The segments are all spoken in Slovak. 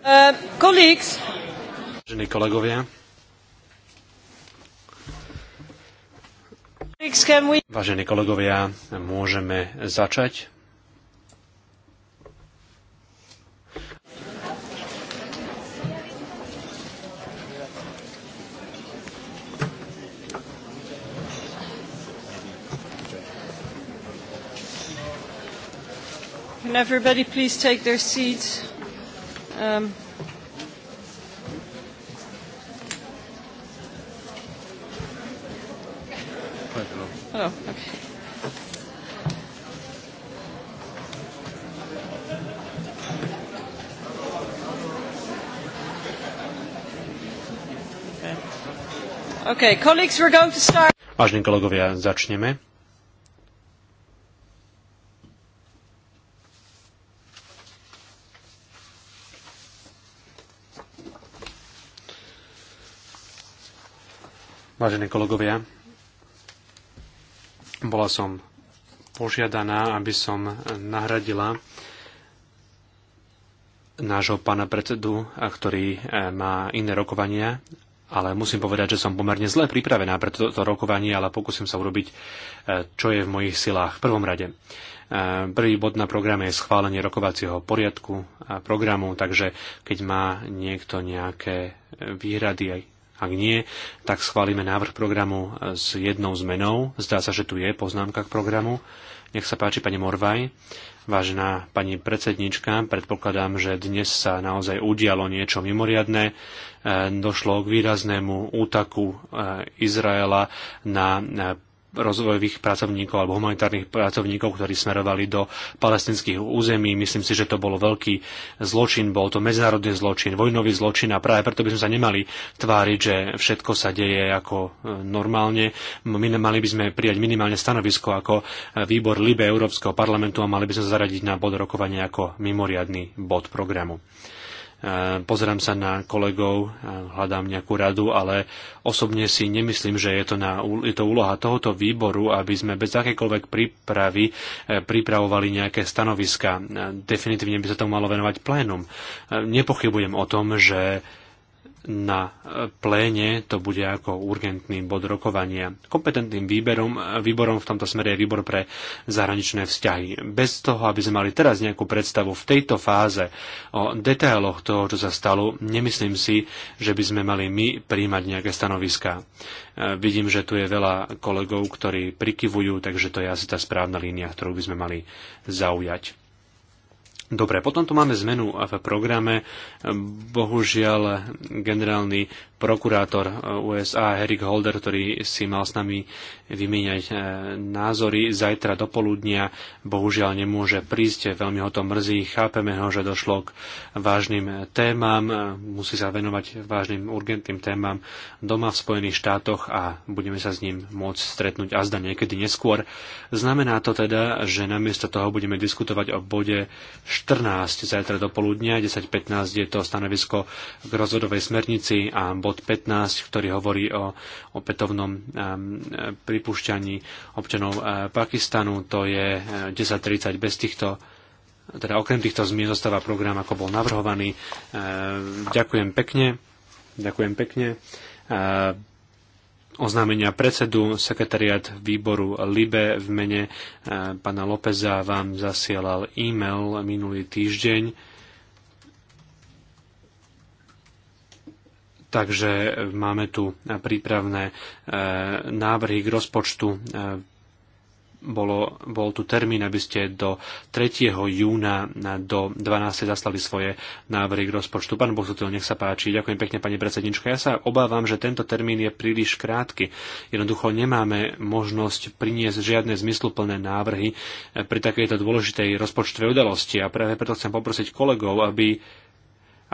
Eh, Vážení kolegovia. Vážení kolegovia, môžeme začať. Can everybody please take their seats? Um, ehm. hello. Okay. Okay, colleagues, we're going to start. Vážení kolegovia, začneme. Vážení kolegovia, bola som požiadaná, aby som nahradila nášho pána predsedu, ktorý eh, má iné rokovania, ale musím povedať, že som pomerne zle pripravená pre toto rokovanie, ale pokúsim sa urobiť, eh, čo je v mojich silách. V prvom rade, eh, prvý bod na programe je schválenie rokovacieho poriadku a programu, takže keď má niekto nejaké výhrady aj ak nie, tak schválime návrh programu s jednou zmenou. Zdá sa, že tu je poznámka k programu. Nech sa páči, pani Morvaj. Vážená pani predsednička, predpokladám, že dnes sa naozaj udialo niečo mimoriadné. E, došlo k výraznému útaku e, Izraela na e, rozvojových pracovníkov alebo humanitárnych pracovníkov, ktorí smerovali do palestinských území. Myslím si, že to bol veľký zločin, bol to medzinárodný zločin, vojnový zločin a práve preto by sme sa nemali tváriť, že všetko sa deje ako e, normálne. Mali by sme prijať minimálne stanovisko ako e, výbor Libe Európskeho parlamentu a mali by sme zaradiť na bod rokovania ako mimoriadný bod programu. Eh, pozerám sa na kolegov, eh, hľadám nejakú radu, ale osobne si nemyslím, že je to, na, je to úloha tohoto výboru, aby sme bez akékoľvek prípravy eh, pripravovali nejaké stanoviska. Definitívne by sa tomu malo venovať plénum. Nepochybujem o tom, že na e, pléne to bude ako urgentný bod rokovania. Kompetentným výberom, výborom v tomto smere je výbor pre zahraničné vzťahy. Bez toho, aby sme mali teraz nejakú predstavu v tejto fáze o detailoch toho, čo sa stalo, nemyslím si, že by sme mali my príjmať nejaké stanoviská. E, vidím, že tu je veľa kolegov, ktorí prikyvujú, takže to je asi tá správna línia, ktorú by sme mali zaujať. Dobre, potom tu máme zmenu v programe. Bohužiaľ, generálny prokurátor eh, USA Eric Holder, ktorý si mal s nami vymieňať e, názory. Zajtra do poludnia bohužiaľ nemôže prísť, veľmi ho to mrzí, chápeme ho, že došlo k vážnym témam, e, musí sa venovať vážnym urgentným témam doma v Spojených štátoch a budeme sa s ním môcť stretnúť azda niekedy neskôr. Znamená to teda, že namiesto toho budeme diskutovať o bode 14 zajtra do poludnia, 10.15 je to stanovisko k rozvodovej smernici a bod 15, ktorý hovorí o opätovnom um, e, pri pripúšťaní občanov eh, Pakistanu. To je 10.30 eh, bez týchto teda okrem týchto zmien zostáva program, ako bol navrhovaný. Eh, ďakujem pekne. Ďakujem pekne. Oznámenia predsedu sekretariat výboru LIBE v mene pána Lópeza vám zasielal e-mail minulý týždeň Takže máme tu prípravné e, návrhy k rozpočtu e, bolo, bol tu termín, aby ste do 3. júna do 12. zaslali svoje návrhy k rozpočtu. Pán Bohsutil, nech sa páči. Ďakujem pekne, pani predsednička. Ja sa obávam, že tento termín je príliš krátky. Jednoducho nemáme možnosť priniesť žiadne zmysluplné návrhy e, pri takejto dôležitej rozpočtovej udalosti. A práve preto chcem poprosiť kolegov, aby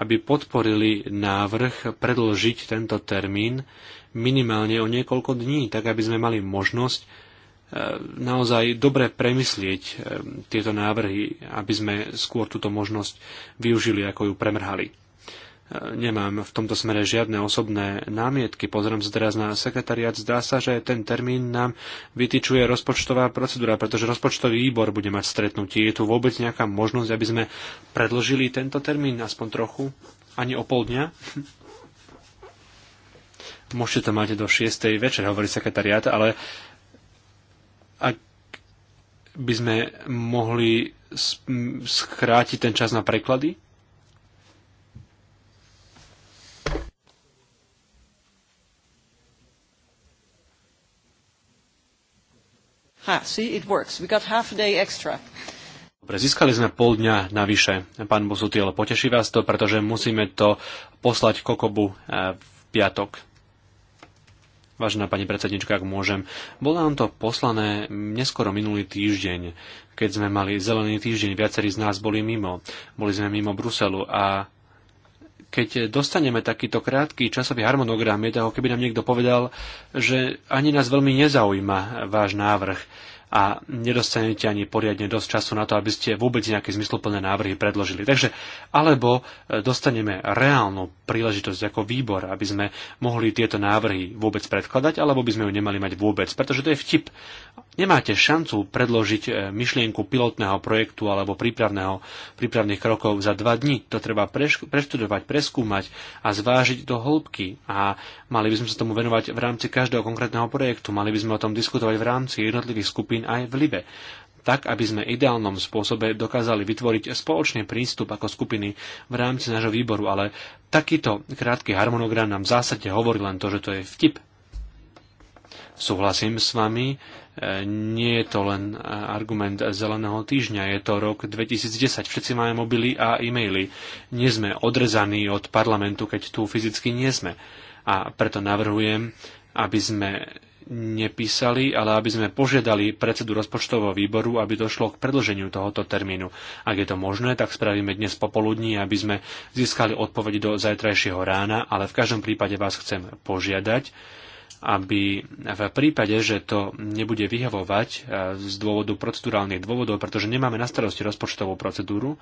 aby podporili návrh predlžiť tento termín minimálne o niekoľko dní, tak aby sme mali možnosť e, naozaj dobre premyslieť e, tieto návrhy, aby sme skôr túto možnosť využili, ako ju premrhali. Nemám v tomto smere žiadne osobné námietky. Pozriem sa teraz na sekretariat. Zdá sa, že ten termín nám vytýčuje rozpočtová procedúra, pretože rozpočtový výbor bude mať stretnutie. Je tu vôbec nejaká možnosť, aby sme predložili tento termín aspoň trochu? Ani o pol dňa? Môžete to mať do 6. večer, hovorí sekretariat, ale ak by sme mohli skrátiť ten čas na preklady? Ha, see, it works. We got half a day extra. Dobre, získali sme pol dňa navyše. Pán Bozutiel, poteší vás to, pretože musíme to poslať Kokobu e, v piatok. Vážená pani predsednička, ak môžem, bolo nám to poslané neskoro minulý týždeň, keď sme mali zelený týždeň, viacerí z nás boli mimo. Boli sme mimo Bruselu a keď dostaneme takýto krátky časový harmonogram, je to ako keby nám niekto povedal, že ani nás veľmi nezaujíma váš návrh a nedostanete ani poriadne dosť času na to, aby ste vôbec nejaké zmysluplné návrhy predložili. Takže alebo e, dostaneme reálnu príležitosť ako výbor, aby sme mohli tieto návrhy vôbec predkladať, alebo by sme ju nemali mať vôbec, pretože to je vtip. Nemáte šancu predložiť e, myšlienku pilotného projektu alebo prípravného, prípravných krokov za dva dní. To treba preštudovať, preskúmať a zvážiť do hĺbky. A mali by sme sa tomu venovať v rámci každého konkrétneho projektu. Mali by sme o tom diskutovať v rámci jednotlivých skupín skupín aj v Libe tak, aby sme ideálnom spôsobe dokázali vytvoriť spoločný prístup ako skupiny v rámci nášho výboru, ale takýto krátky harmonogram nám v zásade hovorí len to, že to je vtip. Súhlasím s vami, e, nie je to len e, argument zeleného týždňa, je to rok 2010, všetci máme mobily a e-maily. Nie sme odrezaní od parlamentu, keď tu fyzicky nie sme. A preto navrhujem, aby sme nepísali, ale aby sme požiadali predsedu rozpočtového výboru, aby došlo k predlženiu tohoto termínu. Ak je to možné, tak spravíme dnes popoludní, aby sme získali odpoveď do zajtrajšieho rána, ale v každom prípade vás chcem požiadať, aby v prípade, že to nebude vyhovovať eh, z dôvodu procedurálnych dôvodov, pretože nemáme na starosti rozpočtovú procedúru,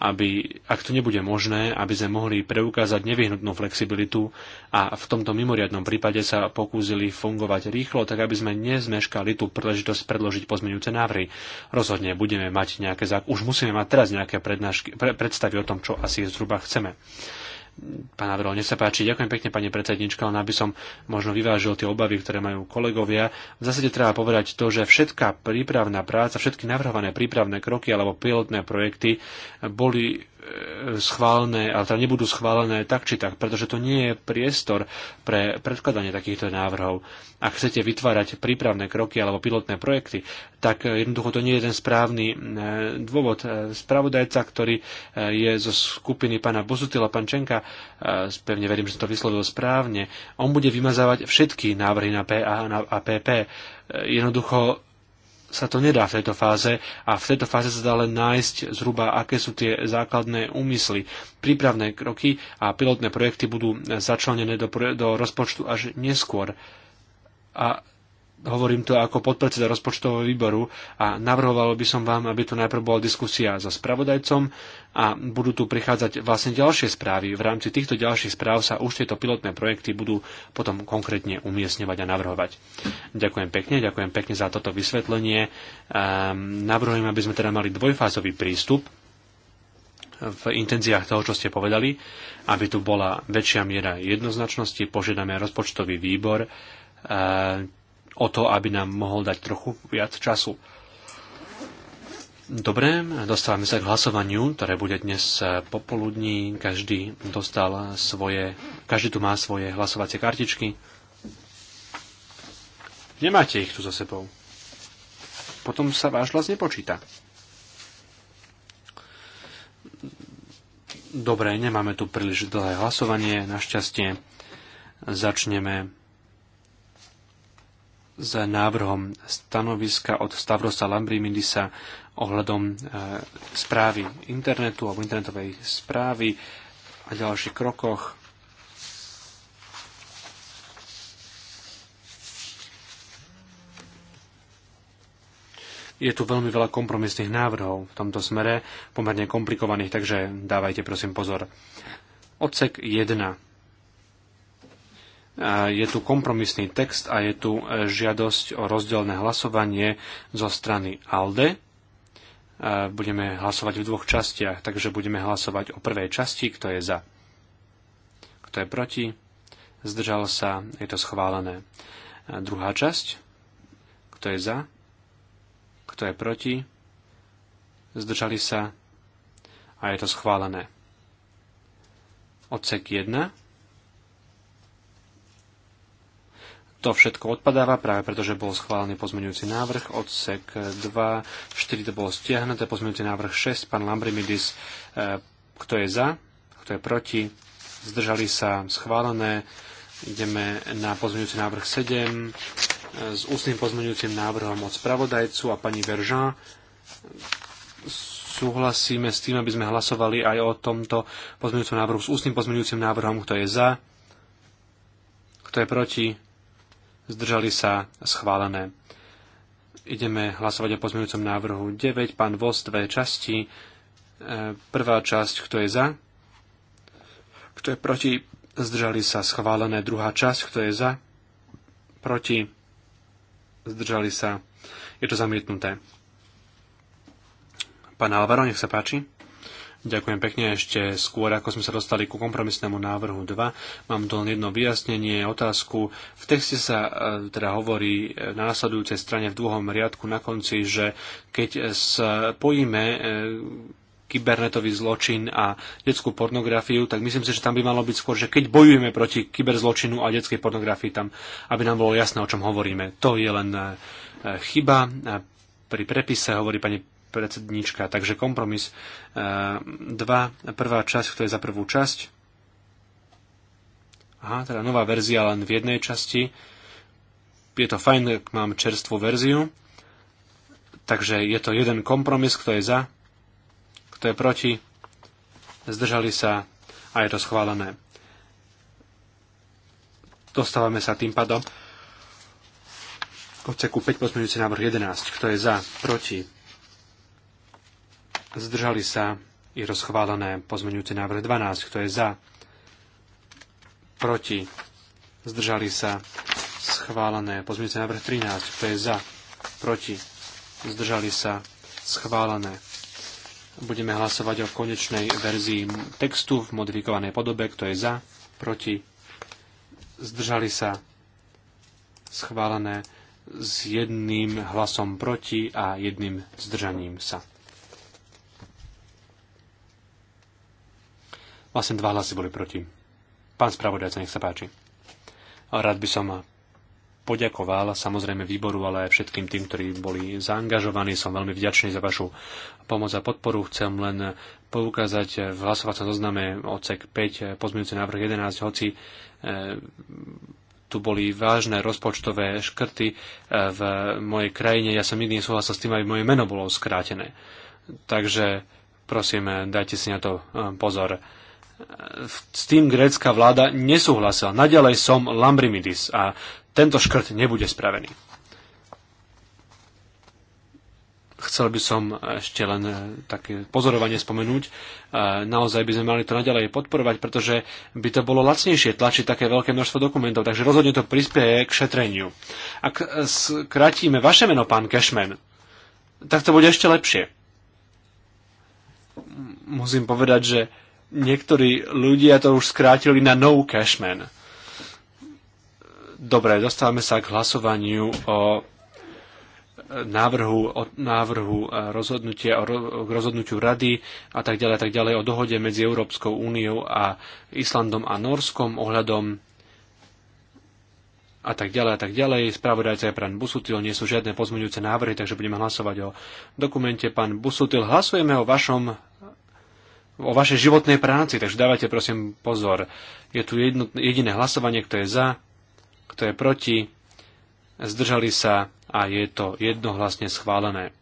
aby, ak to nebude možné, aby sme mohli preukázať nevyhnutnú flexibilitu a v tomto mimoriadnom prípade sa pokúsili fungovať rýchlo, tak aby sme nezmeškali tú príležitosť predložiť pozmeňujúce návrhy. Rozhodne budeme mať nejaké, už musíme mať teraz nejaké prednášky, pre, predstavy o tom, čo asi zhruba chceme. Pán Averol, nech sa páči. Ďakujem pekne, pani predsednička, len aby som možno vyvážil tie obavy, ktoré majú kolegovia. V zásade treba povedať to, že všetká prípravná práca, všetky navrhované prípravné kroky alebo pilotné projekty boli E, schválené, ale teda nebudú schválené tak či tak, pretože to nie je priestor pre predkladanie takýchto návrhov. Ak chcete vytvárať prípravné kroky alebo pilotné projekty, tak jednoducho to nie je ten správny e, dôvod. E, spravodajca, ktorý je zo skupiny pána Bozutila, pán Čenka, pevne verím, že som to vyslovil správne, on bude vymazávať všetky návrhy na PA a PP. Jednoducho sa to nedá v tejto fáze a v tejto fáze sa dá len nájsť zhruba, aké sú tie základné úmysly. Prípravné kroky a pilotné projekty budú začlenené do, do rozpočtu až neskôr. A Hovorím to ako podpredseda rozpočtového výboru a navrhoval by som vám, aby tu najprv bola diskusia so spravodajcom a budú tu prichádzať vlastne ďalšie správy. V rámci týchto ďalších správ sa už tieto pilotné projekty budú potom konkrétne umiestňovať a navrhovať. Ďakujem pekne, ďakujem pekne za toto vysvetlenie. Um, navrhujem, aby sme teda mali dvojfázový prístup v intenziách toho, čo ste povedali, aby tu bola väčšia miera jednoznačnosti, požiadame rozpočtový výbor, ehm, o to, aby nám mohol dať trochu viac času. Dobre, dostávame sa k hlasovaniu, ktoré bude dnes eh, popoludní. Každý dostal svoje, každý tu má svoje hlasovacie kartičky. Nemáte ich tu za sebou. Potom sa váš hlas nepočíta. Dobre, nemáme tu príliš dlhé hlasovanie, našťastie. Začneme s návrhom stanoviska od Stavrosa Lambrimidisa ohľadom e, správy internetu alebo internetovej správy a ďalších krokoch. Je tu veľmi veľa kompromisných návrhov v tomto smere, pomerne komplikovaných, takže dávajte prosím pozor. Odsek 1 je tu kompromisný text a je tu e, žiadosť o rozdielne hlasovanie zo strany ALDE. E, budeme hlasovať v dvoch častiach, takže budeme hlasovať o prvej časti, kto je za, kto je proti, zdržal sa, je to schválené. A druhá časť, kto je za, kto je proti, zdržali sa a je to schválené. Odsek 1 to všetko odpadáva práve preto, že bol schválený pozmeňujúci návrh, odsek 2, 4 to bolo stiahnuté, pozmeňujúci návrh 6, pán Lambrimidis, eh, kto je za, kto je proti, zdržali sa schválené, ideme na pozmeňujúci návrh 7 eh, s ústnym pozmeňujúcim návrhom od spravodajcu a pani Veržan. Súhlasíme s tým, aby sme hlasovali aj o tomto pozmeňujúcom návrhu s ústnym pozmeňujúcim návrhom, kto je za, kto je proti, zdržali sa, schválené. Ideme hlasovať o pozmeňujúcom návrhu 9, pán Vos, dve časti. E, prvá časť, kto je za? Kto je proti? Zdržali sa, schválené. Druhá časť, kto je za? Proti? Zdržali sa. Je to zamietnuté. Pán Alvaro, nech sa páči. Ďakujem pekne ešte skôr, ako sme sa dostali ku kompromisnému návrhu 2. Mám tu len jedno vyjasnenie, otázku. V texte sa e, teda hovorí e, na nasledujúcej strane v dlhom riadku na konci, že keď spojíme e, kybernetový zločin a detskú pornografiu, tak myslím si, že tam by malo byť skôr, že keď bojujeme proti kyberzločinu a detskej pornografii, tam, aby nám bolo jasné, o čom hovoríme. To je len chyba. Pri prepise hovorí pani predsedníčka. Takže kompromis 2, eh, prvá časť, kto je za prvú časť. Aha, teda nová verzia len v jednej časti. Je to fajn, ak mám čerstvú verziu. Takže je to jeden kompromis, kto je za, kto je proti. Zdržali sa a je to schválené. Dostávame sa tým pádom odseku 5 pozmeňujúci návrh 11. Kto je za, proti, Zdržali sa i rozchválené pozmeňujúce návrh 12. Kto je za? Proti? Zdržali sa schválené pozmeňujúce návrh 13. Kto je za? Proti? Zdržali sa schválené. Budeme hlasovať o konečnej verzii textu v modifikovanej podobe. Kto je za? Proti? Zdržali sa schválené s jedným hlasom proti a jedným zdržaním sa. Vlastne dva hlasy boli proti. Pán spravodajca, nech sa páči. A rád by som poďakoval samozrejme výboru, ale aj všetkým tým, ktorí boli zaangažovaní. Som veľmi vďačný za vašu pomoc a podporu. Chcem len poukázať v hlasovacom zozname odsek 5, pozmeňujúci návrh 11, hoci e, tu boli vážne rozpočtové škrty e, v mojej krajine. Ja som nikdy nesúhlasil s tým, aby moje meno bolo skrátené. Takže prosím, dajte si na to e, pozor s tým grécka vláda nesúhlasila. Naďalej som Lambrimidis a tento škrt nebude spravený. Chcel by som ešte len e, také pozorovanie spomenúť. E, naozaj by sme mali to naďalej podporovať, pretože by to bolo lacnejšie tlačiť také veľké množstvo dokumentov, takže rozhodne to prispieje k šetreniu. Ak e, skrátime vaše meno, pán Cashman, tak to bude ešte lepšie. Musím povedať, že niektorí ľudia to už skrátili na no cashman. Dobre, dostávame sa k hlasovaniu o návrhu, o návrhu rozhodnutia, o rozhodnutiu rady a tak ďalej, tak ďalej, o dohode medzi Európskou úniou a Islandom a Norskom ohľadom a tak ďalej a tak ďalej. Spravodajca je pán Busutil, nie sú žiadne pozmeňujúce návrhy, takže budeme hlasovať o dokumente. Pán Busutil, hlasujeme o vašom o vašej životnej práci, takže dávajte prosím pozor. Je tu jedno, jediné hlasovanie, kto je za, kto je proti, zdržali sa a je to jednohlasne schválené.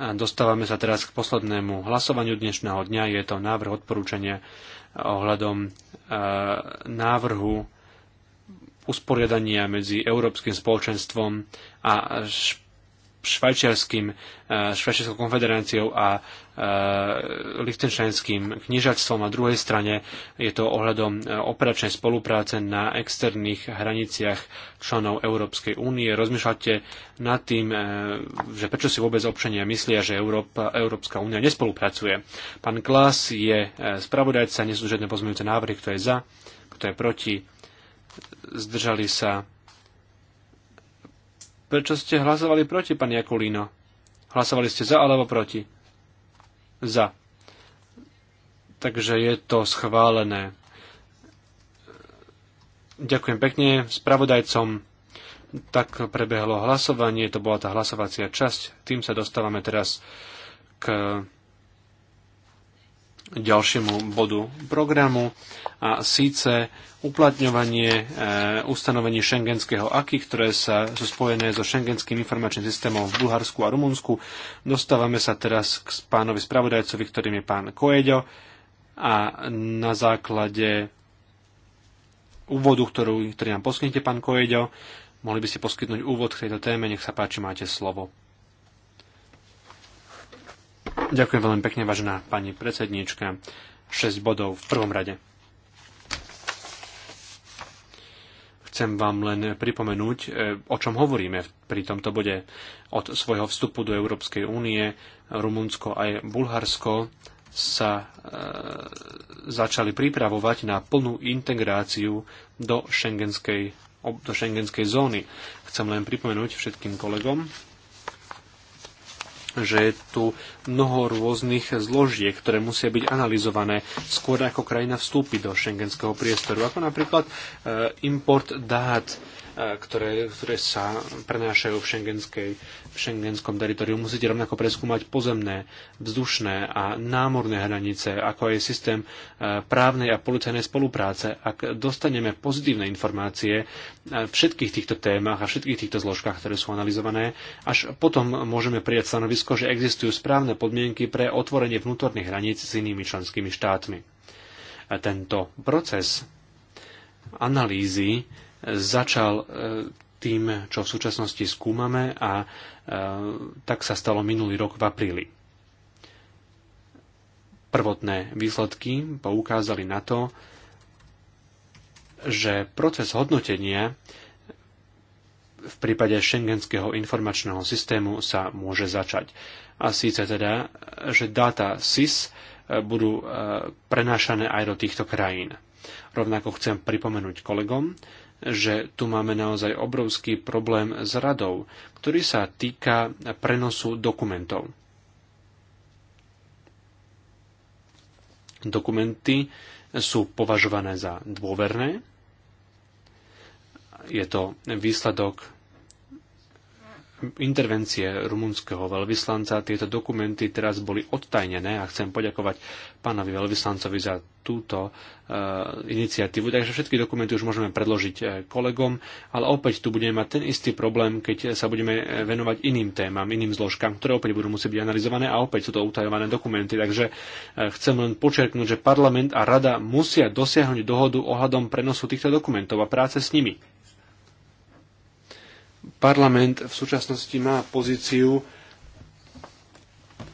A dostávame sa teraz k poslednému hlasovaniu dnešného dňa. Je to návrh odporúčania ohľadom e, návrhu usporiadania medzi Európskym spoločenstvom a švajčiarským, e, švajčiarskou konfederáciou a E, lichtenštajnským knižačstvom a druhej strane je to ohľadom e, operačnej spolupráce na externých hraniciach členov Európskej únie. Rozmýšľate nad tým, e, že prečo si vôbec občania myslia, že Európa, Európska únia nespolupracuje. Pán Klas je spravodajca, nie sú žiadne pozmeňujúce návrhy, kto je za, kto je proti. Zdržali sa. Prečo ste hlasovali proti, pán Jakulino? Hlasovali ste za alebo proti? za. Takže je to schválené. Ďakujem pekne spravodajcom. Tak prebehlo hlasovanie, to bola tá hlasovacia časť. Tým sa dostávame teraz k ďalšiemu bodu programu a síce uplatňovanie e, ustanovení šengenského AKI, ktoré sa, sú spojené so šengenským informačným systémom v Bulharsku a Rumunsku. Dostávame sa teraz k pánovi spravodajcovi, ktorým je pán Koeďo a na základe úvodu, ktorú, ktorý nám poskytnete, pán Koeďo, mohli by ste poskytnúť úvod k tejto téme. Nech sa páči, máte slovo. Ďakujem veľmi pekne, vážená pani predsedníčka. 6 bodov v prvom rade. Chcem vám len pripomenúť, e, o čom hovoríme pri tomto bode. Od svojho vstupu do Európskej únie Rumunsko aj Bulharsko sa e, začali pripravovať na plnú integráciu do šengenskej, do šengenskej zóny. Chcem len pripomenúť všetkým kolegom, že je tu mnoho rôznych zložiek, ktoré musia byť analyzované skôr ako krajina vstúpi do šengenského priestoru, ako napríklad e, import dát Eh, ktoré, ktoré sa prenášajú v, v šengenskom teritoriu. Musíte rovnako preskúmať pozemné, vzdušné a námorné hranice, ako aj systém eh, právnej a policajnej spolupráce. Ak dostaneme pozitívne informácie v eh, všetkých týchto témach a všetkých týchto zložkách, ktoré sú analyzované, až potom môžeme prijať stanovisko, že existujú správne podmienky pre otvorenie vnútorných hraníc s inými členskými štátmi. Tento proces analýzy začal e, tým, čo v súčasnosti skúmame a e, tak sa stalo minulý rok v apríli. Prvotné výsledky poukázali na to, že proces hodnotenia v prípade šengenského informačného systému sa môže začať. A síce teda, že dáta SIS e, budú prenášané aj do týchto krajín. Rovnako chcem pripomenúť kolegom, že tu máme naozaj obrovský problém s radou, ktorý sa týka prenosu dokumentov. Dokumenty sú považované za dôverné. Je to výsledok intervencie rumunského veľvyslanca. Tieto dokumenty teraz boli odtajnené a chcem poďakovať pánovi veľvyslancovi za túto e, iniciatívu. Takže všetky dokumenty už môžeme predložiť e, kolegom, ale opäť tu budeme mať ten istý problém, keď sa budeme e, venovať iným témam, iným zložkám, ktoré opäť budú musieť byť analyzované a opäť sú to utajované dokumenty. Takže chcem len počerknúť, že parlament a rada musia dosiahnuť dohodu ohľadom prenosu týchto dokumentov a práce s nimi parlament v súčasnosti má pozíciu,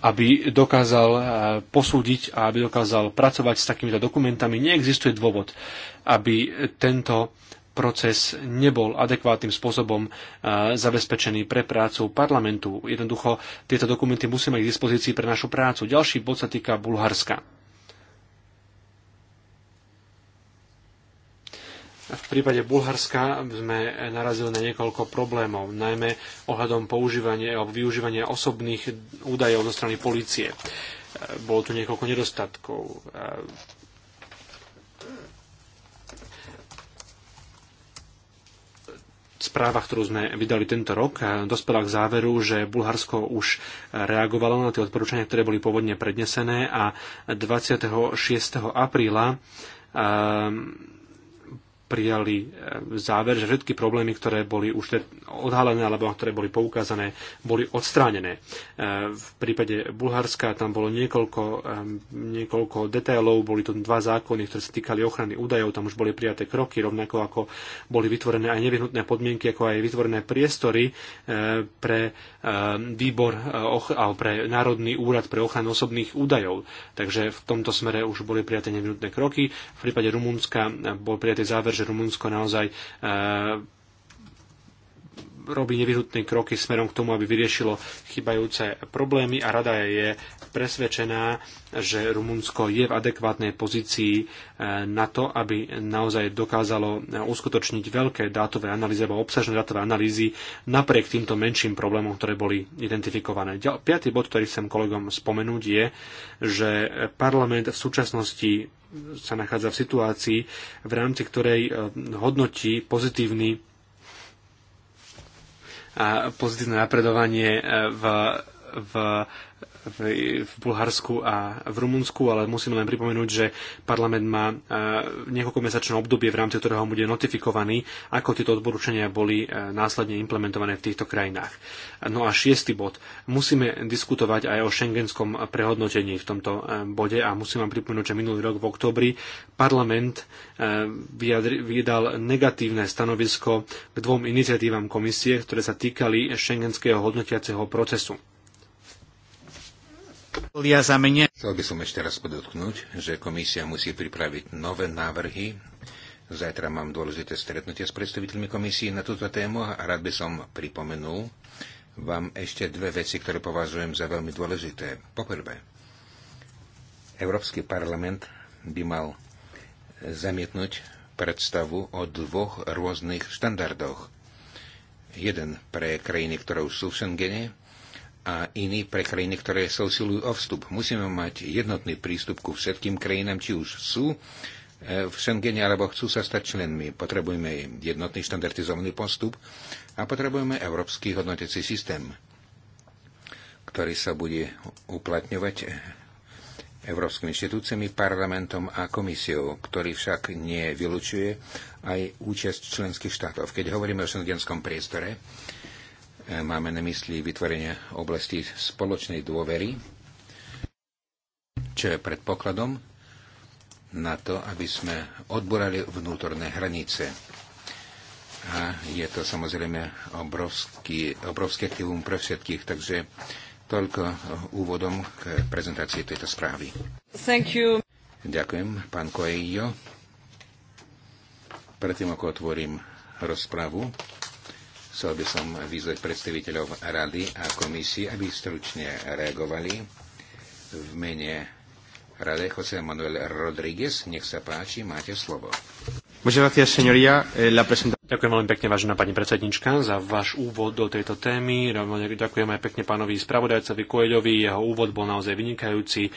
aby dokázal eh, posúdiť a aby dokázal pracovať s takýmito dokumentami. Neexistuje dôvod, aby tento proces nebol adekvátnym spôsobom eh, zabezpečený pre prácu parlamentu. Jednoducho tieto dokumenty musíme mať k dispozícii pre našu prácu. Ďalší bod sa týka Bulharska V prípade Bulharska sme narazili na niekoľko problémov, najmä ohľadom používania alebo využívania osobných údajov zo strany policie. Bolo tu niekoľko nedostatkov. správa, ktorú sme vydali tento rok, dospela k záveru, že Bulharsko už reagovalo na tie odporúčania, ktoré boli pôvodne prednesené a 26. apríla um, prijali e, záver, že všetky problémy, ktoré boli už odhalené alebo ktoré boli poukázané, boli odstránené. E, v prípade Bulharska tam bolo niekoľko, e, niekoľko detailov, boli to dva zákony, ktoré sa týkali ochrany údajov, tam už boli prijaté kroky, rovnako ako boli vytvorené aj nevyhnutné podmienky, ako aj vytvorené priestory pre výbor a pre Národný úrad pre ochranu osobných údajov. Takže v tomto smere už boli prijaté nevyhnutné kroky. V prípade Rumunska bol prijatý záver, že Rumunsko naozaj eh, robí nevyhnutné kroky smerom k tomu, aby vyriešilo chybajúce problémy a rada je presvedčená, že Rumunsko je v adekvátnej pozícii eh, na to, aby naozaj dokázalo eh, uskutočniť veľké dátové analýzy alebo obsažné dátové analýzy napriek týmto menším problémom, ktoré boli identifikované. Piatý bod, ktorý chcem kolegom spomenúť, je, že parlament v súčasnosti sa nachádza v situácii, v rámci ktorej eh, hodnotí pozitívny a pozitívne napredovanie e, v, v v, Bulharsku a v Rumunsku, ale musím len pripomenúť, že parlament má e, mesačné obdobie, v rámci ktorého bude notifikovaný, ako tieto odporúčania boli e, následne implementované v týchto krajinách. No a šiestý bod. Musíme diskutovať aj o šengenskom prehodnotení v tomto e, bode a musím vám pripomenúť, že minulý rok v oktobri parlament vydal negatívne stanovisko k dvom iniciatívam komisie, ktoré sa týkali šengenského hodnotiaceho procesu. Chcel by som ešte raz podotknúť, že komisia musí pripraviť nové návrhy. Zajtra mám dôležité stretnutie s predstaviteľmi komisie na túto tému a rád by som pripomenul vám ešte dve veci, ktoré považujem za veľmi dôležité. Poprvé, Európsky parlament by mal zamietnúť predstavu o dvoch rôznych štandardoch. Jeden pre krajiny, ktoré už sú v Schengene a iní pre krajiny, ktoré sa usilujú o vstup. Musíme mať jednotný prístup ku všetkým krajinám, či už sú e, v Schengene alebo chcú sa stať členmi. Potrebujeme jednotný štandardizovaný postup a potrebujeme európsky hodnotecí systém, ktorý sa bude uplatňovať európskymi inštitúciami, parlamentom a komisiou, ktorý však nevylučuje aj účasť členských štátov. Keď hovoríme o šengenskom priestore, E, máme na mysli vytvorenie oblasti spoločnej dôvery, čo je predpokladom na to, aby sme odborali vnútorné hranice. A je to samozrejme obrovský, obrovský aktivum pre všetkých, takže toľko úvodom k prezentácii tejto správy. Thank you. Ďakujem, pán Koejo. Predtým, ako otvorím rozpravu, Chcel by som vyzvať predstaviteľov rady a komisie, aby stručne reagovali v mene rade Jose Manuel Rodríguez. Nech sa páči, máte slovo. Eh, ďakujem veľmi pekne, vážená pani predsednička, za váš úvod do tejto témy. Ďakujem aj pekne pánovi spravodajcovi Koeľovi. Jeho úvod bol naozaj vynikajúci.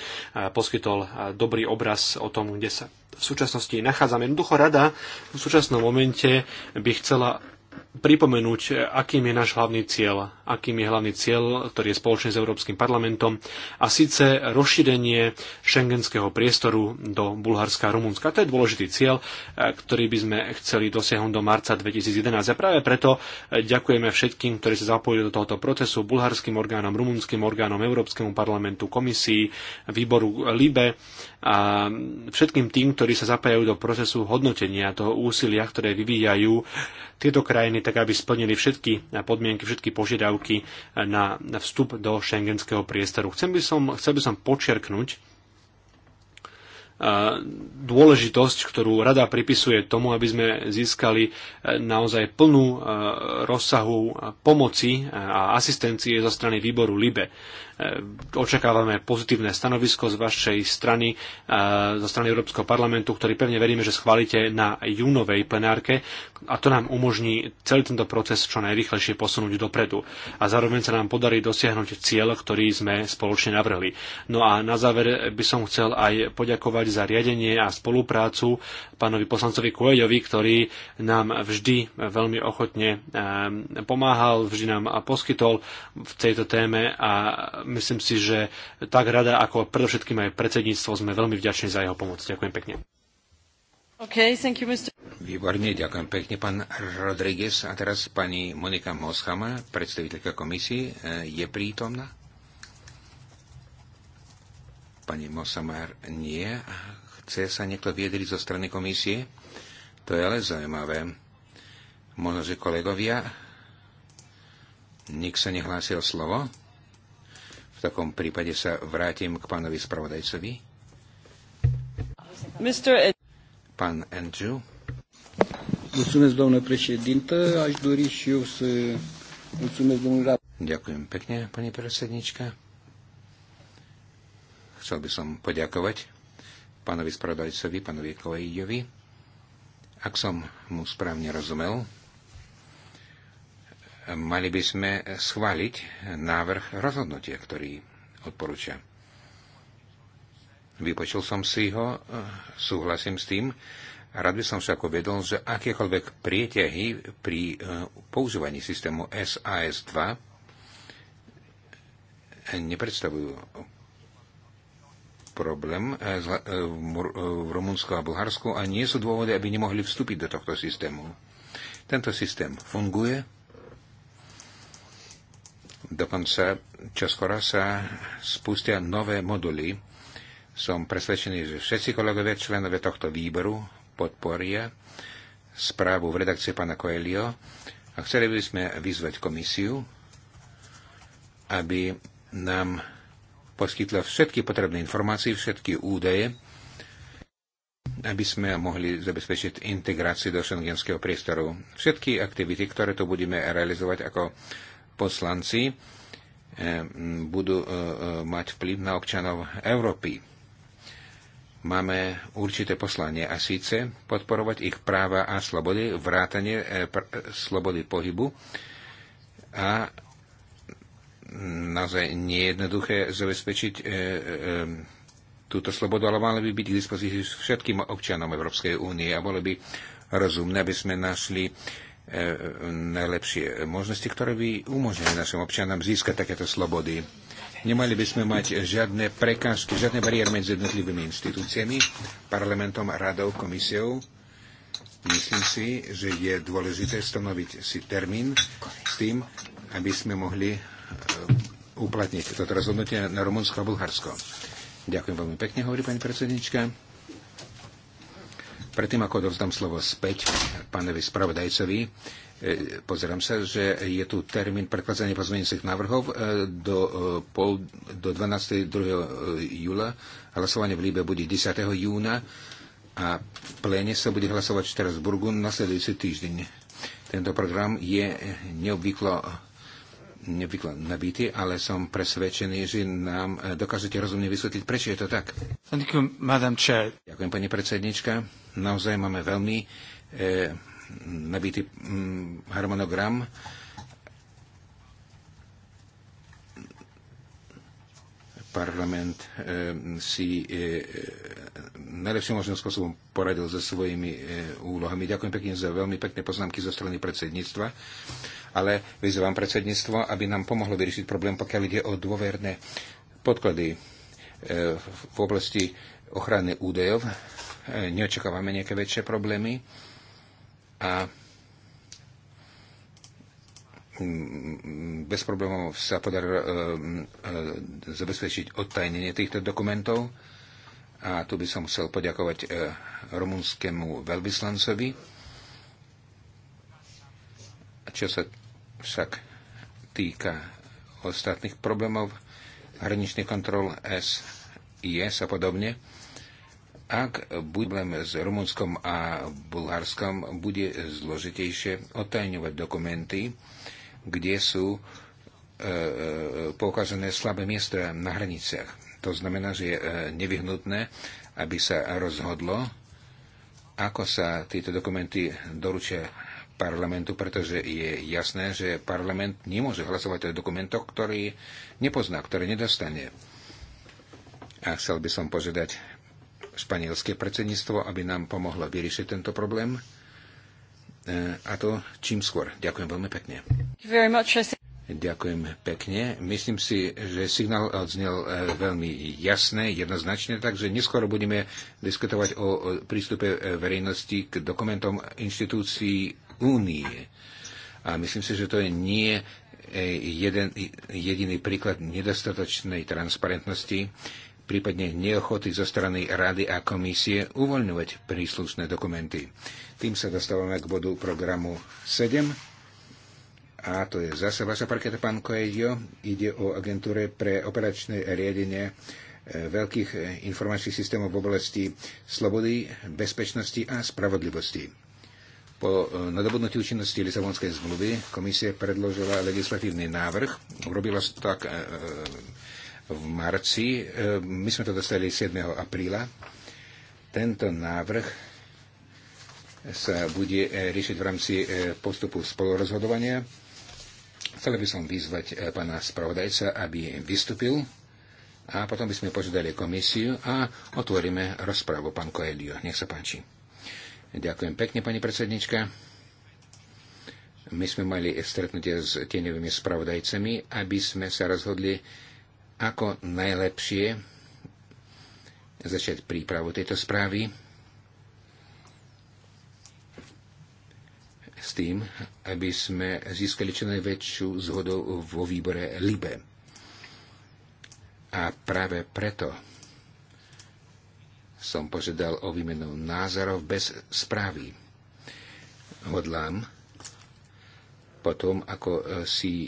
Poskytol dobrý obraz o tom, kde sa v súčasnosti nachádzame. Jednoducho rada v súčasnom momente by chcela pripomenúť, akým je náš hlavný cieľ, akým je hlavný cieľ, ktorý je spoločný s Európskym parlamentom, a síce rozšírenie šengenského priestoru do Bulharska a Rumunska. To je dôležitý cieľ, eh, ktorý by sme chceli dosiahnuť do marca 2011. A práve preto eh, ďakujeme všetkým, ktorí sa zapojili do tohoto procesu, bulharským orgánom, rumunským orgánom, Európskemu parlamentu, komisii, výboru LIBE a mm, všetkým tým, ktorí sa zapájajú do procesu hodnotenia toho úsilia, ktoré vyvíjajú tieto krajiny tak aby splnili všetky podmienky, všetky požiadavky na vstup do šengenského priestoru. Chcem by som, chcel by som počerknúť, e, dôležitosť, ktorú rada pripisuje tomu, aby sme získali e, naozaj plnú e, rozsahu pomoci a asistencie zo strany výboru LIBE. E, očakávame pozitívne stanovisko z vašej strany, e, zo strany Európskeho parlamentu, ktorý pevne veríme, že schválite na júnovej plenárke a to nám umožní celý tento proces čo najrychlejšie posunúť dopredu. A zároveň sa nám podarí dosiahnuť cieľ, ktorý sme spoločne navrhli. No a na záver by som chcel aj poďakovať za riadenie a spoluprácu pánovi poslancovi Kuejovi, ktorý nám vždy veľmi ochotne e, pomáhal, vždy nám poskytol v tejto téme a myslím si, že tak rada ako predovšetkým aj predsedníctvo sme veľmi vďační za jeho pomoc. Ďakujem pekne. Okay, thank you, Mr. Výborne, ďakujem pekne, pán Rodriguez. A teraz pani Monika Moschama, predstaviteľka komisie, eh, je prítomná? Pani Mosamar nie. Chce sa niekto viedriť zo strany komisie? To je ale zaujímavé. Možno, že kolegovia, nik sa nehlásil slovo takom prípade sa vrátim k pánovi spravodajcovi. Mr. Pán Andrew. Mulțumesc, domnule președinte. Aș dori și eu să mulțumesc domnului Ďakujem pekne, pani predsednička. Chcel by som poďakovať pánovi spravodajcovi, pánovi Kolejovi. Ak som mu správne rozumel, mali by sme schváliť návrh rozhodnutia, ktorý odporúča. Vypočul som si ho, súhlasím s tým. Rád by som však uvedol, že akékoľvek prieťahy pri e, používaní systému SAS-2 nepredstavujú problém e, e, v Rumunsku a Bulharsku a nie sú dôvody, aby nemohli vstúpiť do tohto systému. Tento systém funguje, Dokonca čoskoro sa spustia nové moduly. Som presvedčený, že všetci kolegovia členové tohto výboru podporia správu v redakcii pána Coelio a chceli by sme vyzvať komisiu, aby nám poskytla všetky potrebné informácie, všetky údaje, aby sme mohli zabezpečiť integráciu do šengenského priestoru. Všetky aktivity, ktoré tu budeme realizovať ako poslanci eh, budú eh, eh, mať vplyv na občanov Európy. Máme určité poslanie a síce podporovať ich práva a slobody, vrátanie slobody pohybu a naozaj nejednoduché zabezpečiť túto slobodu, ale mali by byť k dispozícii všetkým občanom Európskej únie a bolo by rozumné, aby sme našli E, najlepšie možnosti, ktoré by umožnili našim občanom získať takéto slobody. Nemali by sme mať žiadne prekážky, žiadne bariéry medzi jednotlivými inštitúciami, parlamentom, radou, komisiou. Myslím si, že je dôležité stanoviť si termín s tým, aby sme mohli e, uplatniť toto rozhodnutie na Rumunsko a Bulharsko. Ďakujem veľmi pekne, hovorí pani predsednička. Predtým, ako dovzdám slovo späť pánovi spravodajcovi, e, pozerám sa, že je tu termín prekladania pozmeňujúcich návrhov e, do, e, pol, do 12. 2. júla. Hlasovanie v Líbe bude 10. júna a v pléne sa bude hlasovať v Štrasburgu nasledujúci týždeň. Tento program je neobvyklo neobvykle nabitý, ale som presvedčený, že nám dokážete rozumne vysvetliť, prečo je to tak. Ďakujem, Ďakujem pani predsednička Naozaj máme veľmi e, nabitý mm, harmonogram. Parlament e, si e, najlepším možným spôsobom poradil so svojimi e, úlohami. Ďakujem pekne za veľmi pekné poznámky zo strany predsedníctva, ale vyzývam predsedníctvo, aby nám pomohlo vyriešiť problém, pokiaľ ide o dôverné podklady e, v oblasti ochrany údajov neočakávame nejaké väčšie problémy a mm, bez problémov sa podarilo e, e, zabezpečiť odtajnenie týchto dokumentov. A tu by som chcel poďakovať e, rumunskému veľvyslancovi. Čo sa však týka ostatných problémov, hraničných kontrol SIS a podobne, ak bude problém s Rumunskom a Bulharskom, bude zložitejšie otajňovať dokumenty, kde sú e, e, poukázané slabé miesta na hraniciach. To znamená, že je e, nevyhnutné, aby sa rozhodlo, ako sa tieto dokumenty doručia parlamentu, pretože je jasné, že parlament nemôže hlasovať o dokumentoch, ktorý nepozná, ktoré nedostane. A chcel by som požiadať španielské predsedníctvo, aby nám pomohlo vyriešiť tento problém e, a to čím skôr. Ďakujem veľmi pekne. Ďakujem pekne. Myslím si, že signál odznel e, veľmi jasné, jednoznačne, takže neskoro budeme diskutovať o prístupe e, verejnosti k dokumentom inštitúcií únie. A myslím si, že to je nie jeden, jediný príklad nedostatočnej transparentnosti prípadne neochoty zo strany Rady a komisie uvoľňovať príslušné dokumenty. Tým sa dostávame k bodu programu 7. A to je zase vaša parketa, pán Koedio. Ide o agentúre pre operačné riadenie e, veľkých e, informačných systémov v oblasti slobody, bezpečnosti a spravodlivosti. Po e, nadobudnutí účinnosti Lisabonskej zmluvy komisie predložila legislatívny návrh. Urobila tak e, v marci. E, my sme to dostali 7. apríla. Tento návrh sa bude e, riešiť v rámci e, postupu spolorozhodovania. Chcel by som vyzvať pána spravodajca, aby vystúpil a potom by sme požiadali komisiu a otvoríme rozprávu. Pán Koelio, nech sa páči. Ďakujem pekne, pani predsednička. My sme mali stretnutie s tieňovými spravodajcami, aby sme sa rozhodli, ako najlepšie začať prípravu tejto správy s tým, aby sme získali čo najväčšiu zhodu vo výbore LIBE. A práve preto som požiadal o výmenu názorov bez správy. Hodlám potom, ako e, si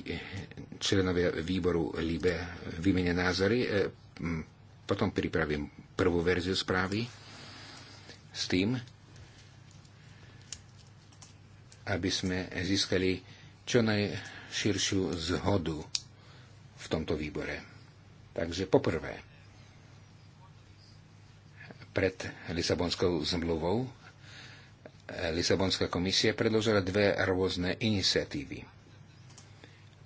členovia výboru LIBE vymenia názory, e, potom pripravím prvú verziu správy s tým, aby sme získali čo najširšiu zhodu v tomto výbore. Takže poprvé, pred Lisabonskou zmluvou Lisabonská komisia predložila dve rôzne iniciatívy.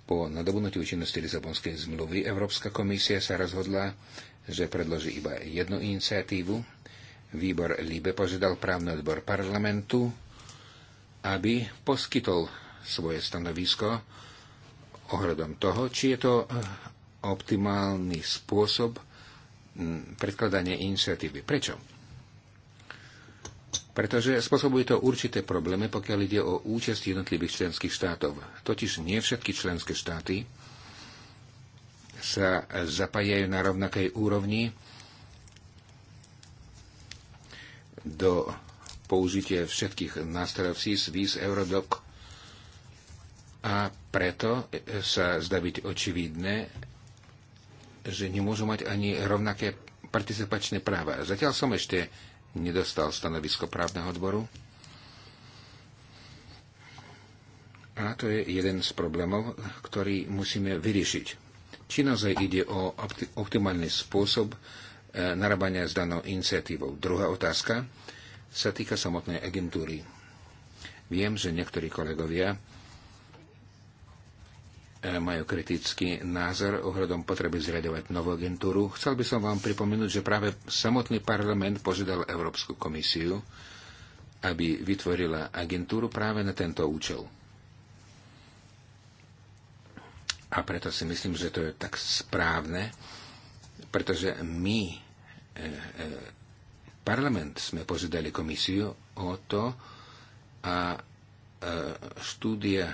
Po nadobudnutí účinnosti Lisabonskej zmluvy Európska komisia sa rozhodla, že predloží iba jednu iniciatívu. Výbor Líbe požiadal právny odbor parlamentu, aby poskytol svoje stanovisko ohľadom toho, či je to eh, optimálny spôsob mm, predkladania iniciatívy. Prečo? pretože spôsobuje to určité problémy, pokiaľ ide o účasť jednotlivých členských štátov. Totiž nie všetky členské štáty sa zapájajú na rovnakej úrovni do použitia všetkých nástrojov CIS, VIS, Eurodoc a preto sa zdá byť očividné, že nemôžu mať ani rovnaké participačné práva. Zatiaľ som ešte nedostal stanovisko právneho odboru. A to je jeden z problémov, ktorý musíme vyriešiť. Či naozaj ide o optimálny spôsob e, narábania s danou iniciatívou. Druhá otázka sa týka samotnej agentúry. Viem, že niektorí kolegovia E, majú kritický názor ohľadom potreby zriadovať novú agentúru. Chcel by som vám pripomenúť, že práve samotný parlament požiadal Európsku komisiu, aby vytvorila agentúru práve na tento účel. A preto si myslím, že to je tak správne, pretože my, e, e, parlament, sme požiadali komisiu o to a štúdia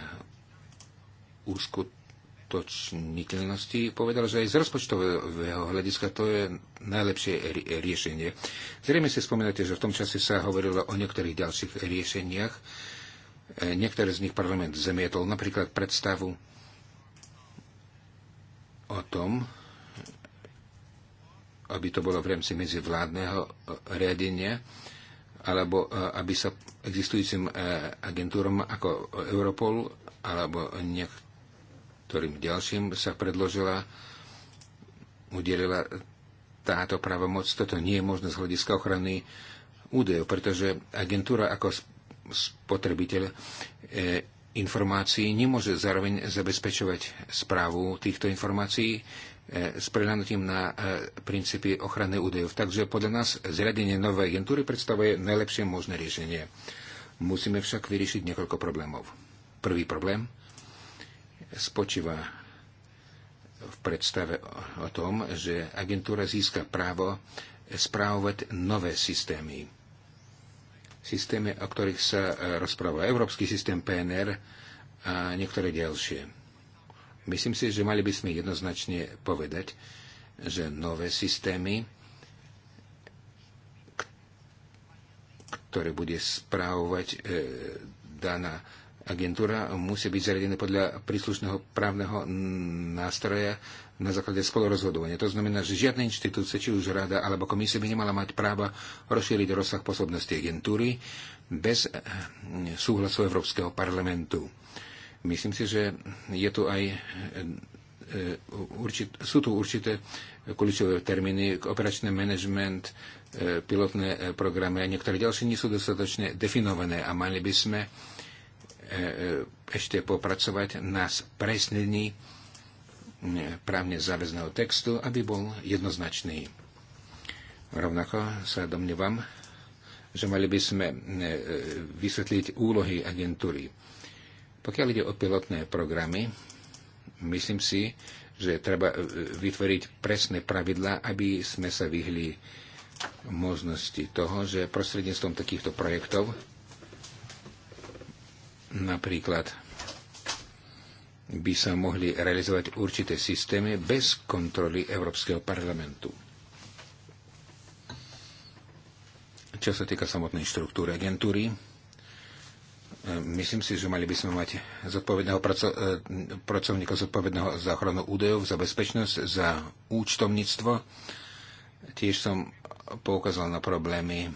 úzko uskutočniteľnosti povedal, že aj z rozpočtového hľadiska to je najlepšie riešenie. Zrejme si spomínate, že v tom čase sa hovorilo o niektorých ďalších riešeniach. E, niektoré z nich parlament zemietol napríklad predstavu o tom, aby to bolo v rámci medzivládneho e, riadenia, alebo e, aby sa existujúcim agentúrom ako Europol alebo niek- ktorým ďalším sa predložila, udelila táto právomoc. Toto nie je možné z hľadiska ochrany údajov, pretože agentúra ako spotrebiteľ e, informácií nemôže zároveň zabezpečovať správu týchto informácií e, s prehľadnutím na e, princípy ochrany údajov. Takže podľa nás zriadenie novej agentúry predstavuje najlepšie možné riešenie. Musíme však vyriešiť niekoľko problémov. Prvý problém – spočíva v predstave o tom, že agentúra získa právo správovať nové systémy. Systémy, o ktorých sa e, rozpráva Európsky systém PNR a niektoré ďalšie. Myslím si, že mali by sme jednoznačne povedať, že nové systémy, ktoré bude správovať e, daná Agentúra musí byť zariadená podľa príslušného právneho nástroja na základe spolorozhodovania. To znamená, že žiadna inštitúcia, či už rada alebo komisia by nemala mať práva rozšíriť rozsah pôsobnosti agentúry bez eh, súhlasu Európskeho parlamentu. Myslím si, že je tu aj eh, určit, sú tu určité kľúčové termíny, operačný manažment, eh, pilotné programy a niektoré ďalšie nie sú dostatočne definované a mali by sme E, e, ešte popracovať na presnení e, právne záväzného textu, aby bol jednoznačný. Rovnako sa domnievam, že mali by sme vysvetliť úlohy agentúry. Pokiaľ ide o pilotné programy, myslím si, že treba vytvoriť presné pravidlá, aby sme sa vyhli možnosti toho, že prostredníctvom takýchto projektov napríklad by sa mohli realizovať určité systémy bez kontroly Európskeho parlamentu. Čo sa týka samotnej štruktúry agentúry, e, myslím si, že mali by sme mať zodpovedného praco- e, pracovníka zodpovedného za ochranu údajov, za bezpečnosť, za účtovníctvo. Tiež som poukázal na problémy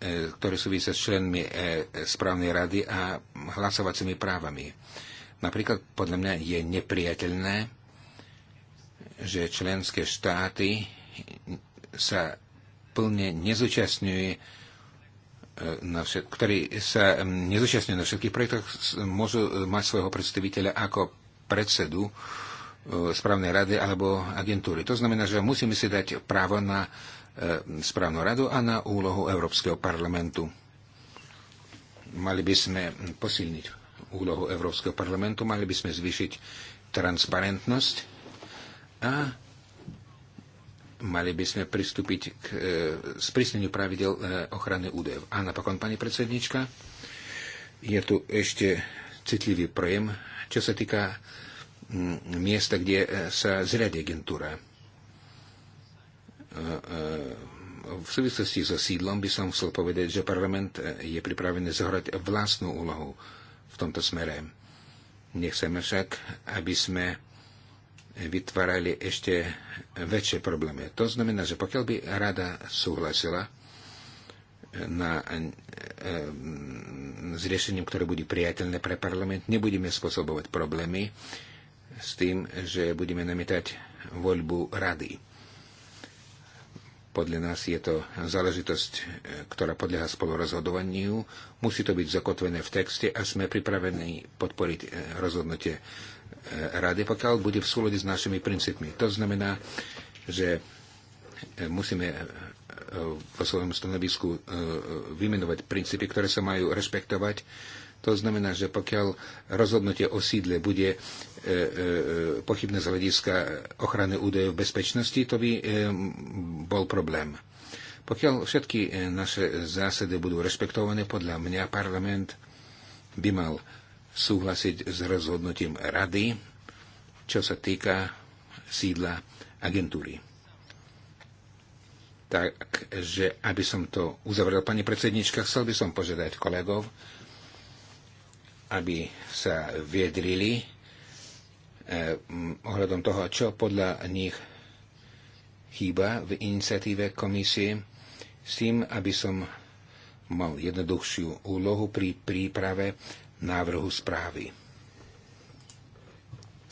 E, ktoré súvisia s členmi e, e, správnej rady a hlasovacími právami. Napríklad podľa mňa je nepriateľné, že členské štáty sa plne nezúčastňujú na všet, ktorí sa nezúčastňujú na všetkých projektoch, môžu mať svojho predstaviteľa ako predsedu správnej rady alebo agentúry. To znamená, že musíme si dať právo na E, správnu radu a na úlohu Európskeho parlamentu. Mali by sme posilniť úlohu Európskeho parlamentu, mali by sme zvýšiť transparentnosť a mali by sme pristúpiť k e, sprísneniu pravidel e, ochrany údajov. A napokon, pani predsednička, je tu ešte citlivý projem, čo sa týka miesta, kde sa zriadi agentúra E, e, v súvislosti so sídlom by som chcel povedať, že parlament e, je pripravený zohrať vlastnú úlohu v tomto smere. Nechceme však, aby sme vytvárali ešte väčšie problémy. To znamená, že pokiaľ by rada súhlasila na, s riešením, ktoré bude priateľné pre parlament, nebudeme spôsobovať problémy s tým, že budeme namietať voľbu rady podľa nás je to záležitosť, e, ktorá podľa spolurozhodovaniu. Musí to byť zakotvené v texte a sme pripravení podporiť e, rozhodnutie e, rady, pokiaľ bude v súlode s našimi princípmi. To znamená, že musíme vo svojom stanovisku vymenovať princípy, ktoré sa majú rešpektovať to znamená, že pokiaľ rozhodnutie o sídle bude e, e, e, pochybné z hľadiska ochrany údajov bezpečnosti, to by bol problém. Pokiaľ všetky naše zásady budú rešpektované, podľa mňa parlament by mal súhlasiť s rozhodnutím rady, čo sa týka sídla agentúry. Takže, aby som to uzavrel, pani predsednička, chcel by som požiadať kolegov, aby sa viedrili eh, ohľadom toho, čo podľa nich chýba v iniciatíve komisie, s tým, aby som mal jednoduchšiu úlohu pri príprave návrhu správy.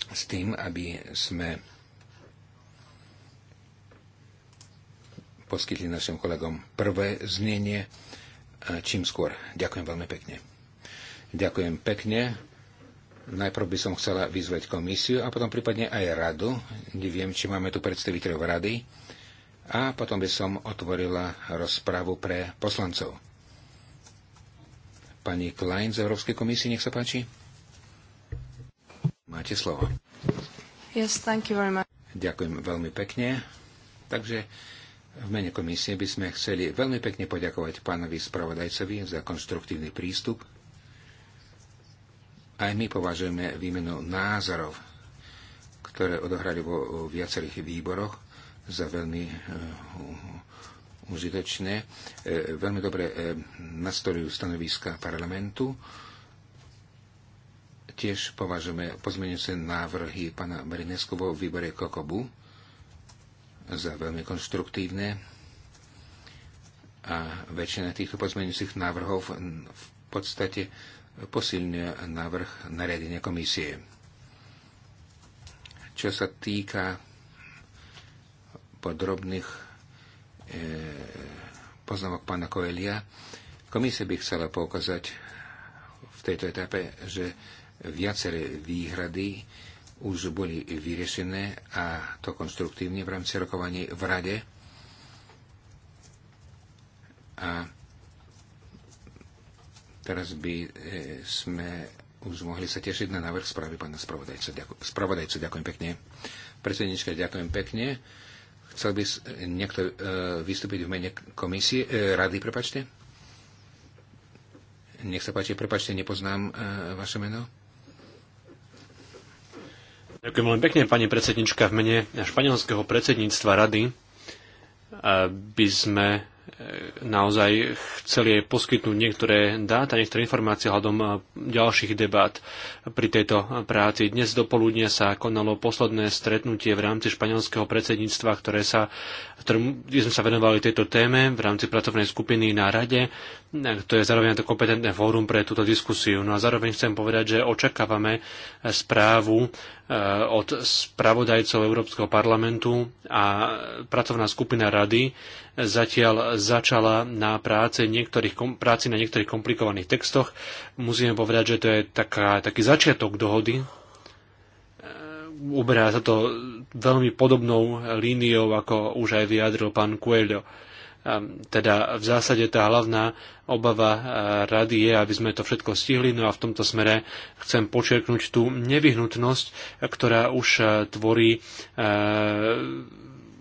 S tým, aby sme poskytli našim kolegom prvé znenie eh, čím skôr. Ďakujem veľmi pekne. Ďakujem pekne. Najprv by som chcela vyzvať komisiu a potom prípadne aj radu. Neviem, či máme tu predstaviteľov rady. A potom by som otvorila rozpravu pre poslancov. Pani Klein z Európskej komisie, nech sa páči. Máte slovo. Yes, thank you very much. Ďakujem veľmi pekne. Takže v mene komisie by sme chceli veľmi pekne poďakovať pánovi spravodajcovi za konštruktívny prístup aj my považujeme výmenu názorov, ktoré odohrali vo viacerých výboroch za veľmi eh, uh, užitočné. Eh, veľmi dobre uh, eh, nastolujú stanoviska parlamentu. Tiež považujeme pozmeňujúce návrhy pana Marinesku vo výbore Kokobu za veľmi konštruktívne a väčšina týchto pozmeňujúcich návrhov v podstate posilňuje návrh nariadenia komisie. Čo sa týka podrobných e, poznámok pána Koelia, komisia by chcela poukázať v tejto etape, že viaceré výhrady už boli vyriešené a to konstruktívne v rámci rokovaní v Rade. A Teraz by e, sme už mohli sa tešiť na návrh správy pána spravodajca. Ďakujem, spravodajca, ďakujem pekne. Predsednička, ďakujem pekne. Chcel by niekto e, vystúpiť v mene komisie, e, rady, prepačte? Nech sa páči, prepačte, nepoznám vaše meno. Ďakujem veľmi pekne, pani predsednička. V mene španielského predsedníctva rady by sme naozaj chceli aj poskytnúť niektoré dáta, niektoré informácie hľadom eh, ďalších debát pri tejto práci. Dnes dopoludne sa konalo posledné stretnutie v rámci španielského predsedníctva, ktoré sa, ktorým, sme sa venovali tejto téme v rámci pracovnej skupiny na rade. Eh, to je zároveň to kompetentné fórum pre túto diskusiu. No a zároveň chcem povedať, že očakávame správu eh, od spravodajcov Európskeho parlamentu a pracovná skupina rady zatiaľ začala na práce niektorých, práci na niektorých komplikovaných textoch. Musíme povedať, že to je taká, taký začiatok dohody. E, uberá sa to veľmi podobnou líniou, ako už aj vyjadril pán Coelho e, teda v zásade tá hlavná obava e, rady je, aby sme to všetko stihli, no a v tomto smere chcem počerknúť tú nevyhnutnosť, ktorá už tvorí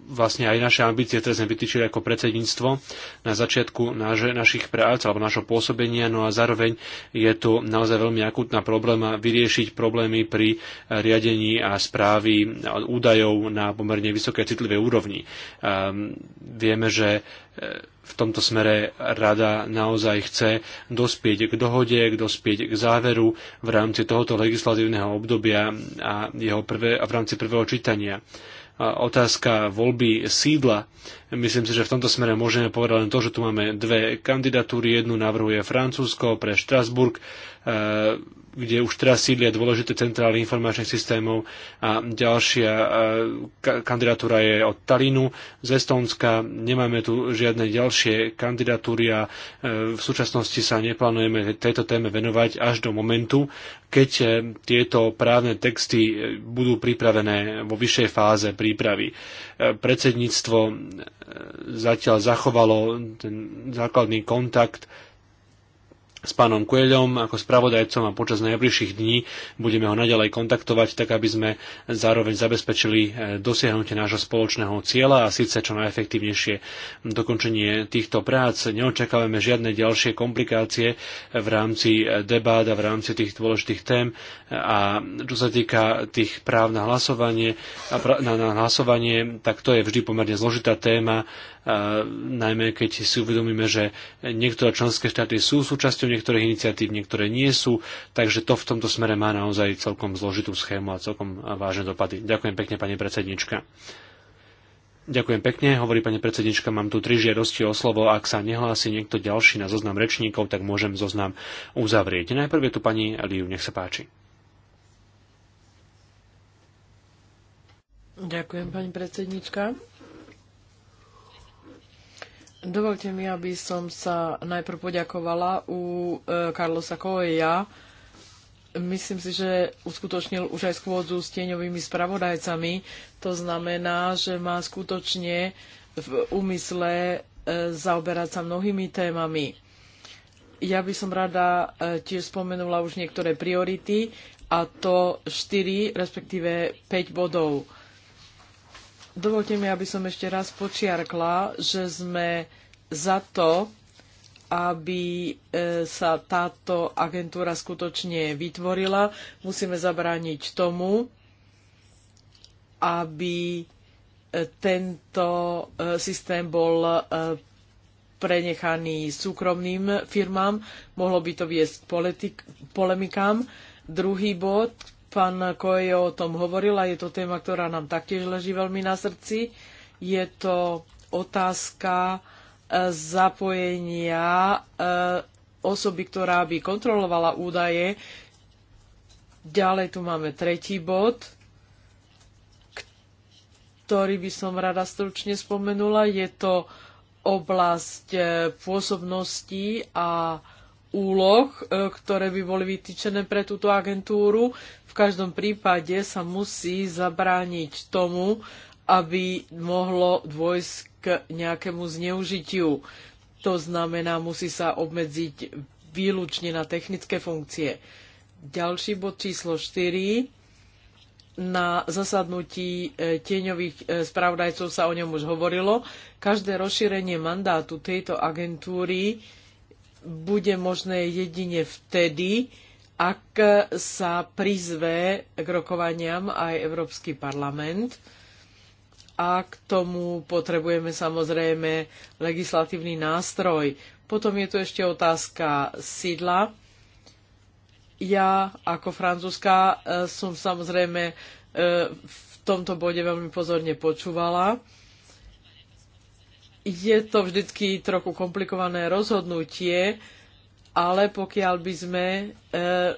vlastne aj naše ambície, ktoré sme vytýčili ako predsedníctvo na začiatku naš, našich prác alebo našho pôsobenia, no a zároveň je tu naozaj veľmi akutná probléma vyriešiť problémy pri riadení a správy údajov na pomerne vysokej citlivej úrovni. Um, vieme, že e, v tomto smere rada naozaj chce dospieť k dohode, k dospieť k záveru v rámci tohoto legislatívneho obdobia a, jeho prvé, a v rámci prvého čítania. Uh, otázka voľby sídla. Myslím si, že v tomto smere môžeme povedať len to, že tu máme dve kandidatúry. Jednu navrhuje Francúzsko pre Štrasburg e, kde už teraz sídlia dôležité centrály informačných systémov a ďalšia kandidatúra je od Talínu z Estónska. Nemáme tu žiadne ďalšie kandidatúry a e, v súčasnosti sa neplánujeme tejto téme venovať až do momentu, keď e, tieto právne texty e, budú pripravené vo vyššej fáze prípravy. Predsedníctvo zatiaľ zachovalo ten základný kontakt s pánom Kueľom ako spravodajcom a počas najbližších dní budeme ho naďalej kontaktovať, tak aby sme zároveň zabezpečili eh, dosiahnutie nášho spoločného cieľa a síce čo najefektívnejšie dokončenie týchto prác. Neočakávame žiadne ďalšie komplikácie eh, v rámci eh, debát a v rámci tých dôležitých tém a čo sa týka tých práv na hlasovanie, na, na hlasovanie tak to je vždy pomerne zložitá téma najmä keď si uvedomíme, že niektoré členské štáty sú súčasťou niektorých iniciatív, niektoré nie sú, takže to v tomto smere má naozaj celkom zložitú schému a celkom vážne dopady. Ďakujem pekne, pani predsednička. Ďakujem pekne, hovorí pani predsednička, mám tu tri žiadosti o slovo, ak sa nehlási niekto ďalší na zoznam rečníkov, tak môžem zoznam uzavrieť. Najprv je tu pani Liu, nech sa páči. Ďakujem, pani predsednička. Dovolte mi, aby som sa najprv poďakovala u e, Carlosa Coeja. Myslím si, že uskutočnil už aj skôdzu s tieňovými spravodajcami. To znamená, že má skutočne v úmysle e, zaoberať sa mnohými témami. Ja by som rada e, tiež spomenula už niektoré priority, a to 4, respektíve 5 bodov Dovolte mi, aby som ešte raz počiarkla, že sme za to, aby e, sa táto agentúra skutočne vytvorila. Musíme zabrániť tomu, aby e, tento e, systém bol prenechaný súkromným firmám. Mohlo by to viesť polemikám. Druhý bod, Pán Kojo o tom hovorila, je to téma, ktorá nám taktiež leží veľmi na srdci. Je to otázka e, zapojenia e, osoby, ktorá by kontrolovala údaje. Ďalej tu máme tretí bod, ktorý by som rada stručne spomenula. Je to oblasť e, pôsobnosti a úloh, e, ktoré by boli vytýčené pre túto agentúru. V každom prípade sa musí zabrániť tomu, aby mohlo dôjsť k nejakému zneužitiu. To znamená, musí sa obmedziť výlučne na technické funkcie. Ďalší bod číslo 4. Na zasadnutí e, tieňových e, spravodajcov sa o ňom už hovorilo. Každé rozšírenie mandátu tejto agentúry bude možné jedine vtedy, ak sa prizve k rokovaniam aj Európsky parlament. A k tomu potrebujeme samozrejme legislatívny nástroj. Potom je tu ešte otázka sídla. Ja ako francúzska e, som samozrejme e, v tomto bode veľmi pozorne počúvala je to vždycky trochu komplikované rozhodnutie, ale pokiaľ by sme e,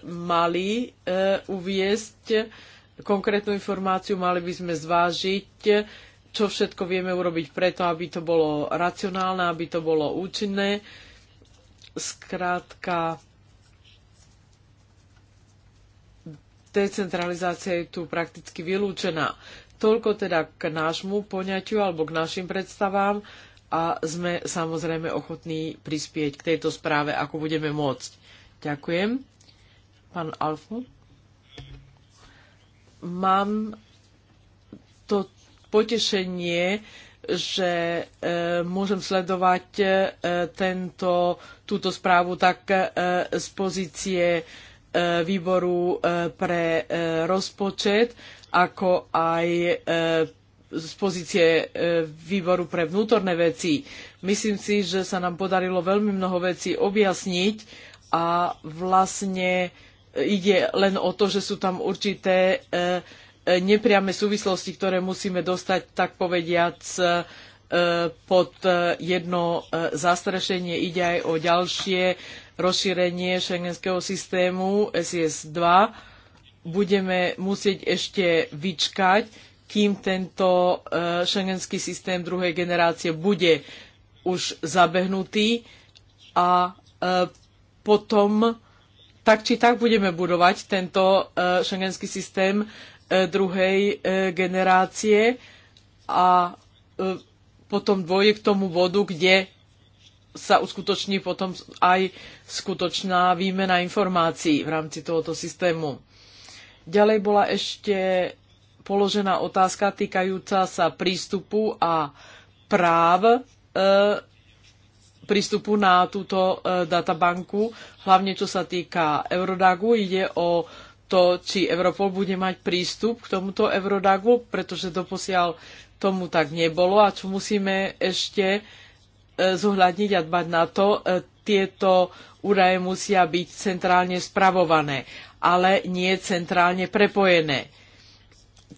mali e, uviesť konkrétnu informáciu, mali by sme zvážiť, čo všetko vieme urobiť preto, aby to bolo racionálne, aby to bolo účinné. Skrátka, decentralizácia je tu prakticky vylúčená. Toľko teda k nášmu poňaťu alebo k našim predstavám. E, a sme samozrejme ochotní prispieť k tejto správe, ako budeme môcť. Ďakujem. Pán Alfo? Mám to potešenie, že e, môžem sledovať e, tento, túto správu tak e, z pozície e, výboru e, pre e, rozpočet, ako aj e, z pozície e, výboru pre vnútorné veci. Myslím si, že sa nám podarilo veľmi mnoho vecí objasniť a vlastne e, ide len o to, že sú tam určité e, nepriame súvislosti, ktoré musíme dostať, tak povediac, pod jedno zastrešenie. Ide aj o ďalšie rozšírenie šengenského systému SIS-2. Budeme musieť ešte vyčkať, kým tento e, šengenský systém druhej generácie bude už zabehnutý a e, potom tak či tak budeme budovať tento e, šengenský systém druhej generácie a potom dôjde k tomu bodu, kde sa uskutoční potom aj skutočná výmena informácií v rámci tohoto systému. Ďalej bola ešte položená otázka týkajúca sa prístupu a práv e, prístupu na túto e, databanku, hlavne čo sa týka Eurodagu. Ide o to, či Europol bude mať prístup k tomuto Eurodagu, pretože doposiaľ tomu tak nebolo a čo musíme ešte e, zohľadniť a dbať na to, tieto údaje musia byť centrálne spravované, ale nie centrálne prepojené.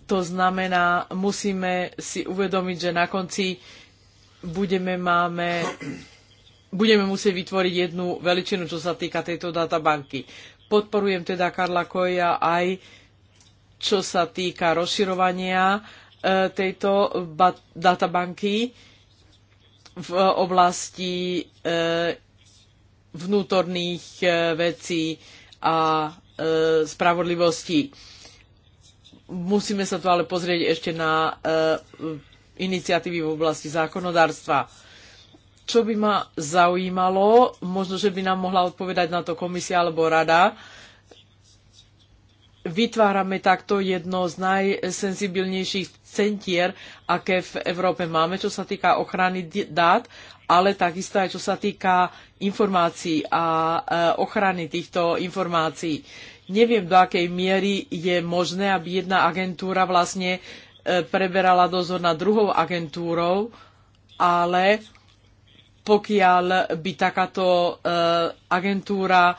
To znamená, musíme si uvedomiť, že na konci budeme, máme, budeme musieť vytvoriť jednu veličinu, čo sa týka tejto databanky. Podporujem teda Karla Koja aj čo sa týka rozširovania e, tejto databanky v oblasti e, vnútorných e, vecí a spravodlivosti musíme sa tu ale pozrieť ešte na eh, iniciatívy v oblasti zákonodárstva. Čo by ma zaujímalo, možno, že by nám mohla odpovedať na to komisia alebo rada, vytvárame takto jedno z najsenzibilnejších centier, aké v Európe máme, čo sa týka ochrany dát, ale takisto aj čo sa týka informácií a eh, ochrany týchto informácií. Neviem, do akej miery je možné, aby jedna agentúra vlastne e, preberala dozor nad druhou agentúrou, ale pokiaľ by takáto e, agentúra e,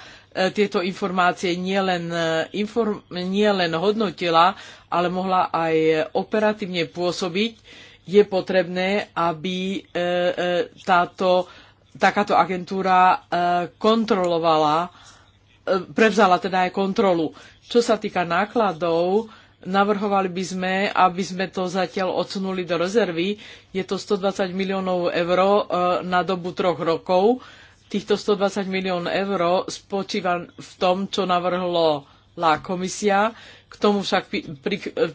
tieto informácie nielen, inform, nielen hodnotila, ale mohla aj operatívne pôsobiť, je potrebné, aby táto, takáto agentúra kontrolovala E, prevzala teda aj kontrolu. Čo sa týka nákladov, navrhovali by sme, aby sme to zatiaľ odsunuli do rezervy. Je to 120 miliónov eur e, na dobu troch rokov. Týchto 120 milión eur spočíva v tom, čo navrhlo komisia. K tomu však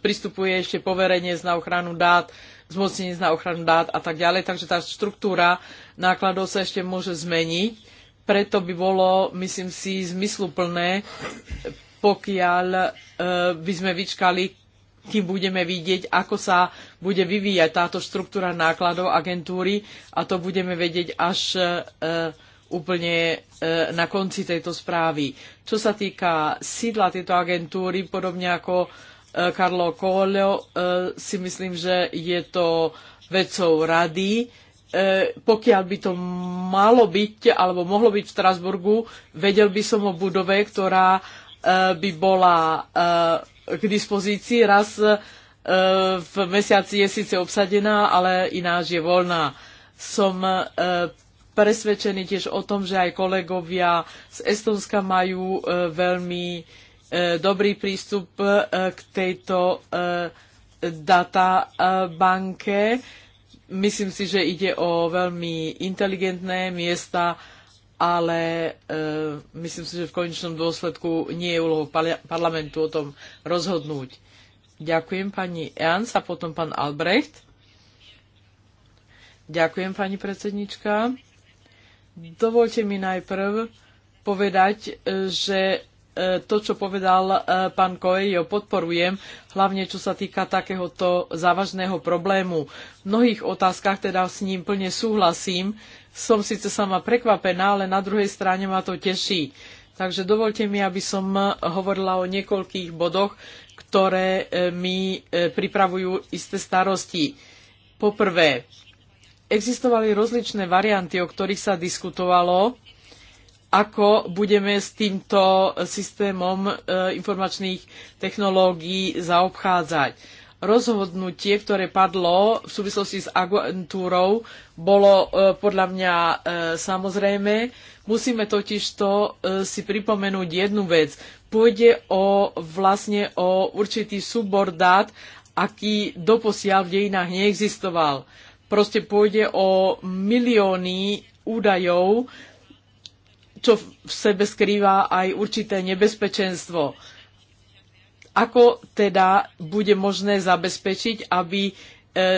pristupuje ešte poverenie na ochranu dát, zmocnenie na ochranu dát a tak ďalej. Takže tá štruktúra nákladov sa ešte môže zmeniť preto by bolo, myslím si, zmysluplné, pokiaľ e, by sme vyčkali, kým budeme vidieť, ako sa bude vyvíjať táto štruktúra nákladov agentúry a to budeme vedieť až e, úplne e, na konci tejto správy. Čo sa týka sídla tejto agentúry, podobne ako Karlo Coelho, si myslím, že je to vecou rady E, pokiaľ by to malo byť alebo mohlo byť v Strasburgu, vedel by som o budove, ktorá e, by bola e, k dispozícii. Raz v mesiaci je síce obsadená, ale ináč je voľná. Som presvedčený tiež o tom, že aj kolegovia z Estonska majú veľmi dobrý prístup k tejto databanke. banke Myslím si, že ide o veľmi inteligentné miesta, ale e, myslím si, že v konečnom dôsledku nie je úlohou parlamentu o tom rozhodnúť. Ďakujem pani Eans a potom pán Albrecht. Ďakujem pani predsednička. Dovolte mi najprv povedať, e, že E, to, čo povedal e, pán Coelho, podporujem, hlavne čo sa týka takéhoto závažného problému. V mnohých otázkach teda s ním plne súhlasím. Som síce sama prekvapená, ale na druhej strane ma to teší. Takže dovolte mi, aby som hovorila o niekoľkých bodoch, ktoré e, mi pripravujú isté starosti. Poprvé, existovali rozličné varianty, o ktorých sa diskutovalo ako budeme s týmto systémom e, informačných technológií zaobchádzať. Rozhodnutie, ktoré padlo v súvislosti s agentúrou, bolo e, podľa mňa e, samozrejme. Musíme totiž to si pripomenúť jednu vec. Pôjde o, vlastne o určitý súbor dát, aký doposiaľ v dejinách neexistoval. Proste pôjde o milióny údajov, čo v sebe skrýva aj určité nebezpečenstvo. Ako teda bude možné zabezpečiť, aby, e,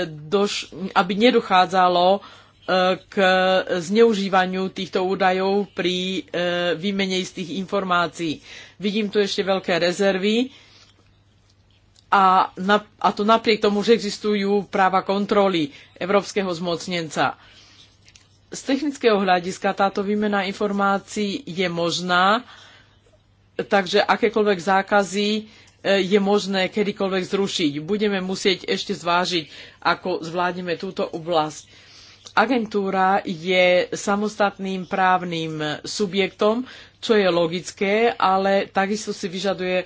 doš- aby nedochádzalo e, k zneužívaniu týchto údajov pri e, výmene istých informácií. Vidím tu ešte veľké rezervy a, na, a to napriek tomu, že existujú práva kontroly európskeho zmocnenca. Z technického hľadiska táto výmena informácií je možná, takže akékoľvek zákazy e, je možné kedykoľvek zrušiť. Budeme musieť ešte zvážiť, ako zvládneme túto oblasť. Agentúra je samostatným právnym subjektom, čo je logické, ale takisto si vyžaduje e,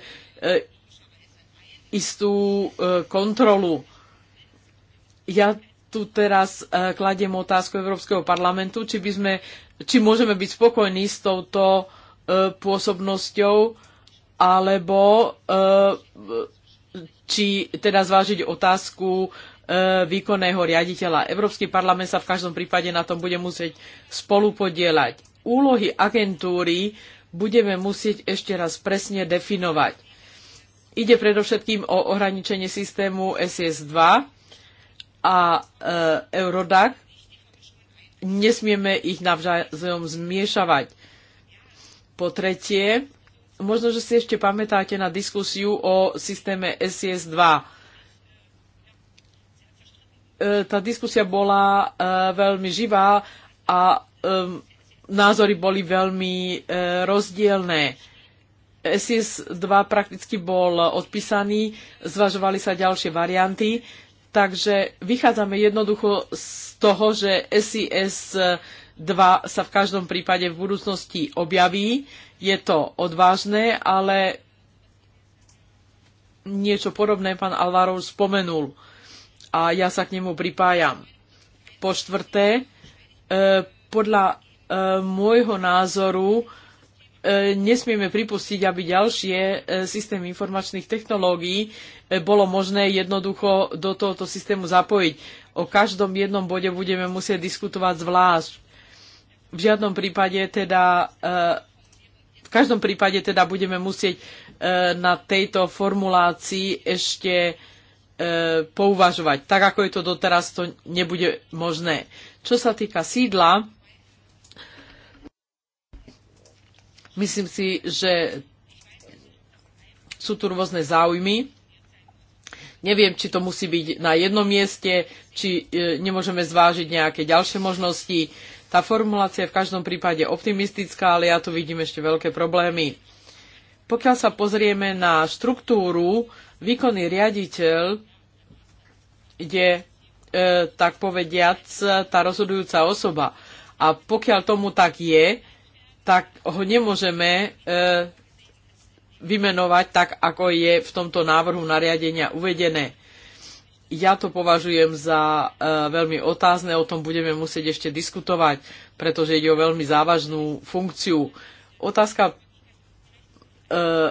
istú e, kontrolu. Ja tu teraz e, kladiem otázku Európskeho parlamentu, či, by sme, či môžeme byť spokojní s touto e, pôsobnosťou, alebo e, či teda zvážiť otázku výkonného riaditeľa. Európsky parlament sa v každom prípade na tom bude musieť spolupodielať. Úlohy agentúry budeme musieť ešte raz presne definovať. Ide predovšetkým o ohraničenie systému SIS-2, a e, Eurodac. Nesmieme ich navzájom zmiešavať. Po tretie, možno, že si ešte pamätáte na diskusiu o systéme SIS-2. E, tá diskusia bola e, veľmi živá a názory boli veľmi rozdielne. SIS-2 prakticky bol odpísaný, zvažovali sa ďalšie varianty Takže vychádzame jednoducho z toho, že SIS 2 sa v každom prípade v budúcnosti objaví. Je to odvážne, ale niečo podobné pán Alvarov spomenul a ja sa k nemu pripájam. Po štvrté, eh, podľa eh, môjho názoru E, nesmieme pripustiť, aby ďalšie e, systémy informačných technológií e, bolo možné jednoducho do tohoto systému zapojiť. O každom jednom bode budeme musieť diskutovať zvlášť. V žiadnom prípade teda v každom prípade teda budeme musieť na tejto formulácii ešte pouvažovať. Tak ako je to doteraz, to nebude možné. Čo sa týka sídla, Myslím si, že sú tu rôzne záujmy. Neviem, či to musí byť na jednom mieste, či e, nemôžeme zvážiť nejaké ďalšie možnosti. Tá formulácia je v každom prípade optimistická, ale ja tu vidím ešte veľké problémy. Pokiaľ sa pozrieme na štruktúru, výkonný riaditeľ je, e, tak povediac, tá rozhodujúca osoba. A pokiaľ tomu tak je, tak ho nemôžeme e, vymenovať tak, ako je v tomto návrhu nariadenia uvedené. Ja to považujem za e, veľmi otázne, o tom budeme musieť ešte diskutovať, pretože ide o veľmi závažnú funkciu. Otázka e,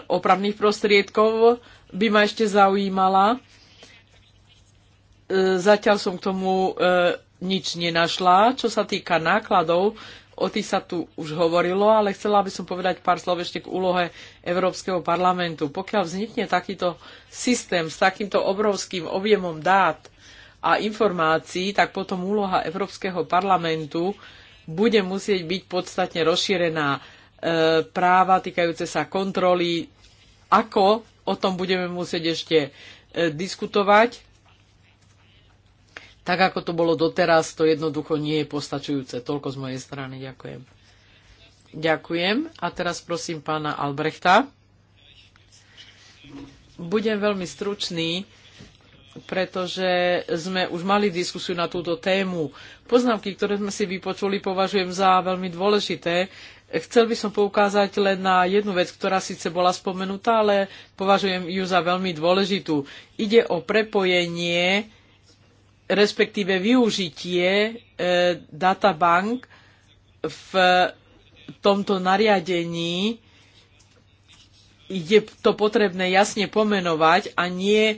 opravných prostriedkov by ma ešte zaujímala. E, zatiaľ som k tomu e, nič nenašla. Čo sa týka nákladov, O tých sa tu už hovorilo, ale chcela by som povedať pár slov ešte k úlohe Európskeho parlamentu. Pokiaľ vznikne takýto systém s takýmto obrovským objemom dát a informácií, tak potom úloha Európskeho parlamentu bude musieť byť podstatne rozšírená e, práva týkajúce sa kontroly, ako o tom budeme musieť ešte e, diskutovať tak ako to bolo doteraz, to jednoducho nie je postačujúce. Toľko z mojej strany. Ďakujem. Ďakujem. A teraz prosím pána Albrechta. Budem veľmi stručný, pretože sme už mali diskusiu na túto tému. Poznámky, ktoré sme si vypočuli, považujem za veľmi dôležité. Chcel by som poukázať len na jednu vec, ktorá síce bola spomenutá, ale považujem ju za veľmi dôležitú. Ide o prepojenie respektíve využitie e, databank v tomto nariadení je to potrebné jasne pomenovať a nie e,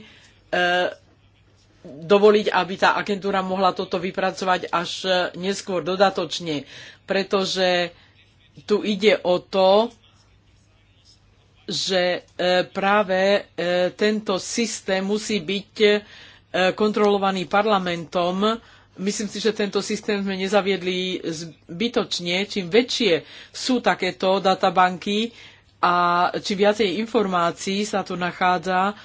dovoliť, aby tá agentúra mohla toto vypracovať až e, neskôr dodatočne, pretože tu ide o to, že práve tento systém musí byť E, kontrolovaný parlamentom, Myslím si, že tento systém sme nezaviedli zbytočne. Čím väčšie sú takéto databanky a čím viacej informácií sa tu nachádza,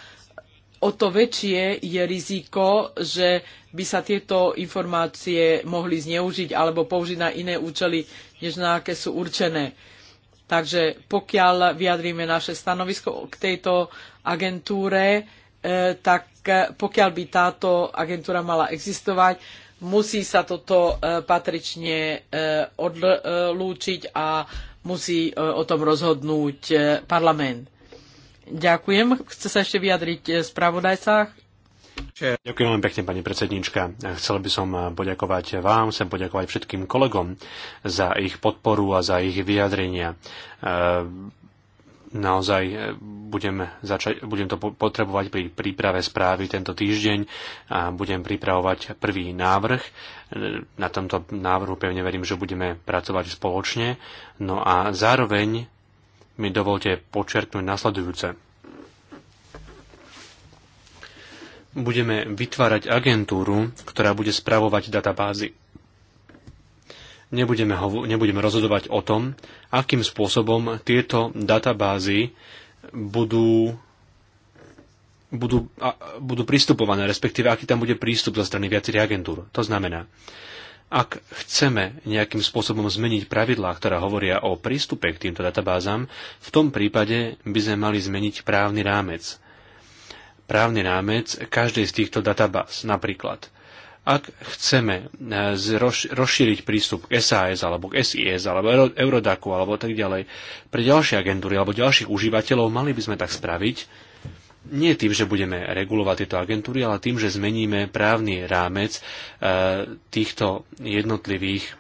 o to väčšie je riziko, že by sa tieto informácie mohli zneužiť alebo použiť na iné účely, než na aké sú určené. Takže pokiaľ vyjadríme naše stanovisko k tejto agentúre, e, tak pokiaľ by táto agentúra mala existovať, musí sa toto e, patrične e, odlúčiť a musí e, o tom rozhodnúť parlament. Ďakujem. Chce sa ešte vyjadriť spravodajca? Ďakujem veľmi pekne, pani predsednička. Chcel by som poďakovať vám, chcem poďakovať všetkým kolegom za ich podporu a za ich vyjadrenia naozaj e, budem, začať, budem to potrebovať pri príprave správy tento týždeň a budem pripravovať prvý návrh. E, na tomto návrhu pevne verím, že budeme pracovať spoločne. No a zároveň mi dovolte počerknúť nasledujúce. Budeme vytvárať agentúru, ktorá bude spravovať databázy nebudeme, nebudeme rozhodovať o tom, akým spôsobom tieto databázy budú budú, a, budú pristupované, respektíve aký tam bude prístup zo strany viacerých agentúr. To znamená, ak chceme nejakým spôsobom zmeniť pravidlá, ktoré hovoria o prístupe k týmto databázam, v tom prípade by sme mali zmeniť právny rámec. Právny rámec každej z týchto databáz, napríklad ak chceme e, rozšíriť prístup k SAS alebo k SIS alebo Eurodaku alebo tak ďalej pre ďalšie agentúry alebo ďalších užívateľov, mali by sme tak spraviť, nie tým, že budeme regulovať tieto agentúry, ale tým, že zmeníme právny rámec e, týchto jednotlivých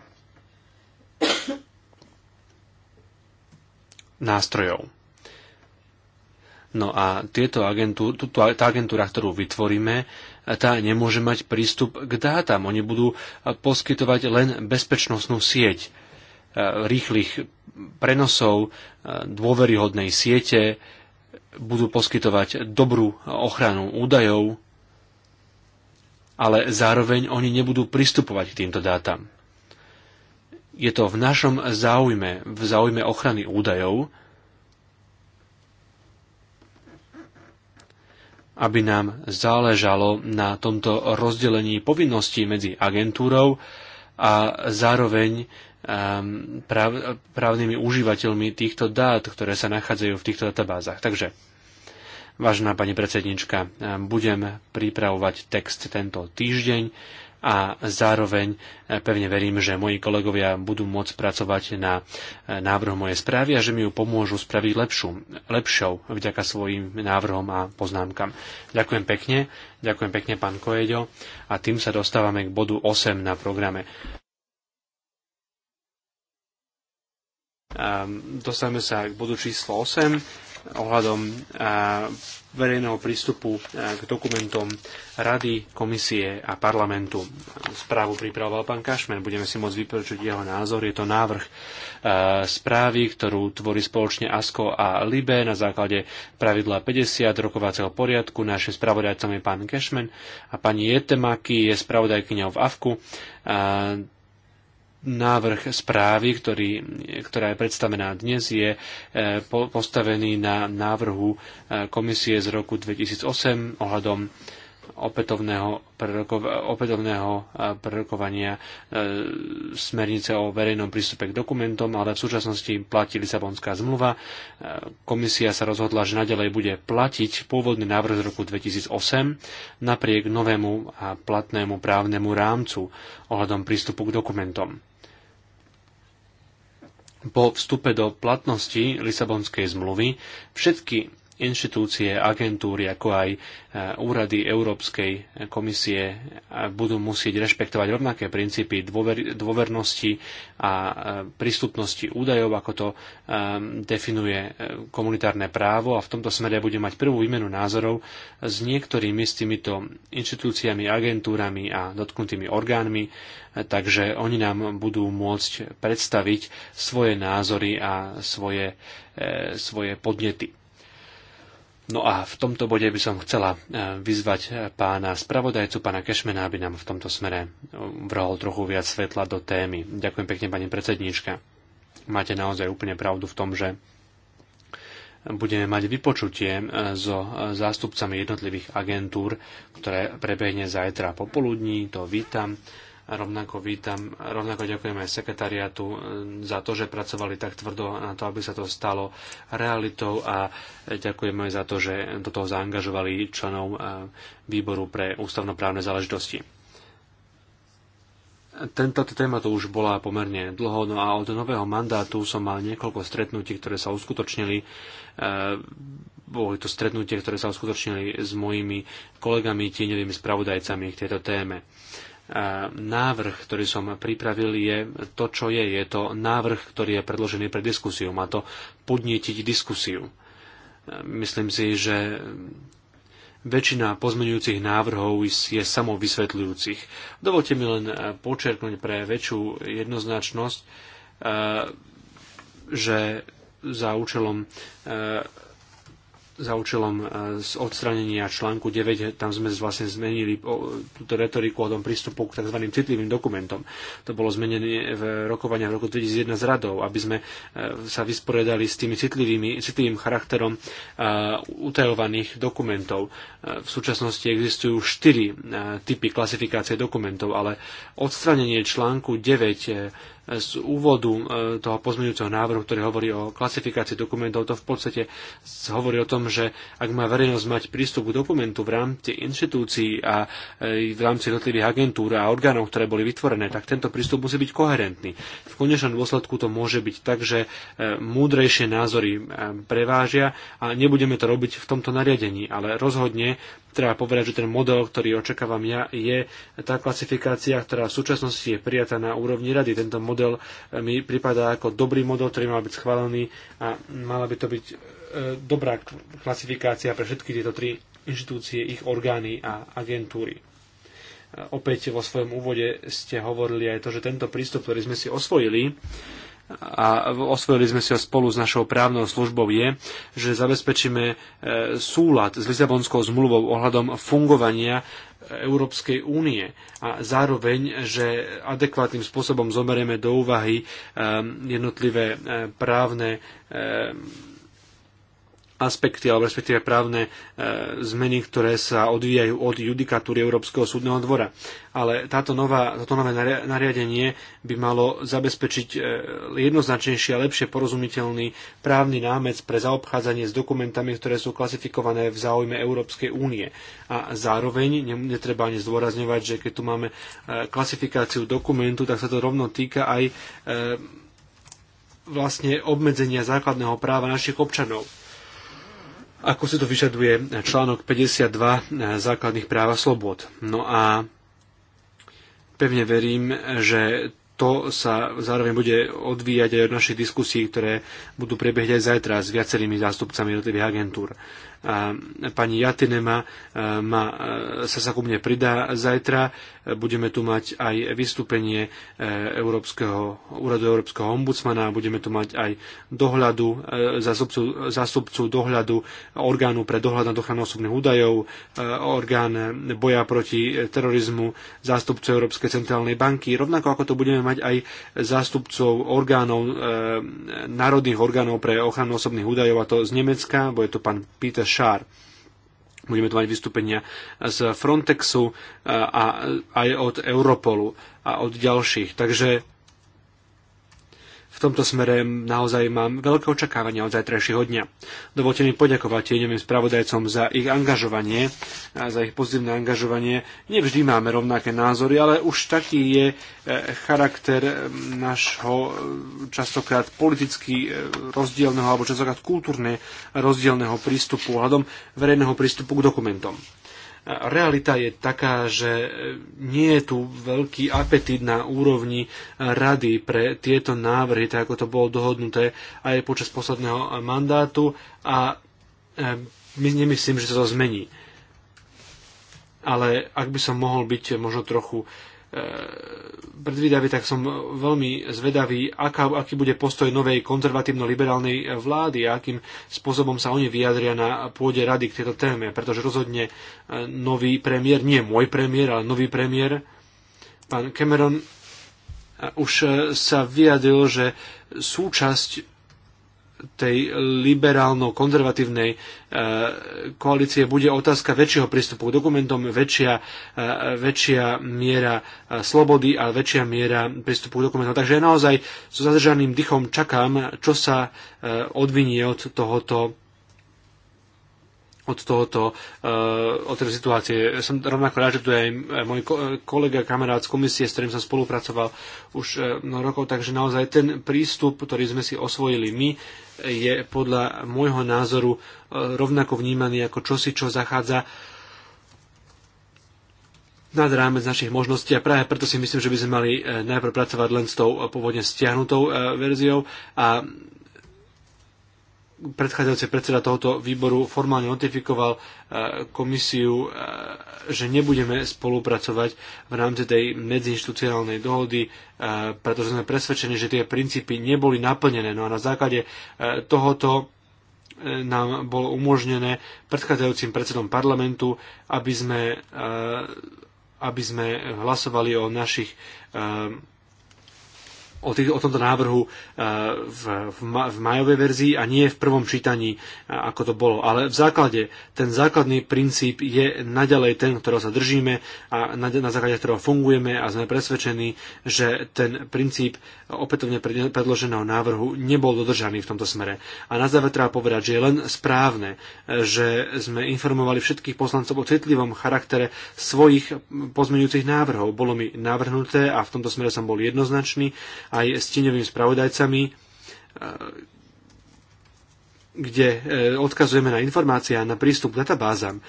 nástrojov. No a tieto agentú, tuto, tá agentúra, ktorú vytvoríme, tá nemôže mať prístup k dátam. Oni budú e, poskytovať len bezpečnostnú sieť e, rýchlych prenosov, e, dôveryhodnej siete, budú poskytovať dobrú ochranu údajov, ale zároveň oni nebudú pristupovať k týmto dátam. Je to v našom záujme, v záujme ochrany údajov, aby nám záležalo na tomto rozdelení povinností medzi agentúrou a zároveň ehm, právnymi užívateľmi týchto dát, ktoré sa nachádzajú v týchto databázach. Takže, vážená pani predsednička, ehm, budem pripravovať text tento týždeň a zároveň e, pevne verím, že moji kolegovia budú môcť pracovať na e, návrhu mojej správy a že mi ju pomôžu spraviť lepšiu, lepšou vďaka svojim návrhom a poznámkam. Ďakujem pekne, ďakujem pekne pán Koedio a tým sa dostávame k bodu 8 na programe. Ehm, dostávame sa k bodu číslo 8 ohľadom verejného prístupu k dokumentom Rady, Komisie a parlamentu. Správu pripravoval pán Kašmer, budeme si môcť vypočuť jeho názor. Je to návrh správy, ktorú tvorí spoločne ASKO a LIBE na základe pravidla 50 rokovacieho poriadku. Našim spravodajcom je pán Kašmen a pani Jetemaki je spravodajkyňou v AFKU návrh správy, ktorý, ktorá je predstavená dnes, je e, postavený na návrhu e, komisie z roku 2008 ohľadom opätovného, prerokov, opätovného e, prerokovania smernice o verejnom prístupe k dokumentom, ale v súčasnosti platí Lisabonská zmluva. Komisia sa rozhodla, že nadalej bude platiť pôvodný návrh z roku 2008 napriek novému a platnému právnemu rámcu ohľadom prístupu k dokumentom po vstupe do platnosti Lisabonskej zmluvy všetky inštitúcie, agentúry, ako aj e, úrady Európskej komisie e, budú musieť rešpektovať rovnaké princípy dôver, dôvernosti a e, prístupnosti údajov, ako to definuje komunitárne právo a v tomto smere bude mať prvú výmenu názorov s niektorými s týmito inštitúciami, agentúrami a dotknutými orgánmi, takže oni nám budú môcť predstaviť svoje názory a svoje, svoje podnety. No a v tomto bode by som chcela e, vyzvať e, pána spravodajcu, pána Kešmena, aby nám v tomto smere e, vrhol trochu viac svetla do témy. Ďakujem pekne, pani predsedníčka. Máte naozaj úplne pravdu v tom, že budeme mať vypočutie so zástupcami jednotlivých agentúr, ktoré prebehne zajtra popoludní. To vítam. Rovnako vítam, rovnako ďakujem aj sekretariátu eh, za to, že pracovali tak tvrdo na to, aby sa to stalo realitou a ďakujem aj za to, že do toho zaangažovali členov eh, výboru pre ústavnoprávne záležitosti. Tento téma to už bola pomerne dlho, no a od nového mandátu som mal niekoľko stretnutí, ktoré sa uskutočnili eh, boli to stretnutie, ktoré sa uskutočnili s mojimi kolegami, tieňovými spravodajcami k tejto téme návrh, ktorý som pripravil, je to, čo je. Je to návrh, ktorý je predložený pre diskusiu. Má to podnietiť diskusiu. Myslím si, že väčšina pozmenujúcich návrhov je samovysvetľujúcich. Dovolte mi len počerknúť pre väčšiu jednoznačnosť, eh, že za účelom eh, za účelom e, z odstranenia článku 9, e, tam sme vlastne zmenili túto retoriku o tom prístupu k tzv. citlivým dokumentom. To bolo zmenené v rokovania v roku 2001 s radou, aby sme e, sa vysporiadali s tými citlivými, citlivým charakterom utajovaných dokumentov. V súčasnosti existujú štyri typy klasifikácie dokumentov, ale odstranenie článku 9 z úvodu e, toho pozmeňujúceho návrhu, ktorý hovorí o klasifikácii dokumentov, to v podstate hovorí o tom, že ak má verejnosť mať prístup k dokumentu v rámci inštitúcií a e, v rámci jednotlivých agentúr a orgánov, ktoré boli vytvorené, tak tento prístup musí byť koherentný. V konečnom dôsledku to môže byť tak, že e, múdrejšie názory prevážia a nebudeme to robiť v tomto nariadení, ale rozhodne treba povedať, že ten model, ktorý očakávam ja, je tá klasifikácia, ktorá v súčasnosti je prijatá na úrovni rady. Tento model e, mi pripadá ako dobrý model, ktorý mal byť schválený a mala by to byť e, dobrá klasifikácia pre všetky tieto tri inštitúcie, ich orgány a agentúry. E, opäť vo svojom úvode ste hovorili aj to, že tento prístup, ktorý sme si osvojili, a osvojili sme si ho spolu s našou právnou službou je, že zabezpečíme e, súlad s Lisabonskou zmluvou ohľadom fungovania e, Európskej únie a zároveň, že adekvátnym spôsobom zoberieme do úvahy e, jednotlivé právne aspekty alebo respektíve právne e, zmeny, ktoré sa odvíjajú od judikatúry Európskeho súdneho dvora. Ale táto nová, toto nové nariadenie by malo zabezpečiť e, jednoznačnejší a lepšie porozumiteľný právny námec pre zaobchádzanie s dokumentami, ktoré sú klasifikované v záujme Európskej únie. A zároveň netreba ani zdôrazňovať, že keď tu máme e, klasifikáciu dokumentu, tak sa to rovno týka aj e, vlastne obmedzenia základného práva našich občanov ako si to vyžaduje článok 52 eh, základných práv a slobod. No a pevne verím, že to sa zároveň bude odvíjať aj od našich diskusí, ktoré budú prebiehať aj zajtra s viacerými zástupcami jednotlivých agentúr. A Pani Jatinema e, ma, e, sa sa ku mne pridá zajtra. Budeme tu mať aj vystúpenie e, Európskeho, úradu Európskeho ombudsmana, budeme tu mať aj dohľadu, zástupcu, zástupcu dohľadu orgánu pre dohľad nad ochranou osobných údajov, orgán boja proti terorizmu, zástupcu Európskej centrálnej banky, rovnako ako to budeme mať aj zástupcov orgánov, národných orgánov pre ochranu osobných údajov, a to z Nemecka, bo je to pán Peter Šár. Budeme tu mať vystúpenia z Frontexu e, a aj od Europolu a od ďalších. Takže tomto smere naozaj mám veľké očakávania od zajtrajšieho dňa. Dovolte mi poďakovať tieňovým spravodajcom za ich angažovanie, a za ich pozitívne angažovanie. Nevždy máme rovnaké názory, ale už taký je e, charakter e, nášho e, častokrát politicky rozdielneho alebo častokrát kultúrne rozdielneho prístupu hľadom verejného prístupu k dokumentom realita je taká, že e, nie je tu veľký apetít na úrovni e, rady pre tieto návrhy, tak ako to bolo dohodnuté aj počas posledného mandátu a e, my nemyslím, že sa to zmení. Ale ak by som mohol byť možno trochu uh, predvídavý, e, tak som veľmi zvedavý, aká, aký bude postoj novej konzervatívno-liberálnej vlády a akým spôsobom sa oni vyjadria na pôde rady k tejto téme, pretože rozhodne e, nový premiér, nie môj premiér, ale nový premiér, pán Cameron e, už sa vyjadril, že súčasť tej liberálno-konzervatívnej e, koalície bude otázka väčšieho prístupu k dokumentom, väčšia, e, väčšia miera e, slobody a väčšia miera prístupu k dokumentom. Takže ja naozaj so zadržaným dychom čakám, čo sa odvinie od tohoto od tohoto, eh, od tej situácie. Som rovnako rád, že tu je aj eh, môj eh, kolega, kamarát z komisie, s ktorým som spolupracoval už mnoho rokov, takže naozaj ten prístup, ktorý sme si osvojili my, je podľa môjho názoru rovnako vnímaný ako čosi, čo zachádza nad rámec našich možností a práve preto si myslím, že by sme mali najprv pracovať len s tou pôvodne stiahnutou verziou a predchádzajúci predseda tohoto výboru formálne notifikoval eh, komisiu, eh, že nebudeme spolupracovať v rámci tej medziinstitucionálnej dohody, eh, pretože sme presvedčení, že tie princípy neboli naplnené. No a na základe tohoto nám bolo umožnené predchádzajúcim predsedom parlamentu, aby sme, aby sme hlasovali o našich o, tý, o tomto návrhu eh, v, v, ma, v majovej verzii a nie v prvom čítaní, eh, ako to bolo. Ale v základe, ten základný princíp je naďalej ten, ktorého sa držíme a na, na základe ktorého fungujeme a sme presvedčení, že ten princíp opätovne predloženého návrhu nebol dodržaný v tomto smere. A na záver treba povedať, že je len správne, eh, že sme informovali všetkých poslancov o citlivom charaktere svojich pozmeňujúcich návrhov. Bolo mi navrhnuté a v tomto smere som bol jednoznačný, aj s tieňovými spravodajcami kde e, odkazujeme na informácie a na prístup k databázam e,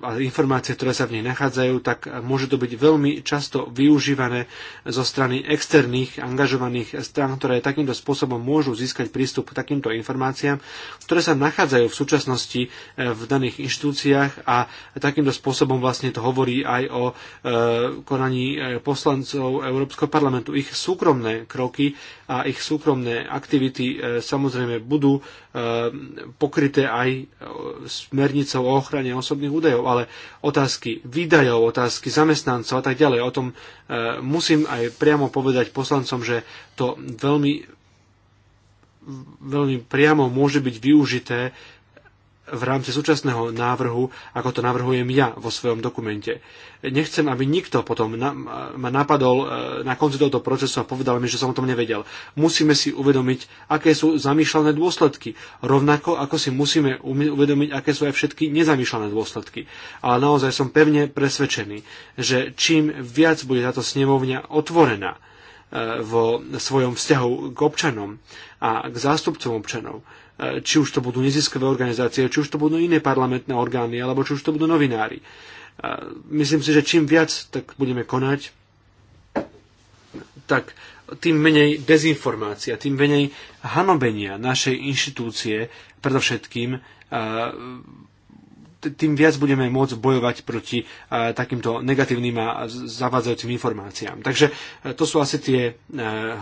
a informácie, ktoré sa v nej nachádzajú, tak môže to byť veľmi často využívané zo strany externých angažovaných strán, ktoré takýmto spôsobom môžu získať prístup k takýmto informáciám, ktoré sa nachádzajú v súčasnosti e, v daných inštitúciách a takýmto spôsobom vlastne to hovorí aj o konaní poslancov Európskeho parlamentu. Ich súkromné kroky a ich súkromné aktivity e, samozrejme budú e, pokryté aj e, smernicou o ochrane osobných údajov, ale otázky výdajov, otázky zamestnancov a tak ďalej, o tom musím aj priamo povedať poslancom, že to veľmi veľmi priamo môže byť využité v rámci súčasného návrhu, ako to navrhujem ja vo svojom dokumente. Nechcem, aby nikto potom na, ma napadol e, na konci tohto procesu a povedal mi, že som o tom nevedel. Musíme si uvedomiť, aké sú zamýšľané dôsledky. Rovnako ako si musíme uvedomiť, aké sú aj všetky nezamýšľané dôsledky. Ale naozaj som pevne presvedčený, že čím viac bude táto snemovňa otvorená e, vo svojom vzťahu k občanom a k zástupcom občanov, či už to budú neziskové organizácie, či už to budú iné parlamentné orgány, alebo či už to budú novinári. Myslím si, že čím viac tak budeme konať, tak tým menej dezinformácia, tým menej hanobenia našej inštitúcie, predovšetkým tým viac budeme môcť bojovať proti takýmto negatívnym a zavádzajúcim informáciám. Takže to sú asi tie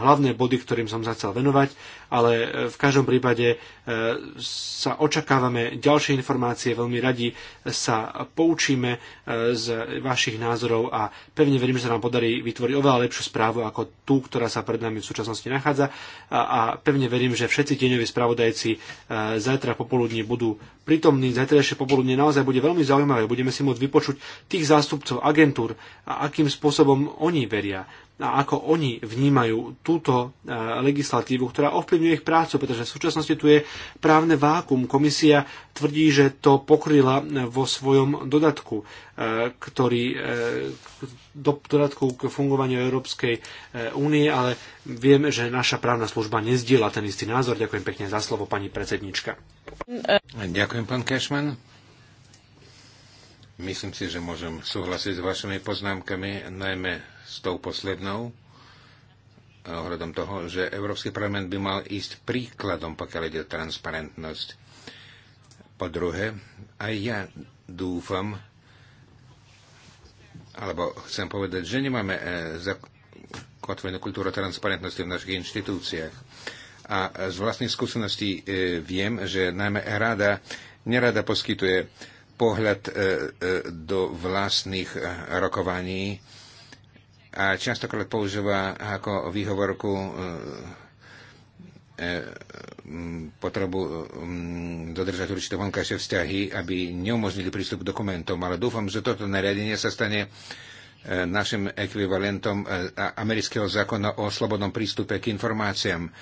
hlavné body, ktorým som sa chcel venovať ale e, v každom prípade e, sa očakávame ďalšie informácie, veľmi radi sa poučíme e, z vašich názorov a pevne verím, že sa nám podarí vytvoriť oveľa lepšiu správu ako tú, ktorá sa pred nami v súčasnosti nachádza a pevne verím, že všetci tieňoví spravodajci zajtra popoludní budú prítomní, zajtrajšie popoludne naozaj bude veľmi zaujímavé. Budeme si môcť vypočuť tých zástupcov agentúr a akým spôsobom oni veria ako oni vnímajú túto e, legislatívu, ktorá ovplyvňuje ich prácu, pretože v súčasnosti tu je právne vákum. Komisia tvrdí, že to pokryla e, vo svojom dodatku, e, ktorý do dodatku k fungovaniu Európskej únie, ale viem, že naša právna služba nezdiela ten istý názor. Ďakujem pekne za slovo, pani predsednička. Ďakujem, pán Kešman. Myslím si, že môžem súhlasiť s vašimi poznámkami, najmä s tou poslednou eh, ohľadom toho, že Európsky parlament by mal ísť príkladom, pokiaľ ide o transparentnosť. Po druhé, aj ja dúfam, alebo chcem povedať, že nemáme eh, zakotvenú kultúru transparentnosti v našich inštitúciách. A z vlastných skúseností eh, viem, že najmä rada nerada poskytuje pohľad do vlastných rokovaní a častokrát používa ako výhovorku e, e, potrebu e, dodržať určité vonkajšie vzťahy, aby neumožnili prístup k dokumentom. Ale dúfam, že toto nariadenie sa stane našim ekvivalentom amerického zákona o slobodnom prístupe k informáciám.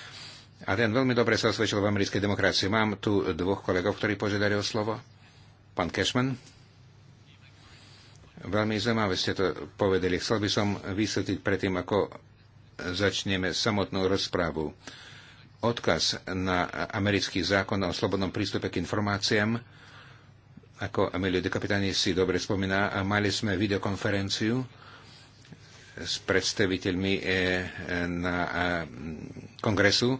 A ten veľmi dobre sa osvedčil v americkej demokracii. Mám tu dvoch kolegov, ktorí požiadali o slovo. Pán Cashman. Veľmi zaujímavé ste to povedali. Chcel by som vysvetliť predtým, ako začneme samotnú rozprávu. Odkaz na americký zákon o slobodnom prístupe k informáciám, ako Emilio de Capitani si dobre spomína, a mali sme videokonferenciu s predstaviteľmi eh, na eh, kongresu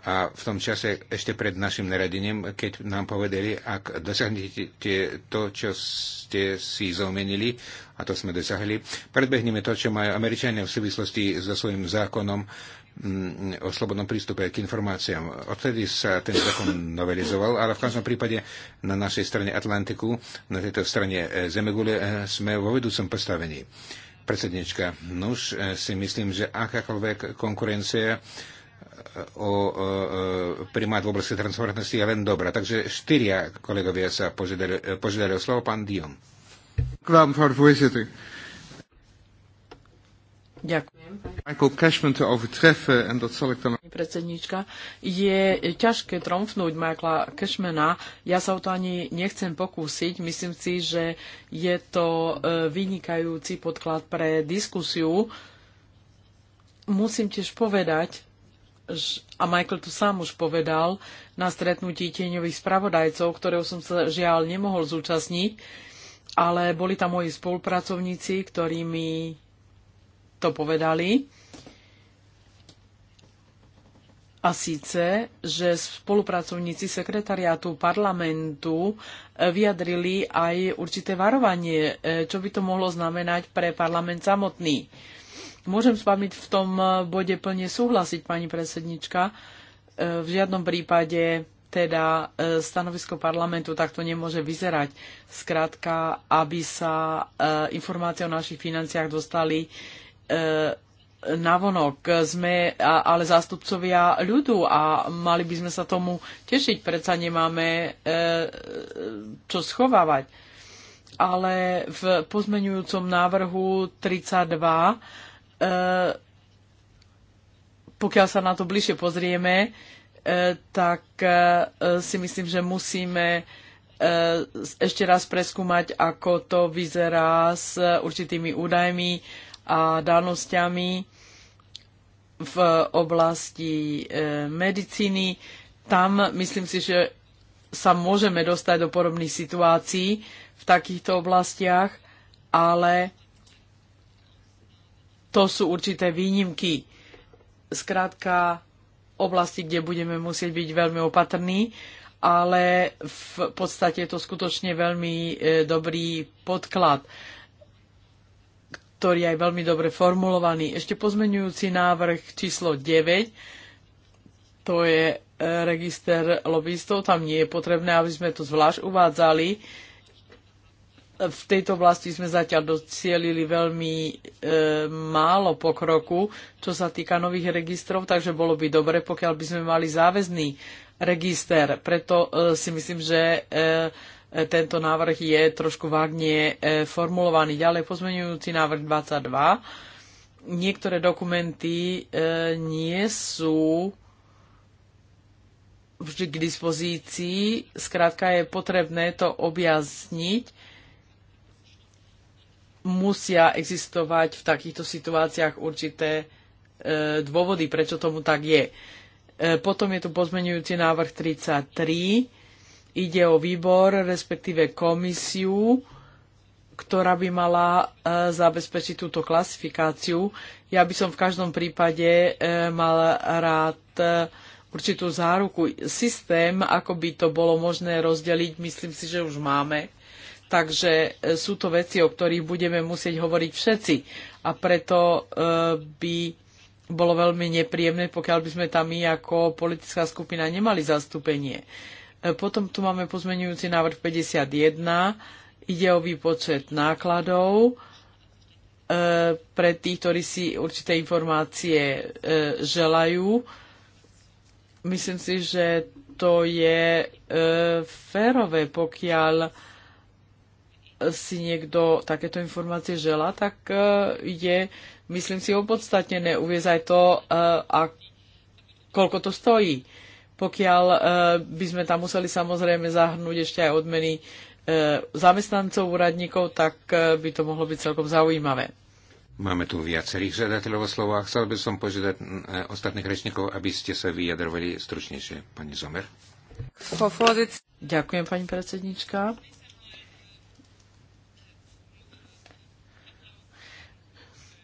a v tom čase, ešte pred našim naradením, keď nám povedali, ak dosiahnete to, čo ste si zaumenili, a to sme dosahli, predbehneme to, čo majú Američania v súvislosti so svojím zákonom mm, o slobodnom prístupe k informáciám. Odtedy sa ten zákon novelizoval, ale v každom prípade na našej strane Atlantiku, na tejto strane e, Zemegule, e, sme vo vedúcom postavení. Predsednička, nuž e, si myslím, že akákoľvek konkurencia o primát v oblasti transparentnosti je len dobrá. Takže štyria kolegovia sa požiadali, požiadali o slovo. Pán Dion. Ďakujem. Michael Cashman overtreffen en dat zal ik dan... Predsednička, je ťažké tromfnúť Michaela Cashmana. Ja sa o to ani nechcem pokúsiť. Myslím si, že je to e, vynikajúci podklad pre diskusiu. Musím tiež povedať, a Michael to sám už povedal na stretnutí tieňových spravodajcov, ktorého som sa žiaľ nemohol zúčastniť, ale boli tam moji spolupracovníci, ktorí mi to povedali. A síce, že spolupracovníci sekretariátu parlamentu eh, vyjadrili aj určité varovanie, eh, čo by to mohlo znamenať pre parlament samotný. Môžem s vami v tom eh, bode plne súhlasiť, pani predsednička. Eh, v žiadnom prípade teda eh, stanovisko parlamentu takto nemôže vyzerať. Skrátka, aby sa informácie o našich financiách dostali navonok. Sme ale zástupcovia ľudu a mali by sme sa tomu tešiť. Predsa nemáme čo schovávať. Ale v pozmenujúcom návrhu 32 E, pokiaľ sa na to bližšie pozrieme, e, tak e, si myslím, že musíme ešte raz preskúmať, ako to vyzerá s určitými údajmi a dánosťami v oblasti medicíny. Tam myslím si, že sa môžeme dostať do podobných situácií v takýchto oblastiach, ale to sú určité výnimky. Zkrátka oblasti, kde budeme musieť byť veľmi opatrní, ale v podstate je to skutočne veľmi e, dobrý podklad, ktorý je veľmi dobre formulovaný. Ešte pozmenujúci návrh číslo 9, to je e, register lobbystov, tam nie je potrebné, aby sme to zvlášť uvádzali v tejto oblasti sme zatiaľ docielili veľmi e, málo pokroku, čo sa týka nových registrov, takže bolo by dobre, pokiaľ by sme mali záväzný register. Preto e, si myslím, že e, e tento návrh je trošku vágne e, formulovaný. Ďalej pozmenujúci návrh 22. Niektoré dokumenty e, nie sú vždy k dispozícii. Skrátka je potrebné to objasniť musia existovať v takýchto situáciách určité e, dôvody, prečo tomu tak je. E, potom je tu pozmenujúci návrh 33. Ide o výbor, respektíve komisiu, ktorá by mala e, zabezpečiť túto klasifikáciu. Ja by som v každom prípade e, mal rád e, určitú záruku. Systém, ako by to bolo možné rozdeliť, myslím si, že už máme. Takže e, sú to veci, o ktorých budeme musieť hovoriť všetci. A preto e, by bolo veľmi nepríjemné, pokiaľ by sme tam my ako politická skupina nemali zastúpenie. E, potom tu máme pozmenujúci návrh 51. Ide o výpočet nákladov pre tých, ktorí si určité informácie želajú. Myslím si, že to je férové, pokiaľ si niekto takéto informácie žela, tak e, je, myslím si, opodstatnené uviezť aj to, e, a koľko to stojí. Pokiaľ e, by sme tam museli samozrejme zahrnúť ešte aj odmeny zamestnancov, úradníkov, tak by to mohlo byť celkom zaujímavé. Máme tu viacerých žiadateľov o slovo a chcel by som požiadať ostatných rečníkov, aby ste sa vyjadrovali stručnejšie. Pani Zomer. Ďakujem, pani predsednička.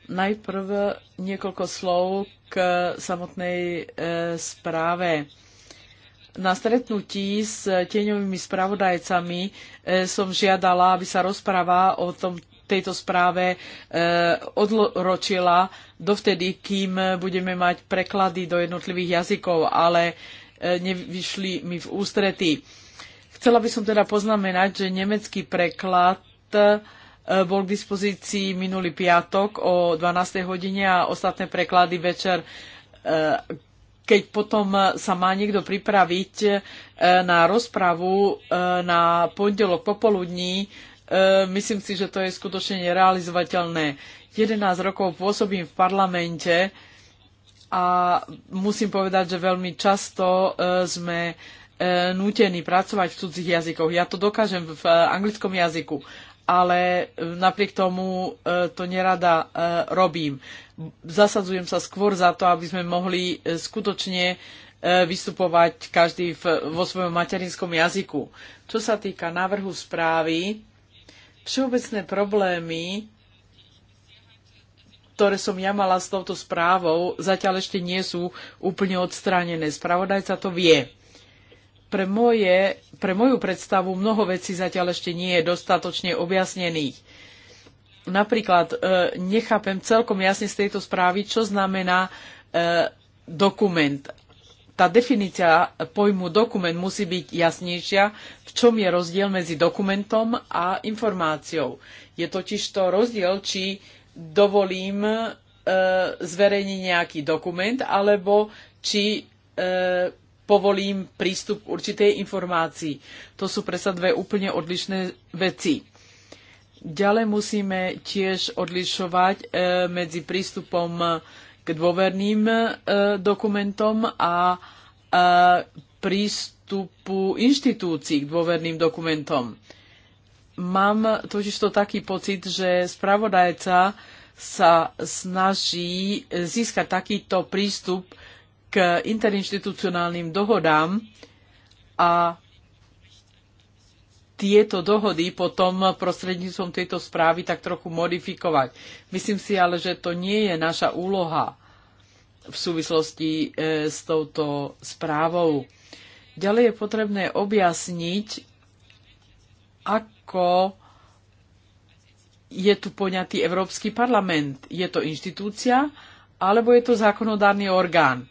Najprv niekoľko slov k samotnej e, správe. Na stretnutí s tieňovými spravodajcami e, som žiadala, aby sa rozpráva o tom, tejto správe e, odročila dovtedy, kým budeme mať preklady do jednotlivých jazykov, ale nevyšli mi v ústrety. Chcela by som teda poznamenať, že nemecký preklad Eh, bol k dispozícii minulý piatok o 12. hodine a ostatné preklady večer eh, keď potom sa má niekto pripraviť eh, na rozpravu na pondelok popoludní, myslím si, že to je skutočne nerealizovateľné. 11 rokov pôsobím v parlamente a musím povedať, že veľmi často sme nútení pracovať v cudzích jazykoch. Ja to dokážem v anglickom jazyku, ale e, napriek tomu e, to nerada e, robím. Zasadzujem sa skôr za to, aby sme mohli skutočne vystupovať každý vo svojom materinskom jazyku. Čo sa týka návrhu správy, všeobecné problémy, ktoré som ja mala s touto správou, zatiaľ ešte nie sú úplne odstránené. Spravodajca to vie pre, moje, pre moju predstavu mnoho vecí zatiaľ ešte nie je dostatočne objasnených. Napríklad e, nechápem celkom jasne z tejto správy, čo znamená e, dokument. Tá definícia pojmu dokument musí byť jasnejšia, v čom je rozdiel medzi dokumentom a informáciou. Je totiž to rozdiel, či dovolím e, zverejniť nejaký dokument, alebo či e, povolím prístup k určitej informácii. To sú predsa dve úplne odlišné veci. Ďalej musíme tiež odlišovať e, medzi prístupom e, k dôverným e, dokumentom a prístupu inštitúcií k dôverným dokumentom. Mám totiž to taký pocit, že spravodajca sa snaží získať takýto prístup k interinstitucionálnym dohodám a tieto dohody potom prostredníctvom tejto správy tak trochu modifikovať. Myslím si ale, že to nie je naša úloha v súvislosti e, s touto správou. Ďalej je potrebné objasniť, ako je tu poňatý Európsky parlament. Je to inštitúcia alebo je to zákonodárny orgán?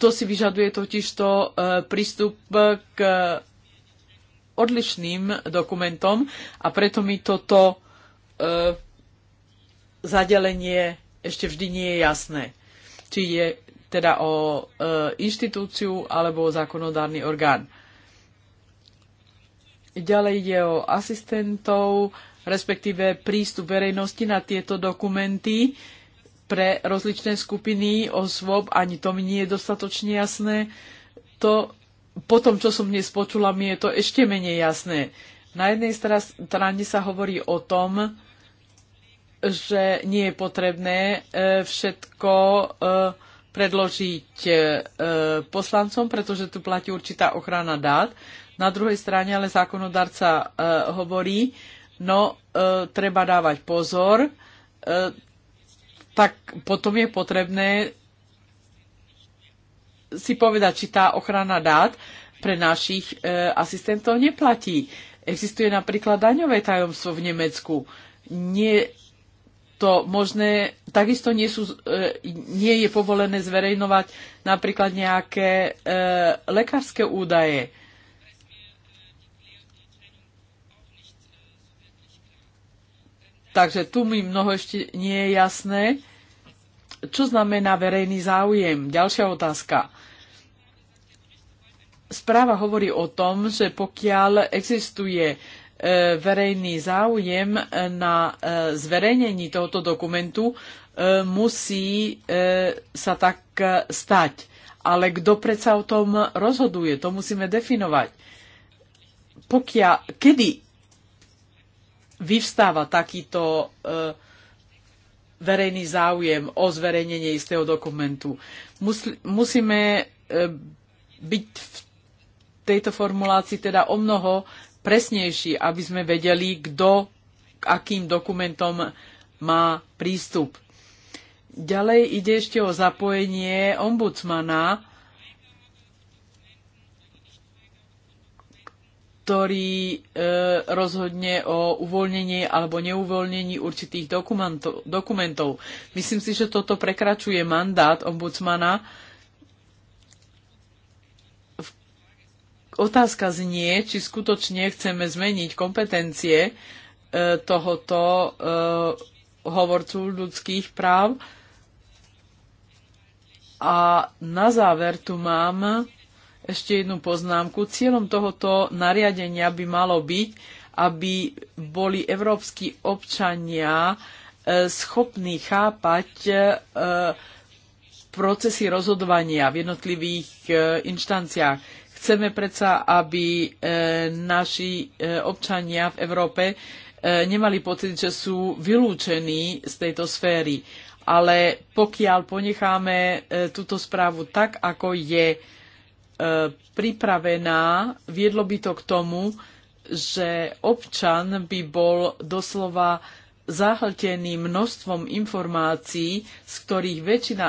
To si vyžaduje totižto e, prístup k odlišným dokumentom a preto mi toto e, zadelenie ešte vždy nie je jasné. Či je teda o e, inštitúciu alebo o zákonodárny orgán. Ďalej ide o asistentov, respektíve prístup verejnosti na tieto dokumenty. E, pre rozličné skupiny osôb, ani to mi nie je dostatočne jasné. To, po tom, čo som dnes počula, mi je to ešte menej jasné. Na jednej strane sa hovorí o tom, že nie je potrebné e, všetko e, predložiť e, poslancom, pretože tu platí určitá ochrana dát. Na druhej strane ale zákonodarca hovorí, no treba dávať pozor, tak potom je potrebné si povedať, či tá ochrana dát pre našich e, asistentov neplatí. Existuje napríklad daňové tajomstvo v Nemecku. Nie to možné, takisto nie, sú, e, nie je povolené zverejnovať napríklad nejaké e, lekárske údaje. Takže tu mi mnoho ešte nie je jasné čo znamená verejný záujem? Ďalšia otázka. Správa hovorí o tom, že pokiaľ existuje e, verejný záujem na e, zverejnení tohoto dokumentu, e, musí sa tak stať. Ale kto predsa o tom rozhoduje, to musíme definovať. Pokia, kedy vyvstáva takýto uh, verejný záujem o zverejnenie istého dokumentu. Musíme e, byť v tejto formulácii teda o mnoho presnejší, aby sme vedeli, kto k akým dokumentom má prístup. Ďalej ide ešte o zapojenie ombudsmana ktorý e, rozhodne o uvoľnení alebo neuvoľnení určitých dokumentov. Myslím si, že toto prekračuje mandát ombudsmana. Otázka znie, či skutočne chceme zmeniť kompetencie e, tohoto e, hovorcu ľudských práv. A na záver tu mám ešte jednu poznámku. Cieľom tohoto nariadenia by malo byť, aby boli európsky občania e, schopní chápať e, procesy rozhodovania v jednotlivých e, inštanciách. Chceme predsa, aby naši občania v Európe nemali pocit, že sú vylúčení z tejto sféry. Ale pokiaľ ponecháme túto správu tak, ako je, E, pripravená, viedlo by to k tomu, že občan by bol doslova zahltený množstvom informácií, z ktorých väčšina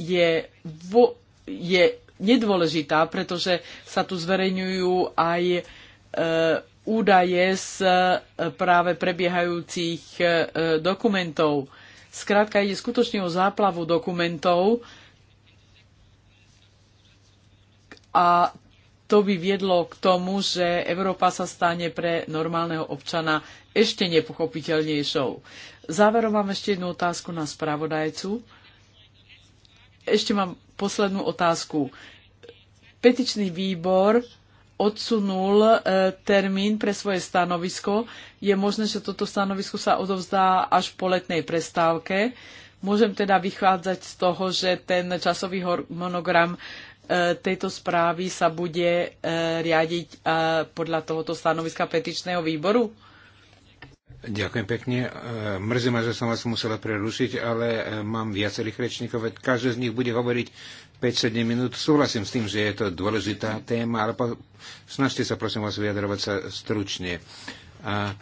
je, vo, je nedôležitá, pretože sa tu zverejňujú aj e, údaje z e, práve prebiehajúcich e, e dokumentov. Skrátka ide skutočne o záplavu dokumentov, e, a to by viedlo k tomu, že Európa sa stane pre normálneho občana ešte nepochopiteľnejšou. Záverom mám ešte jednu otázku na spravodajcu. Ešte mám poslednú otázku. Petičný výbor odsunul e, termín pre svoje stanovisko. Je možné, že toto stanovisko sa odovzdá až po letnej prestávke. Môžem teda vychádzať z toho, že ten časový monogram E, tejto správy sa bude e, riadiť e, podľa tohoto stanoviska petičného výboru? Ďakujem pekne. Mrzí ma, že som vás musela prerušiť, ale mám viacerých rečníkov, každý z nich bude hovoriť 5-7 minút. Súhlasím s tým, že je to dôležitá téma, ale po... snažte sa, prosím vás, vyjadrovať sa stručne. A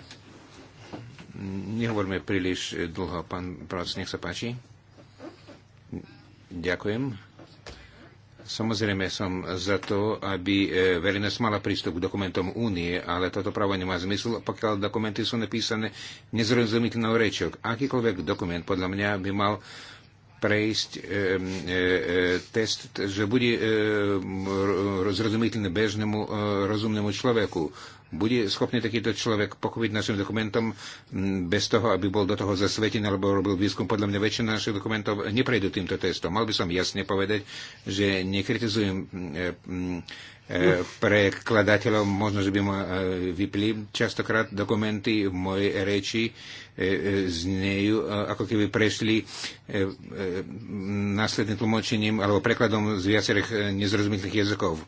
nehovorme príliš dlho. Pán Prac, nech sa páči. Ďakujem Samozrejme som za to, aby e, verejnosť mala prístup k dokumentom únie, ale toto právo nemá zmysel, pokiaľ dokumenty sú napísané nezrozumiteľnou rečok. Akýkoľvek dokument podľa mňa by mal prejsť e, e, e test, že bude e, zrozumiteľný bežnému e, rozumnému človeku. Bude schopný takýto človek pochopiť našim dokumentom bez toho, aby bol do toho zasvetený alebo robil výskum? Podľa mňa väčšina našich dokumentov neprejdú týmto testom. Mal by som jasne povedať, že nekritizujem e, e, prekladateľov, možno, že by ma e, vypli. Častokrát dokumenty v mojej reči z znejú, ako keby prešli následným tlmočením alebo prekladom z viacerých nezrozumiteľných jazykov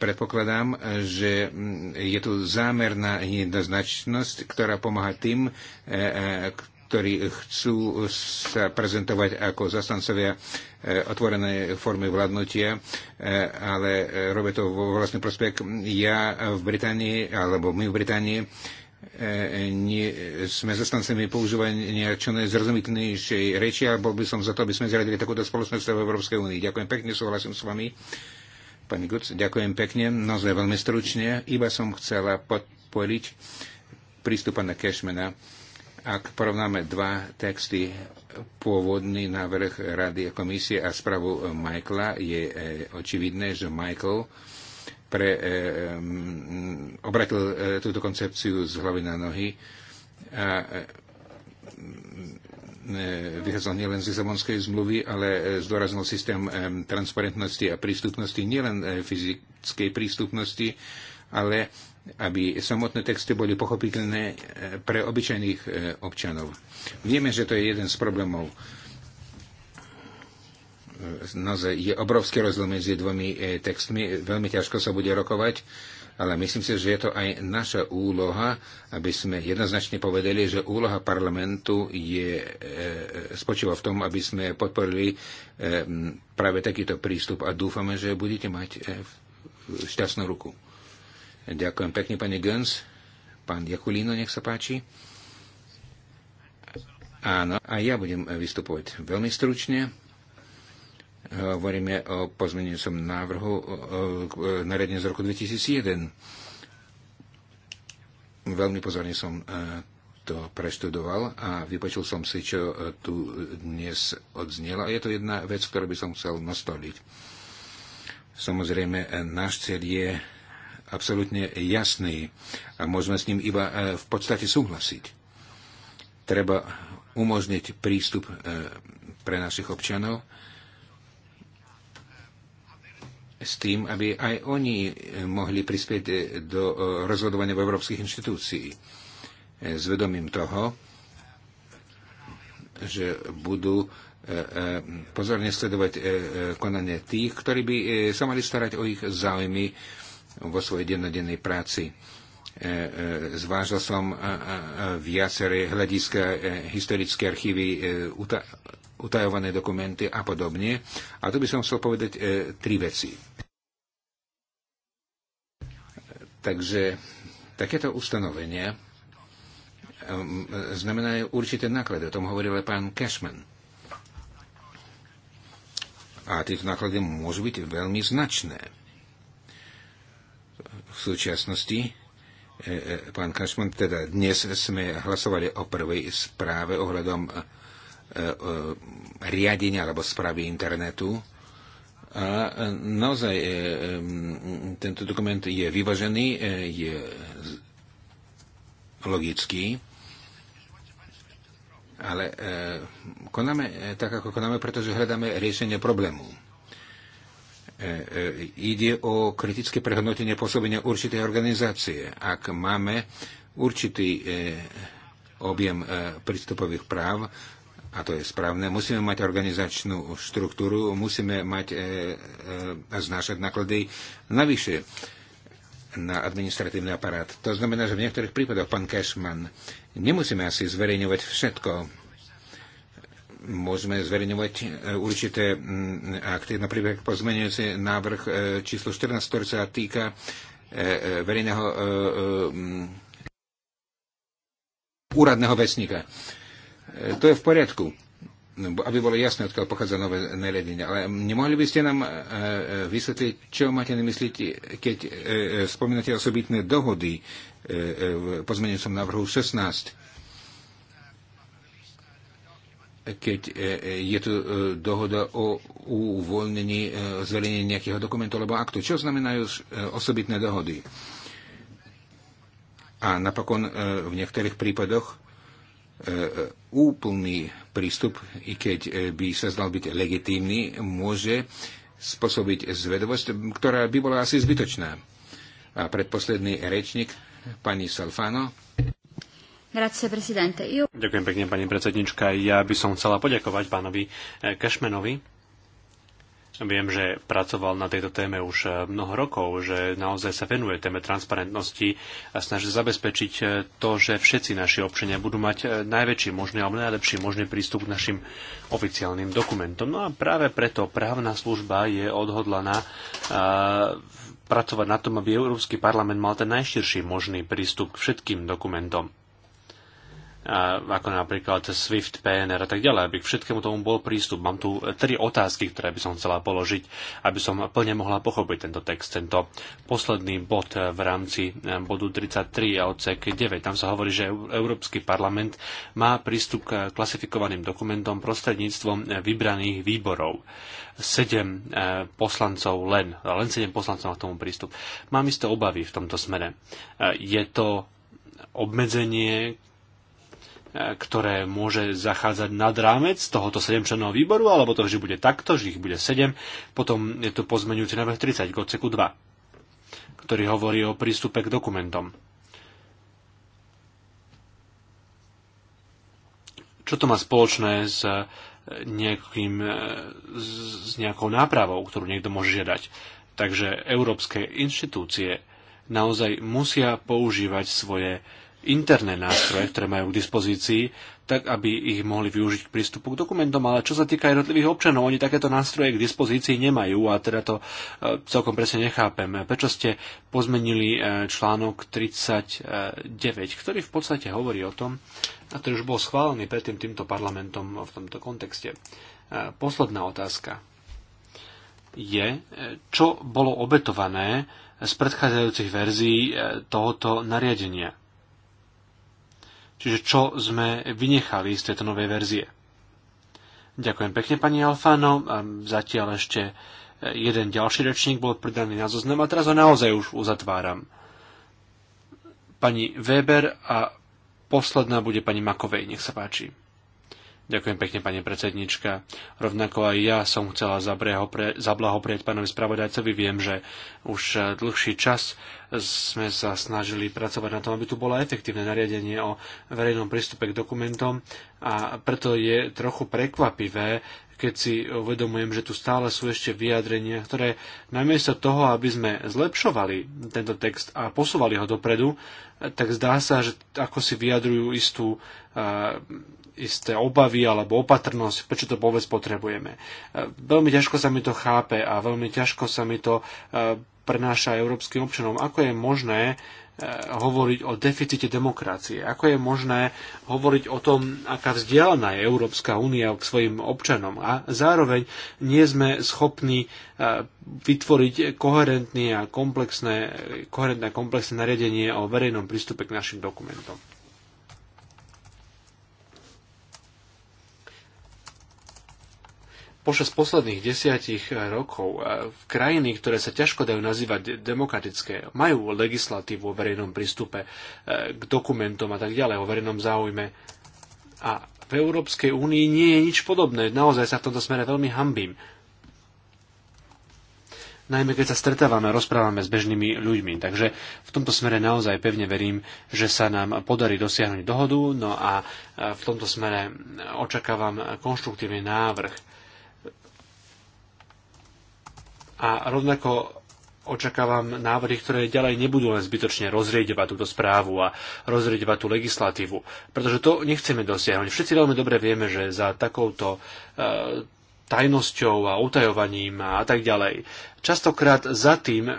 predpokladám, že je tu zámerná jednoznačnosť, ktorá pomáha tým, e, e, ktorí chcú sa prezentovať ako zastancovia e, otvorené formy vládnutia, ale robia to vo vlastný prospech. Ja v Británii, alebo my v Británii, nie, sme zastancami používania čo najzrozumiteľnejšej reči a bol by som za to, aby sme zradili takúto spoločnosť v Európskej únii. Ďakujem pekne, súhlasím s vami. Pani Gurc, ďakujem pekne, naozaj veľmi stručne. Iba som chcela podporiť prístup pana Cashmana. Ak porovnáme dva texty, pôvodný návrh Rady a komisie a spravu Michaela, je e, očividné, že Michael pre, e, obratil e, túto koncepciu z hlavy na nohy a e, E, vyhazol nielen z Lisabonskej zmluvy, ale e, zdôraznil systém e, transparentnosti a prístupnosti, nielen fyzickej prístupnosti, ale aby samotné texty boli pochopiteľné pre obyčajných občanov. Vieme, že to je jeden z problémov. Naozaj je obrovský rozdiel medzi dvomi textmi, veľmi ťažko sa bude rokovať ale myslím si, že je to aj naša úloha, aby sme jednoznačne povedali, že úloha parlamentu je, e, e, spočíva v tom, aby sme podporili e, práve takýto prístup a dúfame, že budete mať šťastnú ruku. Ďakujem pekne, pani Gens. Pán Jakulino, nech sa páči. Áno, a ja budem vystupovať veľmi stručne. Hovoríme o pozmenujúcom návrhu e, nariadenia z roku 2001. Veľmi pozorne som e, to preštudoval a vypočul som si, čo e, tu dnes odznelo. A je to jedna vec, ktorú by som chcel nastoliť. Samozrejme, náš cieľ je absolútne jasný a môžeme s ním iba v podstate súhlasiť. Treba umožniť prístup pre našich občanov s tým, aby aj oni eh, mohli prispieť eh, do eh, rozhodovania v európskych inštitúcií. S vedomím toho, že budú pozorne sledovať konanie tých, ktorí by sa mali starať o ich záujmy vo svojej dennodennej práci. Zvážil som viaceré hľadiska historické archívy utajované dokumenty a podobne. A tu by som chcel povedať e, tri veci. Takže takéto ustanovenia e, znamenajú určité náklady. O tom hovoril aj pán Cashman. A tieto náklady môžu byť veľmi značné. V súčasnosti e, e, pán Kašman, teda dnes sme hlasovali o prvej správe ohľadom E, e, riadenia alebo správy internetu. A naozaj e, tento dokument je vyvažený, je logický, ale konáme tak, ako konáme, pretože hľadáme riešenie problému. Ide o kritické prehodnotenie pôsobenia určitej organizácie. Ak máme určitý objem prístupových práv, a to je správne, musíme mať organizačnú štruktúru, musíme mať e, e, znášať náklady navyše na administratívny aparát. To znamená, že v niektorých prípadoch, pán Cashman, nemusíme asi zverejňovať všetko. Môžeme zverejňovať e, určité mm, akty, napríklad pozmenujúci návrh e, číslo 14, ktorý sa týka e, verejného mm, úradného vesníka. E, to je v poriadku aby bolo jasné, odkiaľ pochádza nové nariadenie. Ale nemohli by ste nám e, e, vysvetliť, čo máte na mysli, keď spomínate osobitné dohody v pozmenencom návrhu 16? keď je tu dohoda o uvoľnení zverejnenia nejakého dokumentu alebo aktu. Čo znamenajú osobitné dohody? A napokon v niektorých prípadoch E, e, úplný prístup, i keď e, by sa zdal byť legitímny, môže spôsobiť zvedovosť, ktorá by bola asi zbytočná. A predposledný rečník, pani Salfano. Ďakujem pekne, pani predsednička. Ja by som chcela poďakovať pánovi Kešmenovi Viem, že pracoval na tejto téme už eh, mnoho rokov, že naozaj sa venuje téme transparentnosti a snaží zabezpečiť eh, to, že všetci naši občania budú mať eh, najväčší možný alebo najlepší možný prístup k našim oficiálnym dokumentom. No a práve preto právna služba je odhodlaná pracovať na tom, aby Európsky parlament mal ten najširší možný prístup k všetkým dokumentom ako napríklad SWIFT, PNR a tak ďalej, aby k všetkému tomu bol prístup. Mám tu tri otázky, ktoré by som chcela položiť, aby som plne mohla pochopiť tento text, tento posledný bod v rámci eh, bodu 33 a odsek 9. Tam sa hovorí, že Európsky parlament má prístup k klasifikovaným dokumentom prostredníctvom eh, vybraných výborov. Sedem eh, poslancov len, len sedem poslancov má k tomu prístup. Mám isté obavy v tomto smere. Je to obmedzenie, ktoré môže zachádzať nad rámec tohoto 7 členov výboru, alebo to že bude takto, že ich bude 7. Potom je tu pozmenujúci návrh 30 k odseku 2, ktorý hovorí o prístupe k dokumentom. Čo to má spoločné s e, nejakým, e, s nejakou nápravou, ktorú niekto môže žiadať? Takže európske inštitúcie naozaj musia používať svoje interné nástroje, ktoré majú k dispozícii, tak aby ich mohli využiť k prístupu k dokumentom, ale čo sa týka jednotlivých občanov, oni takéto nástroje k dispozícii nemajú a teda to e, celkom presne nechápem. Prečo ste pozmenili e, článok 39, ktorý v podstate hovorí o tom, a ktorý už bol schválený predtým týmto parlamentom v tomto kontexte. E, posledná otázka je, čo bolo obetované z predchádzajúcich verzií tohoto nariadenia Čiže čo sme vynechali z tejto novej verzie? Ďakujem pekne, pani Alfano. Zatiaľ ešte e, jeden ďalší rečník bol pridaný na zoznam a teraz ho naozaj už uzatváram. Pani Weber a posledná bude pani Makovej, nech sa páči. Ďakujem pekne, pani predsednička. Rovnako aj ja som chcela zablahoprieť pánovi spravodajcovi. Viem, že už eh, dlhší čas sme sa snažili pracovať na tom, aby tu bolo efektívne nariadenie o verejnom prístupe k dokumentom a preto je trochu prekvapivé, keď si uvedomujem, že tu stále sú ešte vyjadrenia, ktoré namiesto toho, aby sme zlepšovali tento text a posúvali ho dopredu, eh, tak zdá sa, že ako si vyjadrujú istú eh, isté obavy alebo opatrnosť, prečo to vôbec potrebujeme. E, veľmi ťažko sa mi to chápe a veľmi ťažko sa mi to e, prenáša európskym občanom. Ako je možné e, hovoriť o deficite demokracie? Ako je možné hovoriť o tom, aká vzdialená je Európska únia k svojim občanom? A zároveň nie sme schopní vytvoriť koherentné a komplexné, koherentné a komplexné nariadenie o verejnom prístupe k našim dokumentom. počas posledných desiatich eh, rokov eh, krajiny, ktoré sa ťažko dajú nazývať demokratické, majú legislatívu o verejnom prístupe eh, k dokumentom a tak ďalej, o verejnom záujme. A v Európskej únii nie je nič podobné. Naozaj sa v tomto smere veľmi hambím. Najmä keď sa stretávame a rozprávame s bežnými ľuďmi. Takže v tomto smere naozaj pevne verím, že sa nám podarí dosiahnuť dohodu. No a v tomto smere mm, očakávam konštruktívny návrh a rovnako očakávam návrhy, ktoré ďalej nebudú len zbytočne rozriedevať túto správu a rozriedevať tú legislatívu, pretože to nechceme dosiahnuť. Všetci veľmi dobre vieme, že za takouto e, tajnosťou a utajovaním a tak ďalej. Častokrát za tým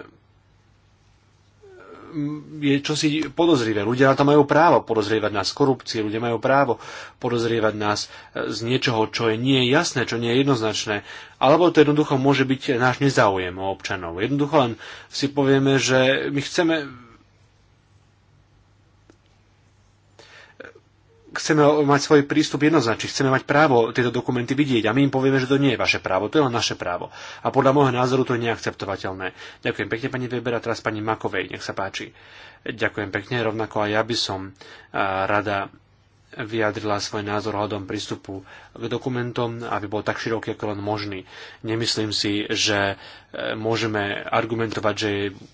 Mm, je čosi podozrivé. Ľudia na to majú právo podozrievať nás z korupcie, ľudia majú právo podozrievať nás e, z niečoho, čo je nie je jasné, čo nie je jednoznačné. Alebo to jednoducho môže byť náš nezáujem o občanov. Jednoducho len si povieme, že my chceme chceme mať svoj prístup jednoznačný, chceme mať právo tieto dokumenty vidieť a my im povieme, že to nie je vaše právo, to je len naše právo. A podľa môjho názoru to je neakceptovateľné. Ďakujem pekne pani Weber a teraz pani Makovej, nech sa páči. Ďakujem pekne, rovnako aj ja by som rada vyjadrila svoj názor hľadom prístupu k dokumentom, aby bol tak široký, ako len možný. Nemyslím si, že e, môžeme argumentovať, že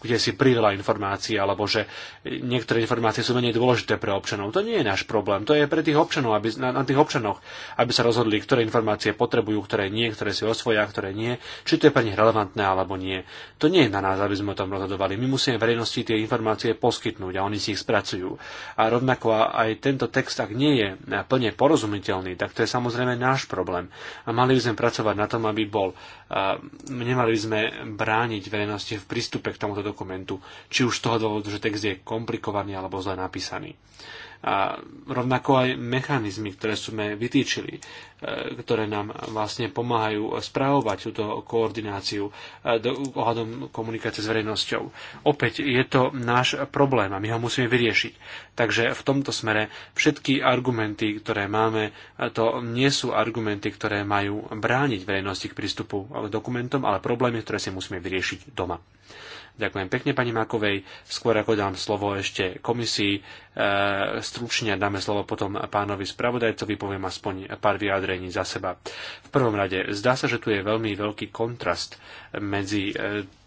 kde si priveľa informácií, alebo že niektoré informácie sú menej dôležité pre občanov. To nie je náš problém. To je pre tých občanov, aby, na, na tých občanoch, aby sa rozhodli, ktoré informácie potrebujú, ktoré nie, ktoré si osvoja, ktoré nie, či to je pre nich relevantné alebo nie. To nie je na nás, aby sme o tom rozhodovali. My musíme verejnosti tie informácie poskytnúť a oni si ich spracujú. A rovnako aj tento text, ak nie je plne porozumiteľný, tak to je samozrejme je náš problém. A mali by sme pracovať na tom, aby bol. A nemali by sme brániť verejnosti v prístupe k tomuto dokumentu, či už z toho dôvodu, že text je komplikovaný alebo zle napísaný a rovnako aj mechanizmy, ktoré sme vytýčili, e, ktoré nám vlastne pomáhajú správovať túto koordináciu e, do, ohľadom komunikácie s verejnosťou. Opäť je to náš problém a my ho musíme vyriešiť. Takže v tomto smere všetky argumenty, ktoré máme, e, to nie sú argumenty, ktoré majú brániť verejnosti k prístupu k dokumentom, ale problémy, ktoré si musíme vyriešiť doma. Ďakujem pekne pani Makovej. Skôr ako dám slovo ešte komisii, e, stručne dáme slovo potom pánovi spravodajcovi, poviem aspoň pár vyjadrení za seba. V prvom rade, zdá sa, že tu je veľmi veľký kontrast medzi e,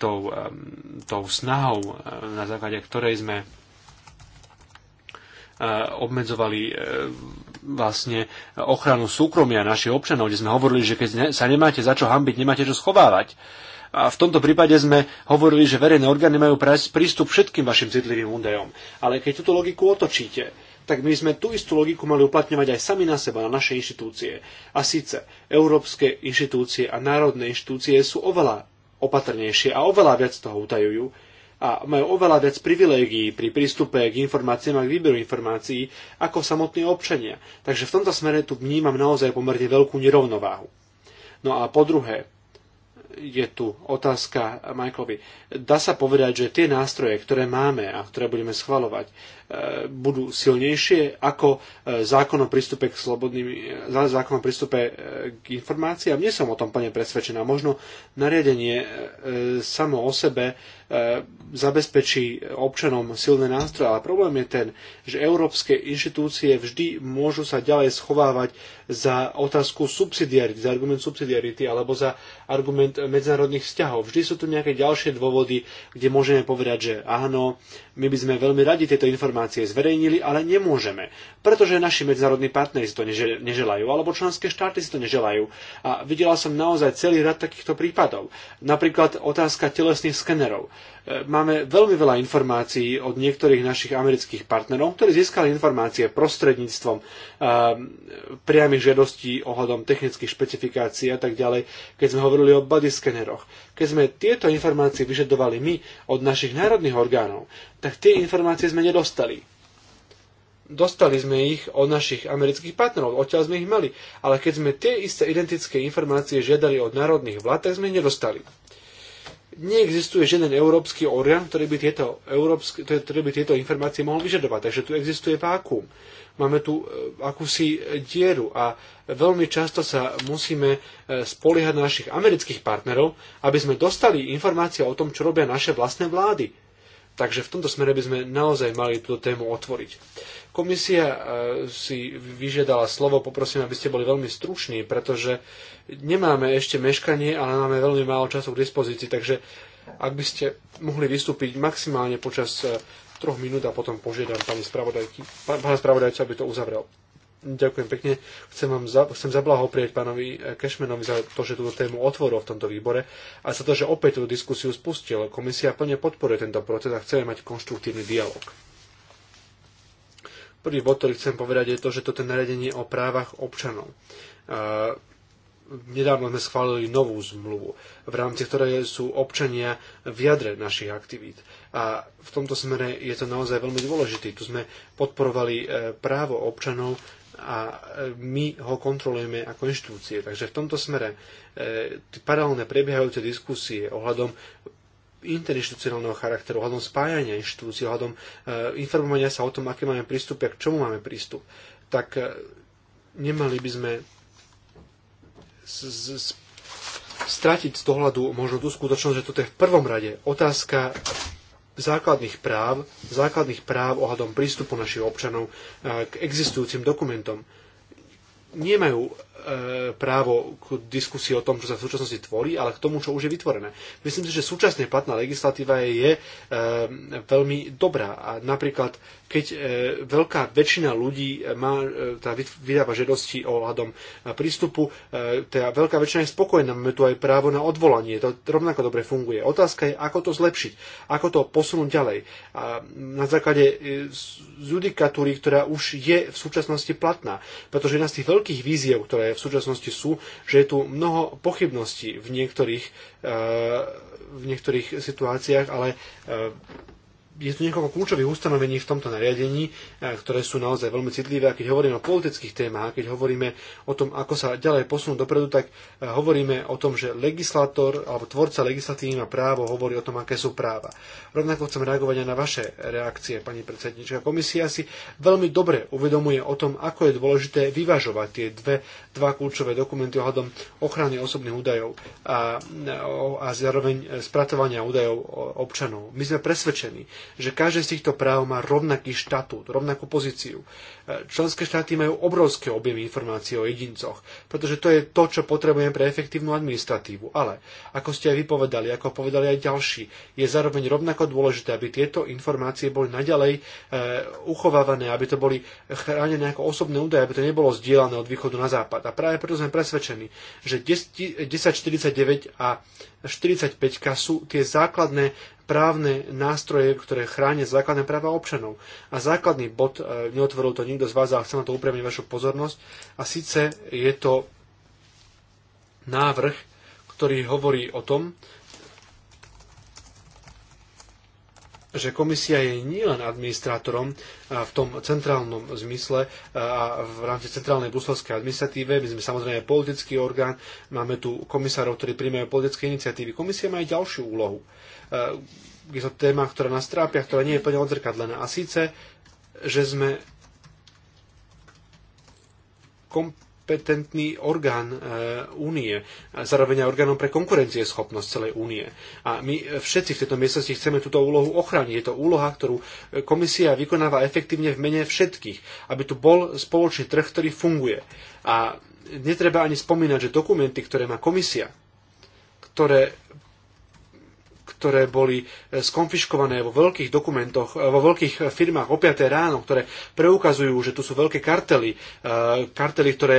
tou, e, tou snahou, e, na základe ktorej sme e, obmedzovali e, vlastne ochranu súkromia našich občanov, kde sme hovorili, že keď sa nemáte za čo hambiť, nemáte čo schovávať. A v tomto prípade sme hovorili, že verejné orgány majú prístup všetkým vašim citlivým údajom. Ale keď túto logiku otočíte, tak my sme tú istú logiku mali uplatňovať aj sami na seba, na naše inštitúcie. A síce európske inštitúcie a národné inštitúcie sú oveľa opatrnejšie a oveľa viac toho utajujú a majú oveľa viac privilégií pri prístupe k informáciám a k výberu informácií ako samotní občania. Takže v tomto smere tu vnímam naozaj pomerne veľkú nerovnováhu. No a po druhé, je tu otázka Michaelovi. Dá sa povedať, že tie nástroje, ktoré máme a ktoré budeme schvalovať, budú silnejšie ako e, zákon o prístupe k slobodným, e, zákon o prístupe e, k informáciám. Nie som o tom plne presvedčená. Možno nariadenie samo o sebe zabezpečí občanom silné nástroje, ale problém je ten, že európske inštitúcie vždy môžu sa ďalej schovávať za otázku subsidiarity, za argument subsidiarity alebo za argument medzinárodných vzťahov. Vždy sú tu nejaké ďalšie dôvody, kde môžeme povedať, že áno, my by sme veľmi radi tieto informácie informácie zverejnili, ale nemôžeme, pretože naši medzinárodní partneri si to neželajú, alebo členské štáty si to neželajú. A videla som naozaj celý rad takýchto prípadov. Napríklad otázka telesných skenerov. E, máme veľmi veľa informácií od niektorých našich amerických partnerov, ktorí získali informácie prostredníctvom e, priamých žiadostí ohľadom technických špecifikácií a tak ďalej, keď sme hovorili o body skeneroch. Keď sme tieto informácie vyžadovali my od našich národných orgánov, tak tie informácie sme nedostali. Dostali sme ich od našich amerických partnerov, odtiaľ sme ich mali, ale keď sme tie isté identické informácie žiadali od národných vlád, tak sme ich nedostali. Neexistuje žiaden európsky orgán, ktorý by tieto, európsky, ktorý by tieto informácie mohol vyžadovať, takže tu existuje vákum. Máme tu e, akúsi e, dieru a veľmi často sa musíme e, spoliehať na našich amerických partnerov, aby sme dostali informácie o tom, čo robia naše vlastné vlády. Takže v tomto smere by sme naozaj mali túto tému otvoriť. Komisia si vyžiadala slovo, poprosím, aby ste boli veľmi struční, pretože nemáme ešte meškanie, ale máme veľmi málo času k dispozícii, takže ak by ste mohli vystúpiť maximálne počas troch minút a potom požiadam pani spravodajky, pána spravodajca, aby to uzavrel. Ďakujem pekne. Chcem, vám za, chcem zablahoprieť pánovi Kešmenovi za to, že túto tému otvoril v tomto výbore a za to, že opäť tú diskusiu spustil. Komisia plne podporuje tento proces a chceme mať konštruktívny dialog. Prvý bod, ktorý chcem povedať, je to, že toto je nariadenie o právach občanov. Nedávno sme schválili novú zmluvu, v rámci ktorej sú občania v jadre našich aktivít. A v tomto smere je to naozaj veľmi dôležité. Tu sme podporovali e, právo občanov a e, my ho kontrolujeme ako inštitúcie. Takže v tomto smere e, paralelné prebiehajúce diskusie ohľadom interinstitucionálneho charakteru, ohľadom spájania inštitúcií, ohľadom informovania sa o tom, aké máme prístup a k čomu máme prístup, tak nemali by sme stratiť z dohľadu možno tú skutočnosť, že toto je v prvom rade otázka základných práv, základných práv ohľadom prístupu našich občanov eh, k existujúcim dokumentom. Nemajú E, právo k diskusii o tom, čo sa v súčasnosti tvorí, ale k tomu, čo už je vytvorené. Myslím si, že súčasne platná legislatíva je, je veľmi dobrá. A napríklad, keď e, veľká väčšina ľudí má, e, teda vydáva žiadosti o hľadom prístupu, teda veľká väčšina je spokojná, máme tu aj právo na odvolanie, to rovnako dobre funguje. Otázka je, ako to zlepšiť, ako to posunúť ďalej. A na základe z judikatúry, ktorá už je v súčasnosti platná, pretože jedna z tých veľkých víziev, ktoré v súčasnosti sú, že je tu mnoho pochybností v niektorých, eh, v niektorých situáciách, ale eh, je tu niekoľko kľúčových ustanovení v tomto nariadení, e, ktoré sú naozaj veľmi citlivé. A keď hovoríme o politických témach, keď hovoríme o tom, ako sa ďalej posunúť dopredu, tak e, hovoríme o tom, že legislátor alebo tvorca legislatívy má právo hovorí o tom, aké sú práva. Rovnako chcem reagovať aj na vaše reakcie, pani predsednička. Komisia si veľmi dobre uvedomuje o tom, ako je dôležité vyvažovať tie dve, dva kľúčové dokumenty ohľadom ochrany osobných údajov a, a zároveň spracovania údajov občanov. My sme presvedčení, že každé z týchto práv má rovnaký štatút, rovnakú pozíciu. E, členské štáty majú obrovské objemy informácií o jedincoch, pretože to je to, čo potrebujeme pre efektívnu administratívu. Ale, ako ste aj vypovedali, ako povedali aj ďalší, je zároveň rovnako dôležité, aby tieto informácie boli naďalej e, uchovávané, aby to boli chránené ako osobné údaje, aby to nebolo zdieľané od východu na západ. A práve preto sme presvedčení, že 1049 10, a 45 sú tie základné právne nástroje, ktoré chránia základné práva občanov. A základný bod, e, neotvoril to nikto z vás, ale chcem na to upriamiť vašu pozornosť, a síce je to návrh, ktorý hovorí o tom, že komisia je nielen administrátorom v tom centrálnom zmysle e, a v rámci centrálnej bruselskej administratíve. My sme samozrejme politický orgán, máme tu komisárov, ktorí príjmajú politické iniciatívy. Komisia má aj ďalšiu úlohu. Eh, je to téma, ktorá nás trápia, ktorá nie je plne odzrkadlená. A síce, že sme kompetentný orgán eh, únie, zároveň aj orgánom pre konkurencieschopnosť celej únie. A my eh, všetci v tejto miestnosti chceme túto úlohu ochrániť. Je to úloha, ktorú komisia vykonáva efektívne v mene všetkých, aby tu bol spoločný trh, ktorý funguje. A netreba ani spomínať, že dokumenty, ktoré má komisia, ktoré ktoré boli e, skonfiškované vo veľkých dokumentoch, e, vo veľkých firmách o 5. ráno, ktoré preukazujú, že tu sú veľké kartely, e, kartely, ktoré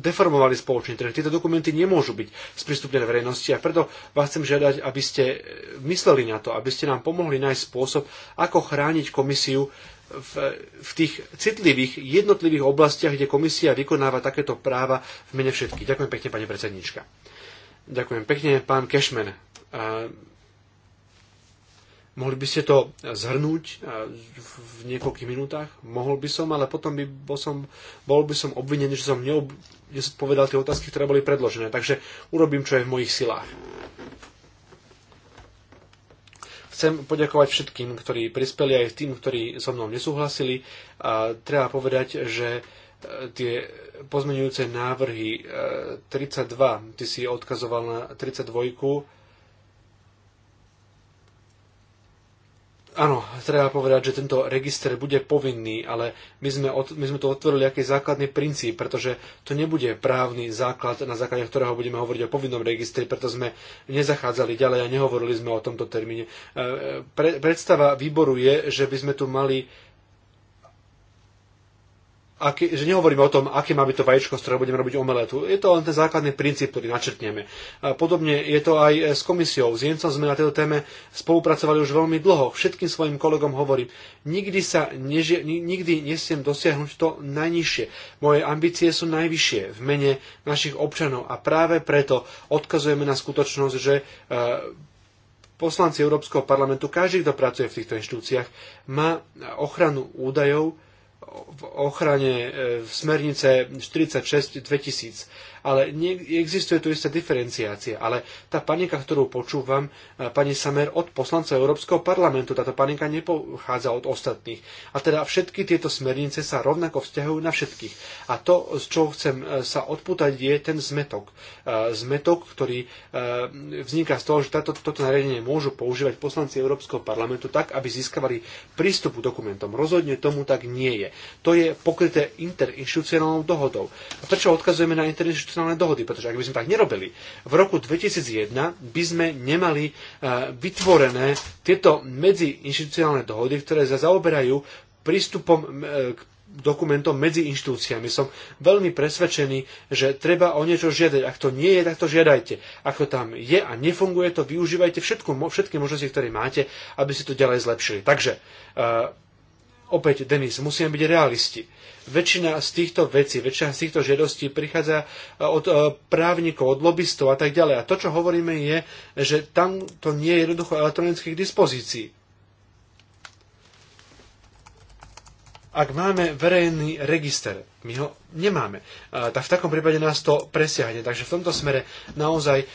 deformovali spoločný trh. Tieto dokumenty nemôžu byť sprístupnené verejnosti a preto vás chcem žiadať, aby ste mysleli na to, aby ste nám pomohli nájsť spôsob, ako chrániť komisiu v, v tých citlivých, jednotlivých oblastiach, kde komisia vykonáva takéto práva v mene všetkých. Ďakujem pekne, pani predsednička. Ďakujem pekne, pán Kešmen. Mohli by ste to zhrnúť e, v niekoľkých minútach? Mohol by som, ale potom by bol som, bol by som obvinený, že som neob- nezodpovedal tie otázky, ktoré boli predložené. Takže urobím, čo je v mojich silách. Chcem poďakovať všetkým, ktorí prispeli, aj tým, ktorí so mnou nesúhlasili. A treba povedať, že e, tie pozmenujúce návrhy 32, e, ty si odkazoval na 32, Áno, treba povedať, že tento register bude povinný, ale my sme, od, my sme to otvorili aký základný princíp, pretože to nebude právny základ, na základe ktorého budeme hovoriť o povinnom registri, preto sme nezachádzali ďalej a nehovorili sme o tomto termíne. E, e, pre, predstava výboru je, že by sme tu mali aký, že nehovoríme o tom, aké má byť to vajíčko, z ktorého budeme robiť omeletu. Je to len ten základný princíp, ktorý načrtneme. Podobne je to aj e, s komisiou. S Jencom sme na tejto téme spolupracovali už veľmi dlho. Všetkým svojim kolegom hovorím, nikdy sa neži- nikdy nesiem dosiahnuť to najnižšie. Moje ambície sú najvyššie v mene našich občanov a práve preto odkazujeme na skutočnosť, že e, poslanci Európskeho parlamentu, každý, kto pracuje v týchto inštitúciách, má ochranu údajov, v ochrane e, smernice 46 2000 ale existuje tu istá diferenciácia. Ale tá panika, ktorú počúvam, e, pani Samer, od poslancov Európskeho parlamentu, táto panika nepochádza od ostatných. A teda všetky tieto smernice sa rovnako vzťahujú na všetkých. A to, z čoho chcem e, sa odputať, je ten zmetok. E, zmetok, ktorý vzniká z toho, že táto, toto nariadenie môžu používať poslanci Európskeho parlamentu tak, aby získavali prístup k dokumentom. Rozhodne tomu tak nie je. To je pokryté interinstitucionálnou dohodou. A prečo odkazujeme na interinstitucionálnu inštitucionálne dohody, pretože ak by sme tak nerobili, v roku 2001 by sme nemali e, vytvorené tieto medziinštitucionálne dohody, ktoré sa zaoberajú prístupom e, k dokumentom medzi inštitúciami. Som veľmi presvedčený, že treba o niečo žiadať. Ak to nie je, tak to žiadajte. Ak to tam je a nefunguje to, využívajte všetko, všetky možnosti, ktoré máte, aby si to ďalej zlepšili. Takže e, Opäť, Denis, musíme byť realisti. Väčšina z týchto vecí, väčšina z týchto žiadostí prichádza e, od e, právnikov, od lobbystov a tak ďalej. A to, čo hovoríme, je, že tam to nie je jednoducho elektronických dispozícií. Ak máme verejný register, my ho nemáme. Tak v takom prípade nás to presiahne. Takže v tomto smere naozaj e,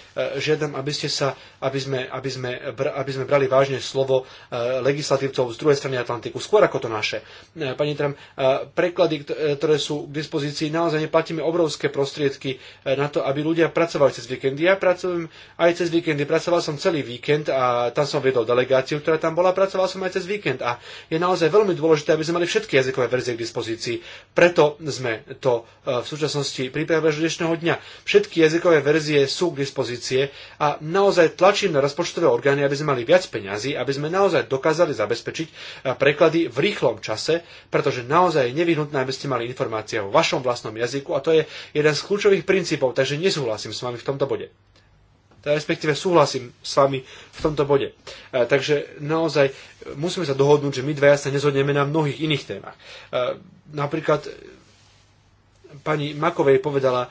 žiadam, aby, ste sa, aby, sme, aby, sme, aby sme brali vážne slovo e, legislatívcov z druhej strany Atlantiku, skôr ako to naše. E, pani Tram, preklady, ktoré sú k dispozícii, naozaj neplatíme obrovské prostriedky na to, aby ľudia pracovali cez víkendy. Ja pracujem aj cez víkendy. Pracoval som celý víkend a tam som vedol delegáciu, ktorá tam bola. Pracoval som aj cez víkend a je naozaj veľmi dôležité, aby sme mali všetky jazykové verzie k dispozícii. Preto sme to e, v súčasnosti pripravia dnešného dňa. Všetky jazykové verzie sú k dispozície a naozaj tlačím na rozpočtové orgány, aby sme mali viac peňazí, aby sme naozaj dokázali zabezpečiť e, preklady v rýchlom čase, pretože naozaj je nevyhnutné, aby ste mali informácie o vašom vlastnom jazyku a to je jeden z kľúčových princípov, takže nesúhlasím s vami v tomto bode respektíve súhlasím s vami v tomto bode. E, takže naozaj musíme sa dohodnúť, že my dvaja sa nezhodneme na mnohých iných témach. Napríklad pani Makovej povedala,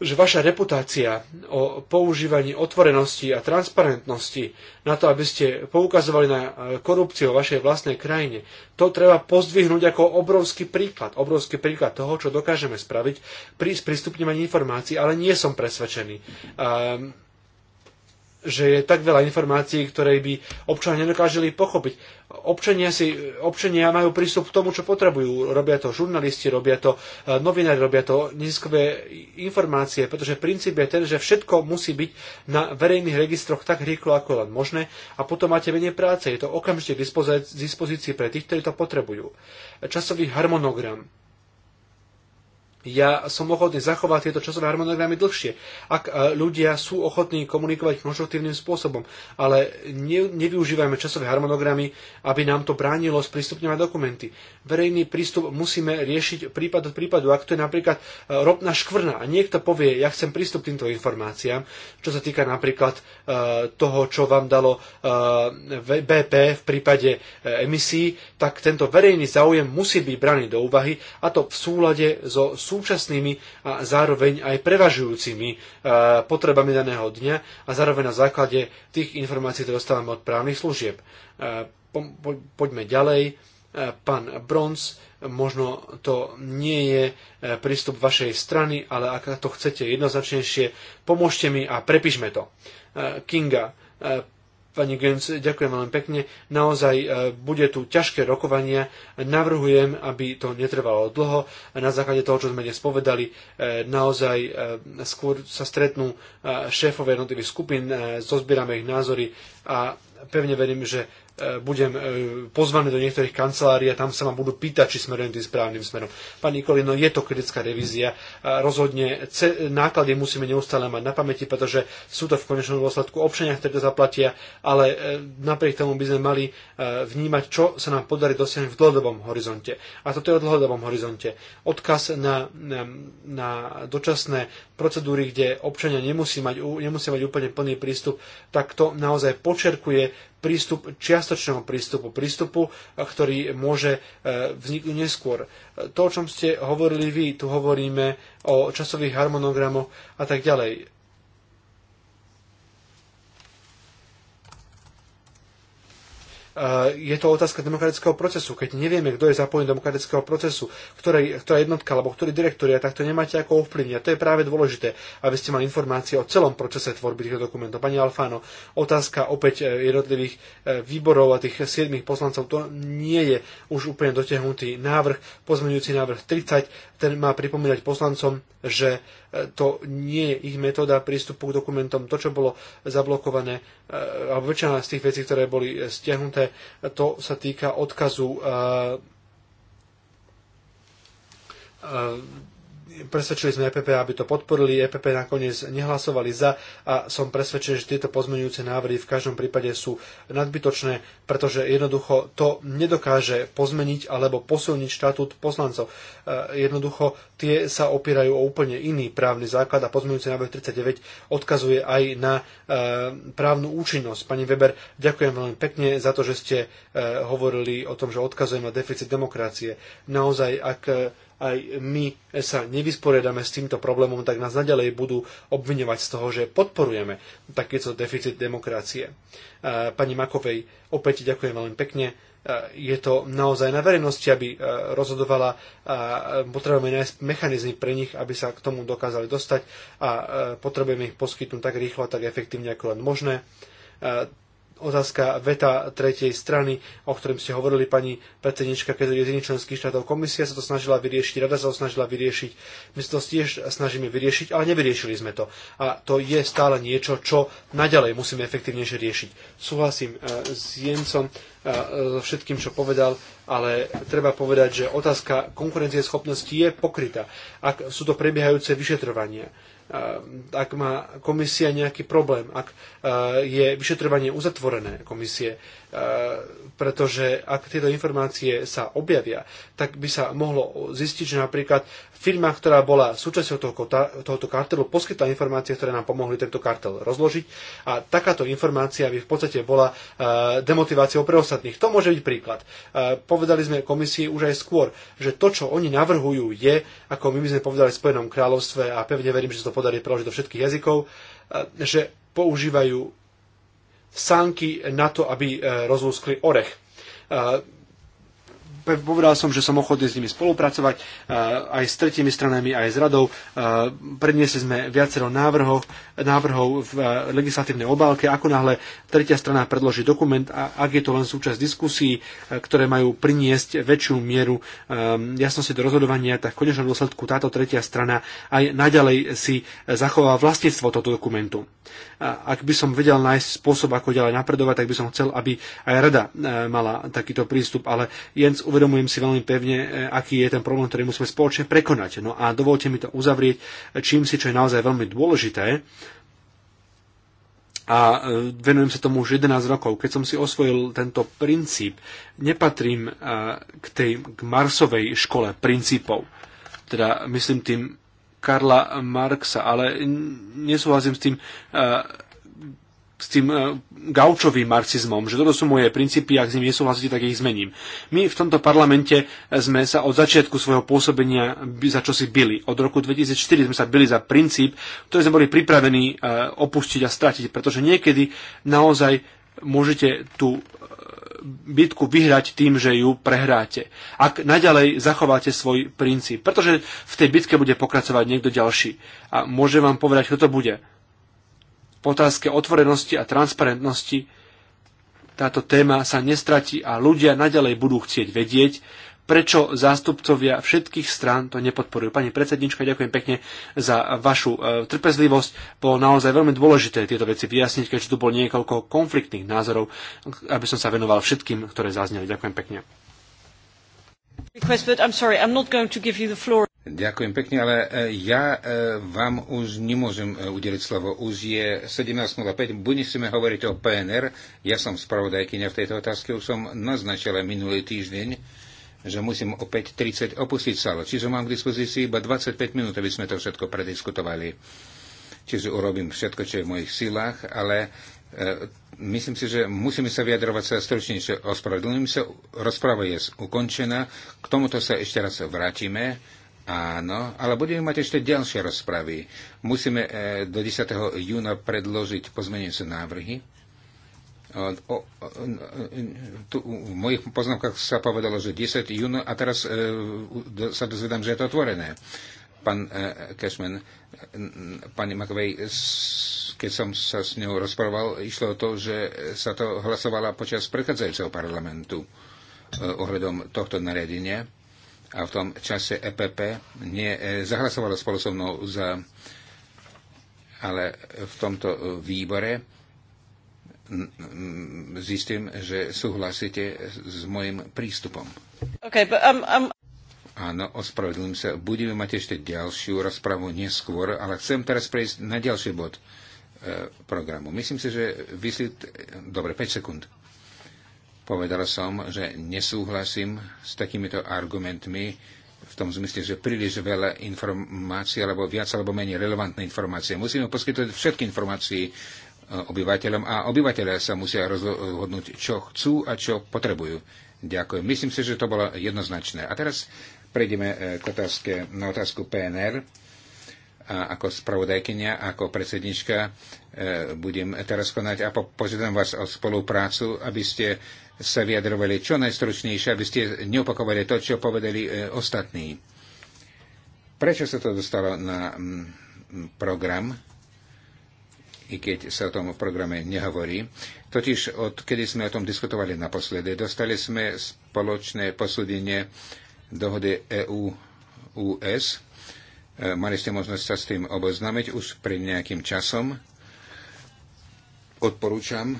že vaša reputácia o používaní otvorenosti a transparentnosti na to, aby ste poukazovali na e, korupciu vo vašej vlastnej krajine, to treba pozdvihnúť ako obrovský príklad. Obrovský príklad toho, čo dokážeme spraviť pri sprístupňovaní informácií, ale nie som presvedčený. Ehm, že je tak veľa informácií, ktoré by občania nedokáželi pochopiť. Občania, si, občania majú prístup k tomu, čo potrebujú. Robia to žurnalisti, robia to eh, novinári, robia to neziskové informácie, pretože princíp je ten, že všetko musí byť na verejných registroch tak rýchlo, ako len možné a potom máte menej práce. Je to okamžite k dispozícii pre tých, ktorí to potrebujú. Časový harmonogram ja som ochotný zachovať tieto časové harmonogramy dlhšie, ak e, ľudia sú ochotní komunikovať konštruktívnym spôsobom, ale ne, nevyužívajme časové harmonogramy, aby nám to bránilo sprístupňovať dokumenty. Verejný prístup musíme riešiť prípad od prípadu. Ak to je napríklad e, ropná škvrna a niekto povie, ja chcem prístup k týmto informáciám, čo sa týka napríklad e, toho, čo vám dalo BP v prípade emisí, tak tento verejný záujem musí byť braný do úvahy a to v súlade so súčasnými a zároveň aj prevažujúcimi e, potrebami daného dňa a zároveň na základe tých informácií, ktoré dostávame od právnych služieb. E, po, po, poďme ďalej. E, pán Bronz, možno to nie je prístup vašej strany, ale ak to chcete jednoznačnejšie, pomôžte mi a prepíšme to. Kinga, Pani Gens, ďakujem veľmi pekne. Naozaj e, bude tu ťažké rokovania. Navrhujem, aby to netrvalo dlho. Na základe toho, čo sme dnes povedali, e, naozaj e, skôr sa stretnú šéfové jednotlivých skupín, zozbierame ich názory a pevne verím, že budem e, pozvaný do niektorých kancelárií a tam sa ma budú pýtať, či smerujem tým správnym smerom. Pán Nikolino, je to kritická revízia. Rozhodne náklady musíme neustále mať na pamäti, pretože sú to v konečnom dôsledku občania, ktorí to zaplatia, ale e, napriek tomu by sme mali e, vnímať, čo sa nám podarí dosiahnuť v dlhodobom horizonte. A toto je o dlhodobom horizonte. Odkaz na, na, na dočasné procedúry, kde občania nemusí mať, nemusí mať úplne plný prístup, tak to naozaj počerkuje prístup, čiastočného prístupu, prístupu, eh, ktorý môže eh, vzniknúť neskôr. To, o čom ste hovorili vy, tu hovoríme o časových harmonogramoch a tak ďalej Eh, je to otázka demokratického procesu. Keď nevieme, kto je zapojený do demokratického procesu, ktorej, ktorá jednotka alebo ktorý direktoria, tak to nemáte ako ovplyvniť. To je práve dôležité, aby ste mali informácie o celom procese tvorby týchto dokumentov. Pani Alfano, otázka opäť eh, jednotlivých eh, výborov a tých siedmých poslancov, to nie je už úplne dotiahnutý návrh. Pozmeňujúci návrh 30, ten má pripomínať poslancom, že to nie je ich metóda prístupu k dokumentom. To, čo bolo zablokované, alebo väčšina z tých vecí, ktoré boli stiahnuté, dôležité. To sa týka odkazu eh, eh, presvedčili sme EPP, aby to podporili, EPP nakoniec nehlasovali za a som presvedčený, že tieto pozmeňujúce návrhy v každom prípade sú nadbytočné, pretože jednoducho to nedokáže pozmeniť alebo posilniť štatút poslancov. E, jednoducho tie sa opierajú o úplne iný právny základ a pozmeňujúci návrh 39 odkazuje aj na e, právnu účinnosť. Pani Weber, ďakujem veľmi pekne za to, že ste e, hovorili o tom, že odkazujem na deficit demokracie. Naozaj, ak aj my sa nevysporiadame s týmto problémom, tak nás naďalej budú obviňovať z toho, že podporujeme takýto deficit demokracie. E, pani Makovej, opäť ďakujem veľmi pekne e, je to naozaj na verejnosti, aby e, rozhodovala a potrebujeme nájsť mechanizmy pre nich, aby sa k tomu dokázali dostať a potrebujeme ich poskytnúť tak rýchlo a tak efektívne, ako len možné otázka veta tretej strany, o ktorom ste hovorili pani predsednička, keď je z iných členských štátov. Komisia sa to snažila vyriešiť, rada sa to snažila vyriešiť, my sa to tiež snažíme vyriešiť, ale nevyriešili sme to. A to je stále niečo, čo naďalej musíme efektívnejšie riešiť. Súhlasím eh, s Jencom, eh, so všetkým, čo povedal, ale treba povedať, že otázka konkurencieschopnosti je pokrytá, ak sú to prebiehajúce vyšetrovania Ehm, ak má komisia nejaký problém, ak eh, je vyšetrovanie uzatvorené komisie, Eh, pretože ak tieto informácie sa objavia, tak by sa mohlo zistiť, že napríklad firma, ktorá bola súčasťou tohoto kartelu, poskytla informácie, ktoré nám pomohli tento kartel rozložiť a takáto informácia by v podstate bola eh, demotiváciou pre ostatných. To môže byť príklad. Eh, povedali sme komisii už aj skôr, že to, čo oni navrhujú, je, ako my by sme povedali v Spojenom kráľovstve a pevne verím, že sa to podarí preložiť do všetkých jazykov, že používajú sánky na to, aby e, rozlúskli orech. E, povedal som, že som ochotný s nimi spolupracovať e, aj s tretími stranami, aj s radou. Predniesli sme viacero návrhov, návrhov v legislatívnej obálke. Ako náhle tretia strana predloží dokument a ak je to len súčasť diskusí, ktoré majú priniesť väčšiu mieru jasnosti do rozhodovania, tak v konečnom dôsledku táto tretia strana aj naďalej si zachová vlastníctvo tohto dokumentu ak by som vedel nájsť spôsob, ako ďalej napredovať, tak by som chcel, aby aj rada e, mala takýto prístup. Ale Jens, uvedomujem si veľmi pevne, e, aký je ten problém, ktorý musíme spoločne prekonať. No a dovolte mi to uzavrieť čím si, čo je naozaj veľmi dôležité, a e, venujem sa tomu už 11 rokov. Keď som si osvojil tento princíp, nepatrím k tej k Marsovej škole princípov. Teda myslím tým Karla Marxa, ale nesúhlasím s tým, e, s tým e, gaučovým marxizmom, že toto sú moje princípy, ak s nimi nesúhlasíte, tak ich zmením. My v tomto parlamente sme sa od začiatku svojho pôsobenia za čo si byli. Od roku 2004 sme sa byli za princíp, ktorý sme boli pripravení e, opustiť a stratiť, pretože niekedy naozaj môžete tú bitku vyhrať tým, že ju prehráte. Ak naďalej zachováte svoj princíp. Pretože v tej bitke bude pokračovať niekto ďalší. A môže vám povedať, kto to bude. V otázke otvorenosti a transparentnosti táto téma sa nestratí a ľudia naďalej budú chcieť vedieť, prečo zástupcovia všetkých strán to nepodporujú. Pani predsednička, ďakujem pekne za vašu e, trpezlivosť. Bolo naozaj veľmi dôležité tieto veci vyjasniť, keďže tu bolo niekoľko konfliktných názorov, aby som sa venoval všetkým, ktoré zazneli. Ďakujem pekne. Ďakujem pekne, ale e, ja e, vám už nemôžem udeliť slovo. Už je 17.05, budeme hovoriť o PNR. Ja som spravodajkynia v tejto otázke, už som naznačila minulý týždeň že musím o 5.30 opustiť salo. Čiže mám k dispozícii iba 25 minút, aby sme to všetko prediskutovali. Čiže urobím všetko, čo je v mojich silách, ale e, myslím si, že musíme sa vyjadrovať sa stručnejšie. Ospravedlňujem sa, rozpráva je ukončená. K tomuto sa ešte raz vrátime. Áno, ale budeme mať ešte ďalšie rozpravy. Musíme e, do 10. júna predložiť pozmenujúce návrhy O, tu, v mojich poznámkach sa povedalo, že 10 júna a teraz e, sa dozvedám, že je to otvorené. Pán e, Cashman, pani Makovej, keď som sa s ňou rozprával, išlo o to, že sa to hlasovala počas predchádzajúceho parlamentu e, ohľadom tohto nariadenia a v tom čase EPP nie, e, zahlasovalo spolu so mnou za ale v tomto e, výbore Mm, zistím, že súhlasíte s môjim prístupom. Okay, but, um, um... Áno, ospravedlím sa. Budeme mať ešte ďalšiu rozpravu neskôr, ale chcem teraz prejsť na ďalší bod e, programu. Myslím si, že vyslit... Dobre, 5 sekúnd. Povedal som, že nesúhlasím s takýmito argumentmi v tom zmysle, že príliš veľa informácií, alebo viac alebo menej relevantné informácie. Musíme poskytovať všetky informácie obyvateľom a obyvateľe sa musia rozhodnúť, čo chcú a čo potrebujú. Ďakujem. Myslím si, že to bolo jednoznačné. A teraz prejdeme eh, k otázke, na otázku PNR. A ako spravodajkynia, ako predsednička eh, budem teraz konať a požiadam vás o spoluprácu, aby ste sa vyjadrovali čo najstručnejšie, aby ste neopakovali to, čo povedali eh, ostatní. Prečo sa to dostalo na mm, program? i keď sa o tom v programe nehovorí. Totiž, odkedy sme o tom diskutovali naposledy, dostali sme spoločné posúdenie dohody EU-US. E, mali ste možnosť sa s tým oboznámiť už pred nejakým časom. Odporúčam,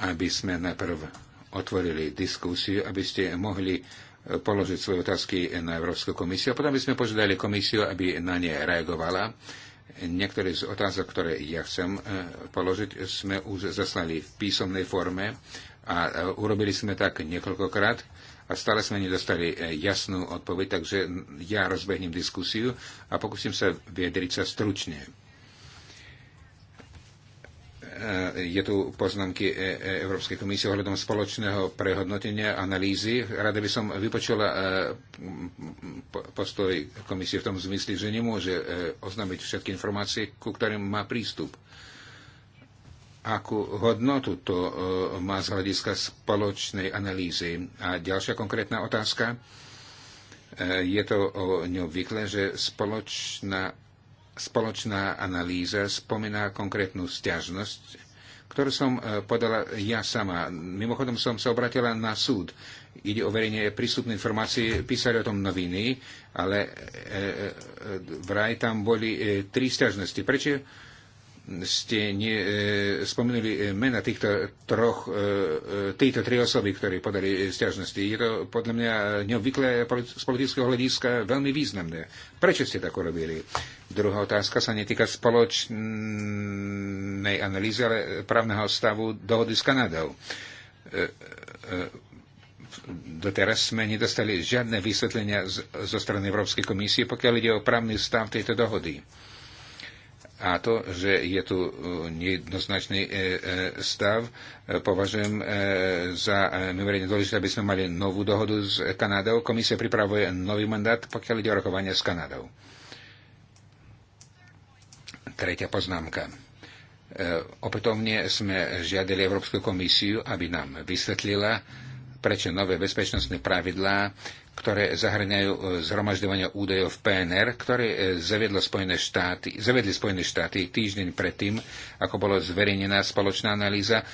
aby sme najprv otvorili diskusiu, aby ste mohli e, položiť svoje otázky na Európsku komisiu a potom by sme požiadali komisiu, aby na ne reagovala Niektoré z otázok, ktoré ja chcem e, položiť, sme už zaslali v písomnej forme a e, urobili sme tak niekoľkokrát a stále sme nedostali e, jasnú odpoveď, takže ja rozbehnem diskusiu a pokúsim sa vyjadriť sa stručne. E, e, je tu poznámky e, Európskej komisie ohľadom spoločného prehodnotenia analýzy. Rada by som vypočula postoj komisie v tom zmysle, že nemôže oznámiť všetky informácie, ku ktorým má prístup. Akú hodnotu to má z hľadiska spoločnej analýzy? A ďalšia konkrétna otázka. Je to neobvyklé, že spoločná Spoločná analýza spomína konkrétnu stiažnosť, ktorú som e, podala ja sama. Mimochodom som sa obratila na súd. Ide o verejne prístupné informácie, písali o tom noviny, ale e, e, vraj tam boli tri stiažnosti. Prečo ste nie, e, spomínali e, mena týchto troch, e, e, tejto tri osoby, ktoré podali stiažnosti. Je to podľa mňa neobvyklé z politického hľadiska veľmi významné. Prečo ste tak urobili? Druhá otázka sa netýka spoločnej analýzy, ale právneho stavu dohody s Kanadou. E, e, doteraz sme nedostali žiadne vysvetlenia zo strany Európskej komisie, pokiaľ ide o právny stav tejto dohody. E, a to, že je tu e, nejednoznačný e, e, stav, považujem za mimoriadne dôležité, aby sme mali novú dohodu s Kanadou. Komisia pripravuje nový mandát, pokiaľ ide o rokovanie s Kanadou. Tretia poznámka. Opätovne sme žiadali Európsku komisiu, aby nám vysvetlila, prečo nové bezpečnostné pravidlá ktoré zahrňajú e, zhromažďovanie údajov v PNR, ktoré e, Spojené štáty, zavedli Spojené štáty týždeň predtým, ako bola zverejnená spoločná analýza.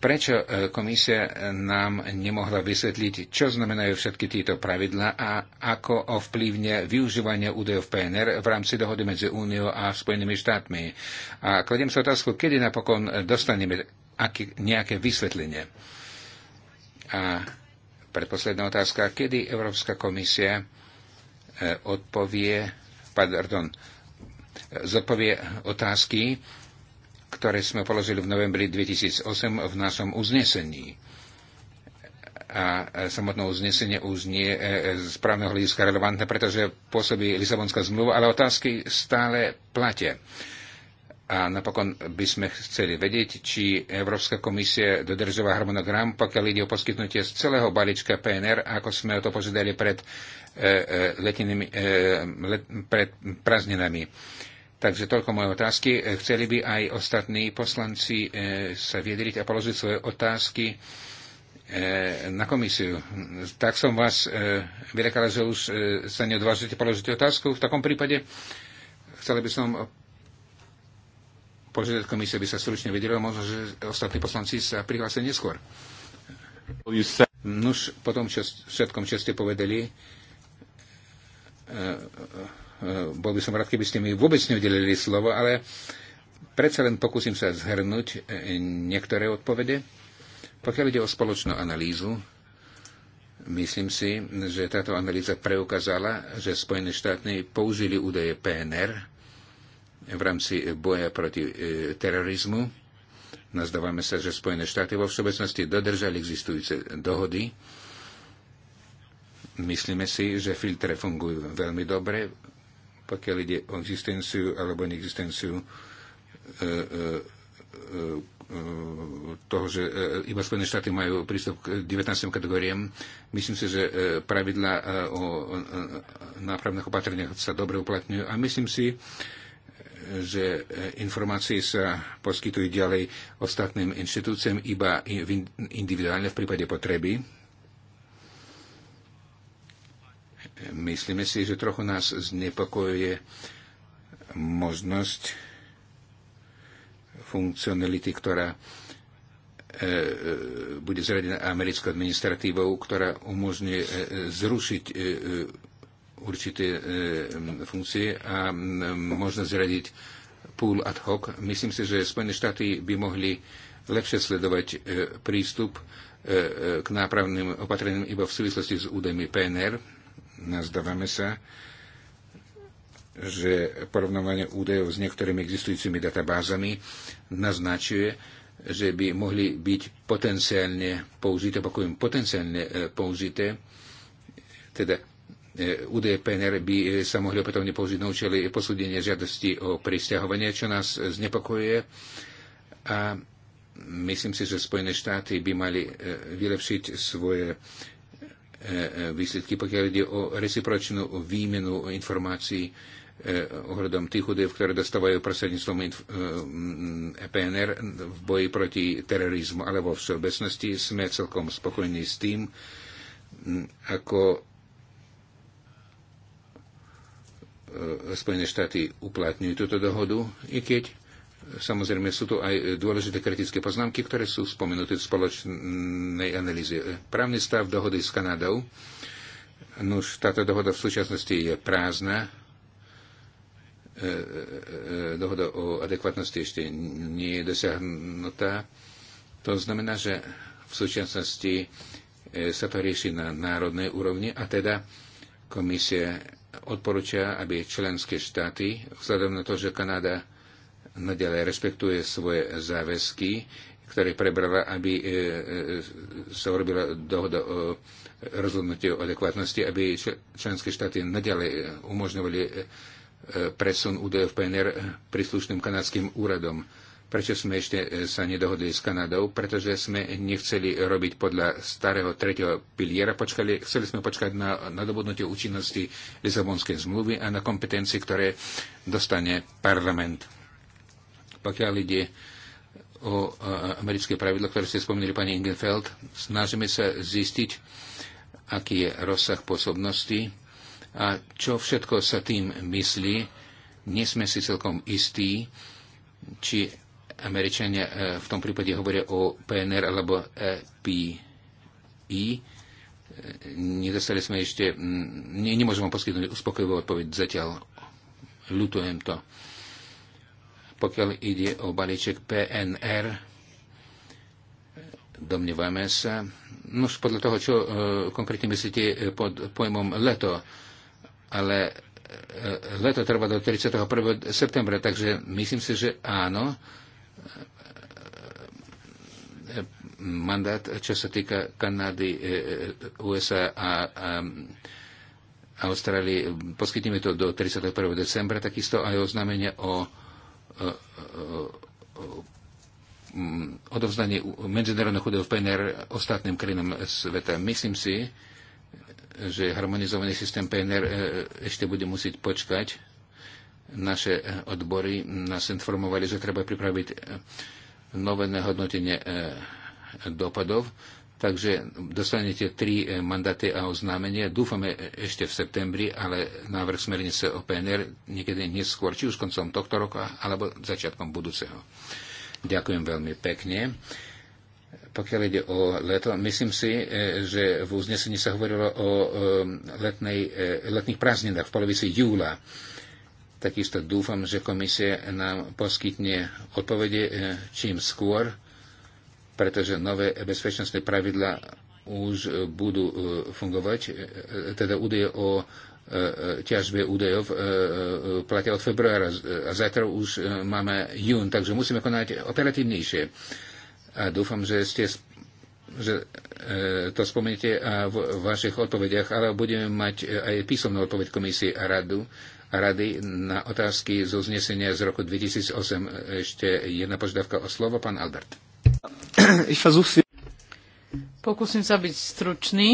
Prečo e, komisia nám nemohla vysvetliť, čo znamenajú všetky tieto pravidla a ako ovplyvne využívanie údajov PNR v rámci dohody medzi Úniou a Spojenými štátmi? A kladiem sa otázku, kedy napokon dostaneme nejaké vysvetlenie. A Predposledná otázka. Kedy Európska komisia e, odpovie, pardon, zodpovie otázky, ktoré sme položili v novembri 2008 v našom uznesení. A samotné uznesenie už nie e, z právneho hľadiska relevantné, pretože pôsobí Lisabonská zmluva, ale otázky stále platia. A napokon by sme chceli vedieť, či Európska komisia dodržová harmonogram, pokiaľ ide o poskytnutie z celého balíčka PNR, ako sme o to požiadali pred, e, e, e, let, pred prázdninami. Takže toľko moje otázky. Chceli by aj ostatní poslanci e, sa viedriť a položiť svoje otázky e, na komisiu. Tak som vás e, vyrekala, že už e, sa neodvážite položiť otázku. V takom prípade chceli by som požiadať komisie, aby sa stručne vedelo, možno, že ostatní poslanci sa prihlásia neskôr. Nuž, po tom všetkom, čo ste povedali, e, e, e, bol by som rád, keby ste mi vôbec neudelili slovo, ale predsa len pokúsim sa zhrnúť niektoré odpovede. Pokiaľ ide o spoločnú analýzu, myslím si, že táto analýza preukázala, že Spojené štáty použili údaje PNR v rámci boja proti e, terorizmu. Nazdávame sa, že Spojené štáty vo všeobecnosti dodržali existujúce dohody. Myslíme si, že filtre fungujú veľmi dobre, pokiaľ ide o existenciu alebo neexistenciu e, e, toho, že iba Spojené štáty majú prístup k 19 kategóriám. Myslím si, že pravidla o nápravných opatreniach sa dobre uplatňujú a myslím si, že e, informácie sa poskytujú ďalej ostatným inštitúciám iba individuálne v prípade potreby. Myslíme si, že trochu nás znepokojuje možnosť funkcionality, ktorá e, e, bude zradená americkou administratívou, ktorá umožňuje zrušiť určité e, funkcie a možno zradiť pool ad hoc. Myslím si, že Spojené štáty by mohli lepšie sledovať e, prístup e, k nápravným opatreniam iba v súvislosti s údajmi PNR. Nazdávame sa, že porovnávanie údajov s niektorými existujúcimi databázami naznačuje, že by mohli byť potenciálne použité, opakujem, potenciálne použité, teda UDPNR PNR by e, sa mohli opätovne použiť na účely posúdenie žiadosti o pristahovanie, čo nás znepokojuje. A myslím si, že Spojené štáty by mali e, vylepšiť svoje e, výsledky, pokiaľ ide o recipročnú výmenu informácií ohľadom tých údajov, ktoré dostávajú prostredníctvom EPNR v boji proti terorizmu alebo vo všeobecnosti. Sme celkom spokojní s tým, ako E, Spojené štáty uplatňujú túto dohodu, i keď e, samozrejme sú tu aj dôležité kritické poznámky, ktoré sú spomenuté v spoločnej analýze. Právny stav dohody s Kanadou. Nuž, táto dohoda v súčasnosti je prázdna. E, dohoda o adekvátnosti ešte nie je dosiahnutá. To znamená, že v súčasnosti sa to rieši na národnej úrovni a teda komisie odporúča, aby členské štáty, vzhľadom na to, že Kanada nadalej respektuje svoje záväzky, ktoré prebrala, aby e, e, sa urobila dohoda o rozhodnutie o adekvátnosti, aby členské štáty nadalej e, umožňovali presun údajov PNR príslušným kanadským úradom. Prečo sme ešte e, sa nedohodli s Kanadou? Pretože sme nechceli robiť podľa starého tretieho piliera. Počkali, chceli sme počkať na nadobudnutie účinnosti Lisabonskej zmluvy a na kompetencie, ktoré dostane parlament. Pokiaľ ide o e, americké pravidlo, ktoré ste spomínali, pani Ingenfeld, snažíme sa zistiť, aký je rozsah pôsobnosti a čo všetko sa tým myslí. Nie sme si celkom istí, či Američania e, v tom prípade hovoria o PNR alebo EPI. E, nedostali sme ešte, ne, nemôžem vám poskytnúť uspokojivú odpoveď zatiaľ. Ľutujem to. Pokiaľ ide o balíček PNR, domnievame sa, no podľa toho, čo e, konkrétne myslíte e, pod pojmom leto, ale leto trvá do 31. septembra, takže myslím si, že áno, mandát, čo sa týka Kanady, e, e, USA a, a Austrálii. Poskytneme to do 31. decembra, takisto aj oznámenie o, e, o, o, o odovzdanie chudov PNR ostatným krajinám sveta. Myslím si, že harmonizovaný systém PNR ešte bude musieť počkať naše odbory nás informovali, že treba pripraviť eh, nové nehodnotenie eh, dopadov, takže dostanete tri eh, mandáty a oznámenie. Dúfame ešte v septembri, ale návrh smernice o PNR niekedy neskôr, či už koncom tohto roka, alebo začiatkom budúceho. Ďakujem veľmi pekne pokiaľ ide o leto. Myslím si, že v uznesení sa hovorilo o letnej, letných prázdninách v polovici júla. Takisto dúfam, že komisia nám poskytne odpovede e, čím skôr, pretože nové bezpečnostné pravidla už budú e, fungovať, e, teda údaje o ťažbe údajov platia od februára a zajtra už máme jún, takže musíme konať operatívnejšie. A dúfam, že ste že to spomeniete v vašich odpovediach, ale budeme mať aj písomnú odpoveď komisie a radu rady na otázky z uznesenia z roku 2008. Ešte jedna požiadavka o slovo, pán Albert. Pokúsim sa byť stručný.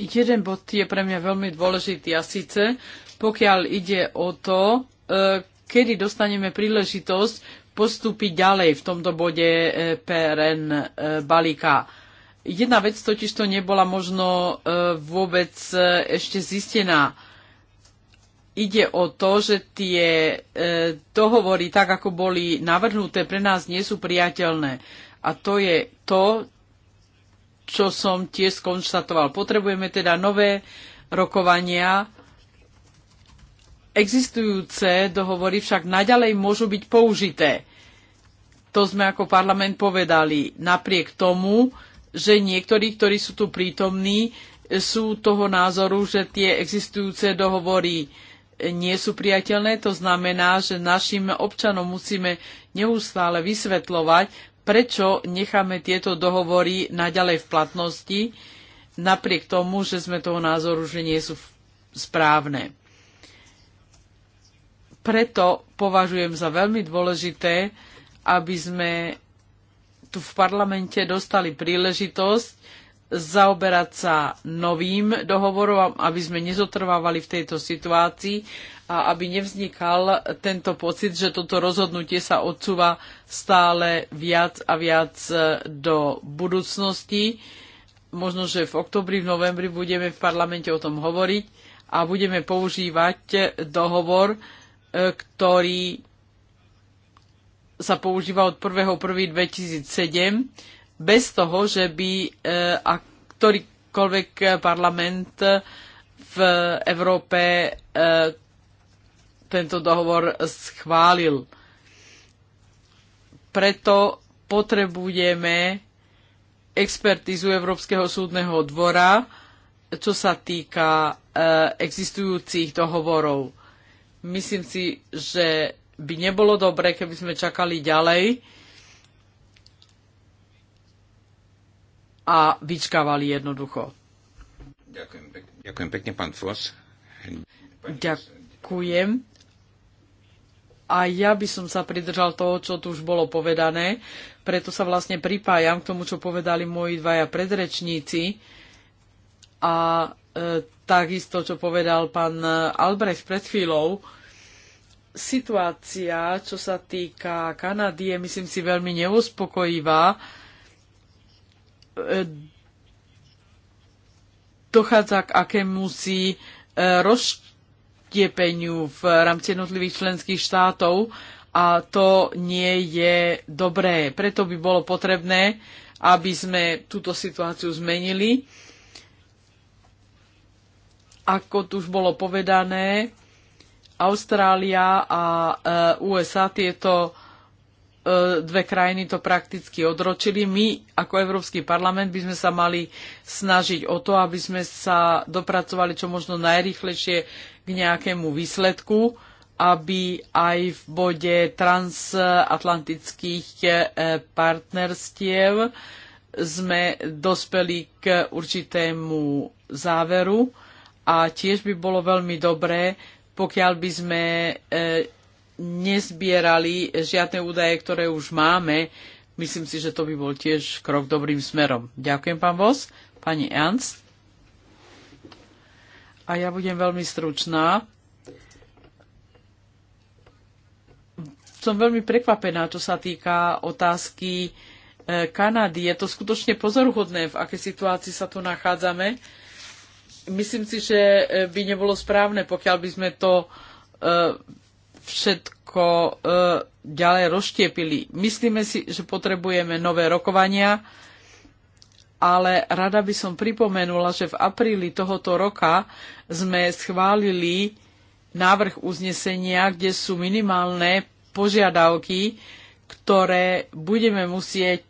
Jeden bod je pre mňa veľmi dôležitý a síce, pokiaľ ide o to, e, kedy dostaneme príležitosť postúpiť ďalej v tomto bode e, PRN e, balíka Jedna vec totiž to nebola možno e, vôbec e, ešte zistená. Ide o to, že tie e, dohovory, tak ako boli navrhnuté, pre nás nie sú priateľné. A to je to, čo som tiež skonštatoval. Potrebujeme teda nové rokovania. Existujúce dohovory však naďalej môžu byť použité. To sme ako parlament povedali. Napriek tomu, že niektorí, ktorí sú tu prítomní, sú toho názoru, že tie existujúce dohovory nie sú priateľné. To znamená, že našim občanom musíme neustále vysvetľovať, prečo necháme tieto dohovory naďalej v platnosti, napriek tomu, že sme toho názoru, že nie sú správne. Preto považujem za veľmi dôležité, aby sme tu v parlamente dostali príležitosť zaoberať sa novým dohovorom, aby sme nezotrvávali v tejto situácii a aby nevznikal tento pocit, že toto rozhodnutie sa odsúva stále viac a viac e, do budúcnosti. Možno, že v oktobri, v novembri budeme v parlamente o tom hovoriť a budeme používať dohovor, e, ktorý sa používa od 1.1.2007 bez toho, že by e, a ktorýkoľvek parlament v Európe e, tento dohovor schválil. Preto potrebujeme expertizu Európskeho súdneho dvora, čo sa týka e, existujúcich dohovorov. Myslím si, že by nebolo dobre, keby sme čakali ďalej a vyčkávali jednoducho. Ďakujem pekne, ďakujem pekne pán Fos. Ďakujem. A ja by som sa pridržal toho, čo tu už bolo povedané, preto sa vlastne pripájam k tomu, čo povedali moji dvaja predrečníci a e, takisto, čo povedal pán Albrecht pred chvíľou, e, situácia, čo sa týka Kanady, je myslím si veľmi neuspokojivá. E, dochádza k akémusi e, rozštiepeniu v rámci jednotlivých členských štátov a to nie je dobré. Preto by bolo potrebné, aby sme túto situáciu zmenili. Ako tu už bolo povedané, Austrália a e, USA tieto e, dve krajiny to prakticky odročili. My ako Európsky parlament by sme sa mali snažiť o to, aby sme sa dopracovali čo možno najrychlejšie k nejakému výsledku, aby aj v bode transatlantických e, partnerstiev sme dospeli k určitému záveru a tiež by bolo veľmi dobré, pokiaľ by sme e, nezbierali žiadne údaje, ktoré už máme, myslím si, že to by bol tiež krok dobrým smerom. Ďakujem, pán Vos. Pani Ernst. A ja budem veľmi stručná. Som veľmi prekvapená, čo sa týka otázky e, Kanady. Je to skutočne pozoruhodné, v akej situácii sa tu nachádzame myslím si, že e, by nebolo správne, pokiaľ by sme to e, všetko e, ďalej rozštiepili. Myslíme si, že potrebujeme nové rokovania, ale rada by som pripomenula, že v apríli tohoto roka sme schválili návrh uznesenia, kde sú minimálne požiadavky, ktoré budeme musieť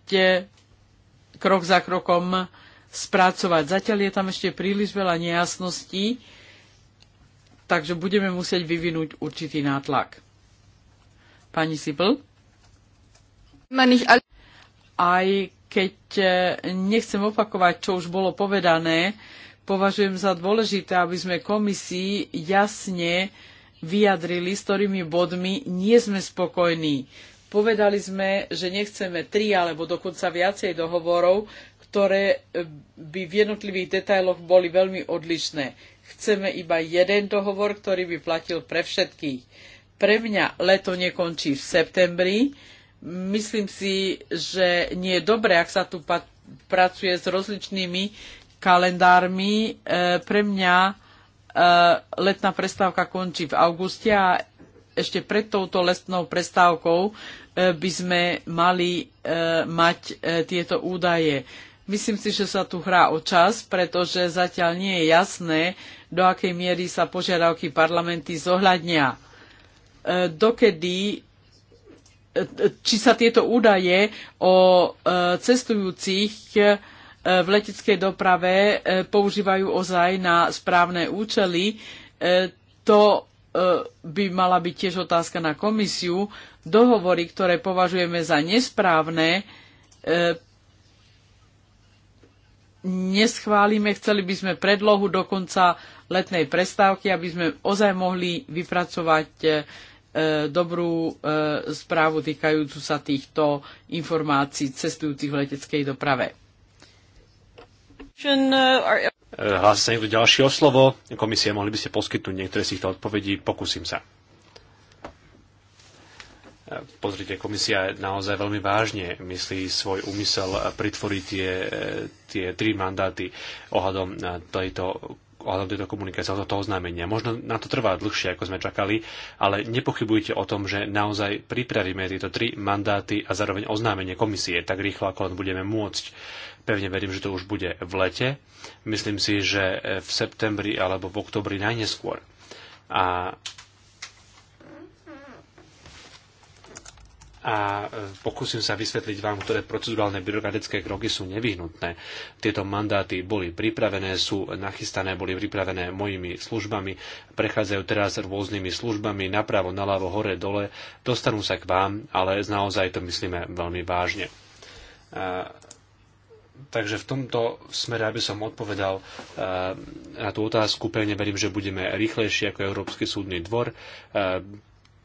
krok za krokom spracovať. Zatiaľ je tam ešte príliš veľa nejasností, takže budeme musieť vyvinúť určitý nátlak. Pani Sipl? Aj keď e, nechcem opakovať, čo už bolo povedané, považujem za dôležité, aby sme komisii jasne vyjadrili, s ktorými bodmi nie sme spokojní. Povedali sme, že nechceme tri alebo dokonca viacej dohovorov, ktoré e, by v jednotlivých detailoch boli veľmi odlišné. Chceme iba jeden dohovor, ktorý by platil pre všetkých. Pre mňa leto nekončí v septembri. Myslím si, že nie je dobré, ak sa tu pracuje s rozličnými kalendármi. E, pre mňa e, letná prestávka končí v auguste a ešte pred touto lesnou prestávkou by sme mali mať tieto údaje. Myslím si, že sa tu hrá o čas, pretože zatiaľ nie je jasné, do akej miery sa požiadavky parlamenty zohľadnia. E, dokedy e, či sa tieto údaje o e, cestujúcich v leteckej doprave používajú ozaj na správne účely. To by mala byť tiež otázka na komisiu. Dohovory, ktoré považujeme za nesprávne, neschválime, chceli by sme predlohu do konca letnej prestávky, aby sme ozaj mohli vypracovať e, e, dobrú e, správu týkajúcu sa týchto informácií cestujúcich v leteckej doprave. Hlási sa niekto ďalší o slovo? Komisie, mohli by ste poskytnúť niektoré z týchto odpovedí? Pokúsim sa. Pozrite, komisia naozaj veľmi vážne myslí svoj úmysel pritvoriť tie, tie tri mandáty ohľadom tejto ohľadom tejto komunikácie, ohľadom toho oznámenia. Možno na to trvá dlhšie, ako sme čakali, ale nepochybujte o tom, že naozaj pripravíme tieto tri mandáty a zároveň oznámenie komisie tak rýchlo, ako len budeme môcť. Pevne verím, že to už bude v lete. Myslím si, že v septembri alebo v oktobri najneskôr. A a e, pokúsim sa vysvetliť vám, ktoré procedurálne byrokratické kroky sú nevyhnutné. Tieto mandáty boli pripravené, sú nachystané, boli pripravené mojimi službami, prechádzajú teraz rôznymi službami napravo, naľavo, hore, dole, dostanú sa k vám, ale naozaj to myslíme veľmi vážne. Takže v tomto smere, aby som odpovedal e, na tú otázku, pevne verím, že budeme rýchlejší ako Európsky súdny dvor. E,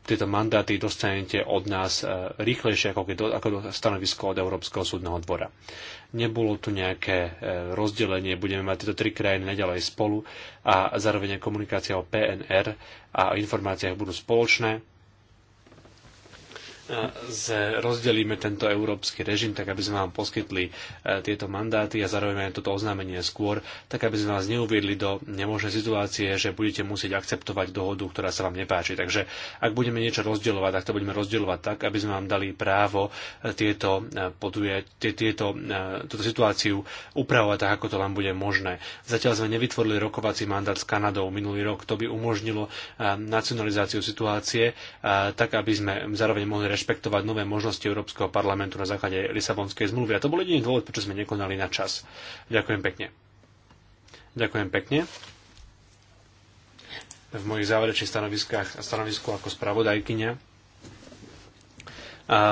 tieto mandáty dostanete od nás e, rýchlejšie ako, keď, ako stanovisko od Európskeho súdneho dvora. Nebolo tu nejaké e, rozdelenie, budeme mať tieto tri krajiny naďalej spolu a zároveň komunikácia o PNR a informáciách budú spoločné rozdelíme tento európsky režim, tak aby sme vám poskytli e, tieto mandáty a zároveň aj toto oznámenie skôr, tak aby sme vás neuviedli do nemožnej situácie, že budete musieť akceptovať dohodu, ktorá sa vám nepáči. Takže ak budeme niečo rozdielovať, tak to budeme rozdielovať tak, aby sme vám dali právo e, tieto, e, poduje, tieto, túto situáciu upravovať tak, ako to vám bude možné. Zatiaľ sme nevytvorili rokovací mandát s Kanadou minulý rok, to by umožnilo nacionalizáciu situácie tak, aby sme zároveň mohli rešpektovať nové možnosti Európskeho parlamentu na základe Lisabonskej zmluvy. A to bol jediný dôvod, prečo sme nekonali na čas. Ďakujem pekne. Ďakujem pekne. V mojich záverečných stanoviskách a stanovisku ako spravodajkyňa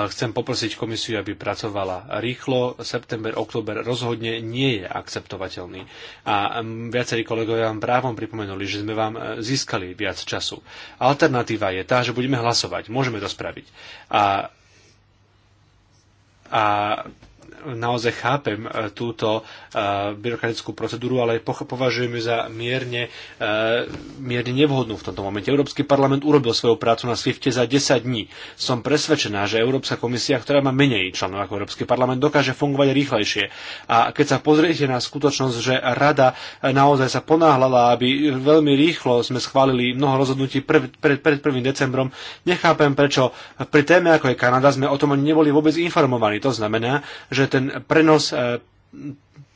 Chcem poprosiť komisiu, aby pracovala rýchlo. September, október rozhodne nie je akceptovateľný. A mm, viacerí kolegovia vám právom pripomenuli, že sme vám e, získali viac času. Alternatíva je tá, že budeme hlasovať. Môžeme to spraviť. A, a naozaj chápem e, túto e, byrokratickú procedúru, ale považujem ju za mierne, e, mierne nevhodnú v tomto momente. Európsky parlament urobil svoju prácu na Swifte za 10 dní. Som presvedčená, že Európska komisia, ktorá má menej členov ako Európsky parlament, dokáže fungovať rýchlejšie. A keď sa pozriete na skutočnosť, že rada naozaj sa ponáhľala, aby veľmi rýchlo sme schválili mnoho rozhodnutí pred, pred, pred 1. decembrom, nechápem prečo pri téme ako je Kanada sme o tom ani neboli vôbec informovaní. To znamená, že že ten prenos e,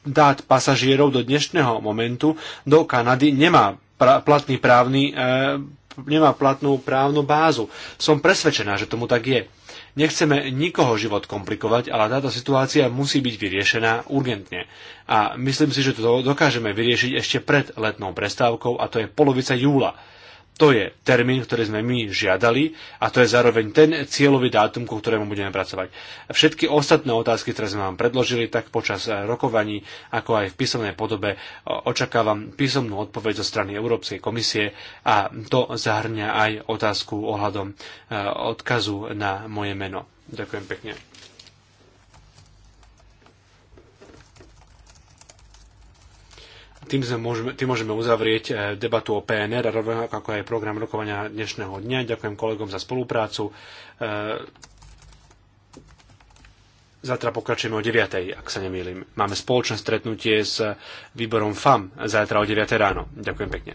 dát pasažierov do dnešného momentu do Kanady nemá platný právny e, nemá platnú právnu bázu. Som presvedčená, že tomu tak je. Nechceme nikoho život komplikovať, ale táto situácia musí byť vyriešená urgentne. A myslím si, že to dokážeme vyriešiť ešte pred letnou prestávkou, a to je polovica júla. To je termín, ktorý sme my žiadali a to je zároveň ten cieľový dátum, ku ktorému budeme pracovať. Všetky ostatné otázky, ktoré sme vám predložili, tak počas rokovaní, ako aj v písomnej podobe, očakávam písomnú odpoveď zo strany Európskej komisie a to zahrňa aj otázku ohľadom eh, odkazu na moje meno. Ďakujem pekne. Tým, sme môžeme, tým môžeme uzavrieť eh, debatu o PNR a rovnako ako aj program rokovania dnešného dňa. Ďakujem kolegom za spoluprácu. Eh, zajtra pokračujeme o 9. ak sa nemýlim. Máme spoločné stretnutie s výborom FAM zajtra o 9. ráno. Ďakujem pekne.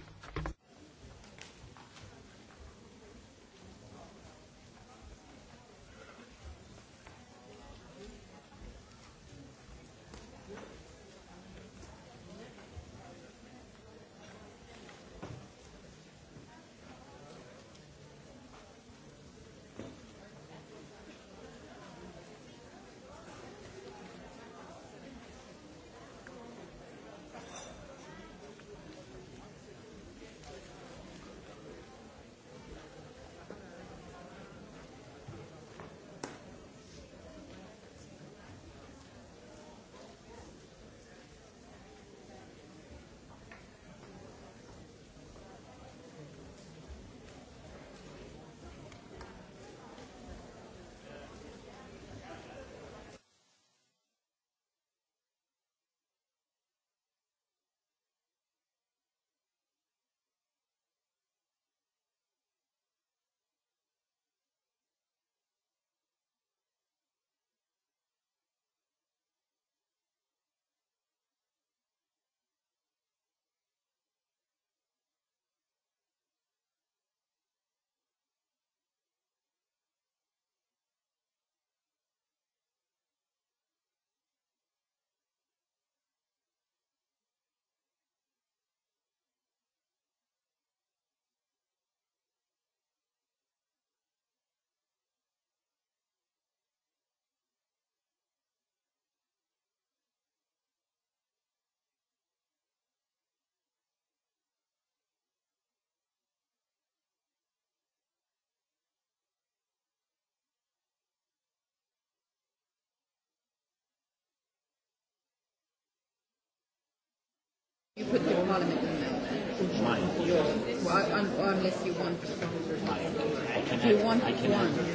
Parliament Mine. Well, unless you want. Mine. if you want one.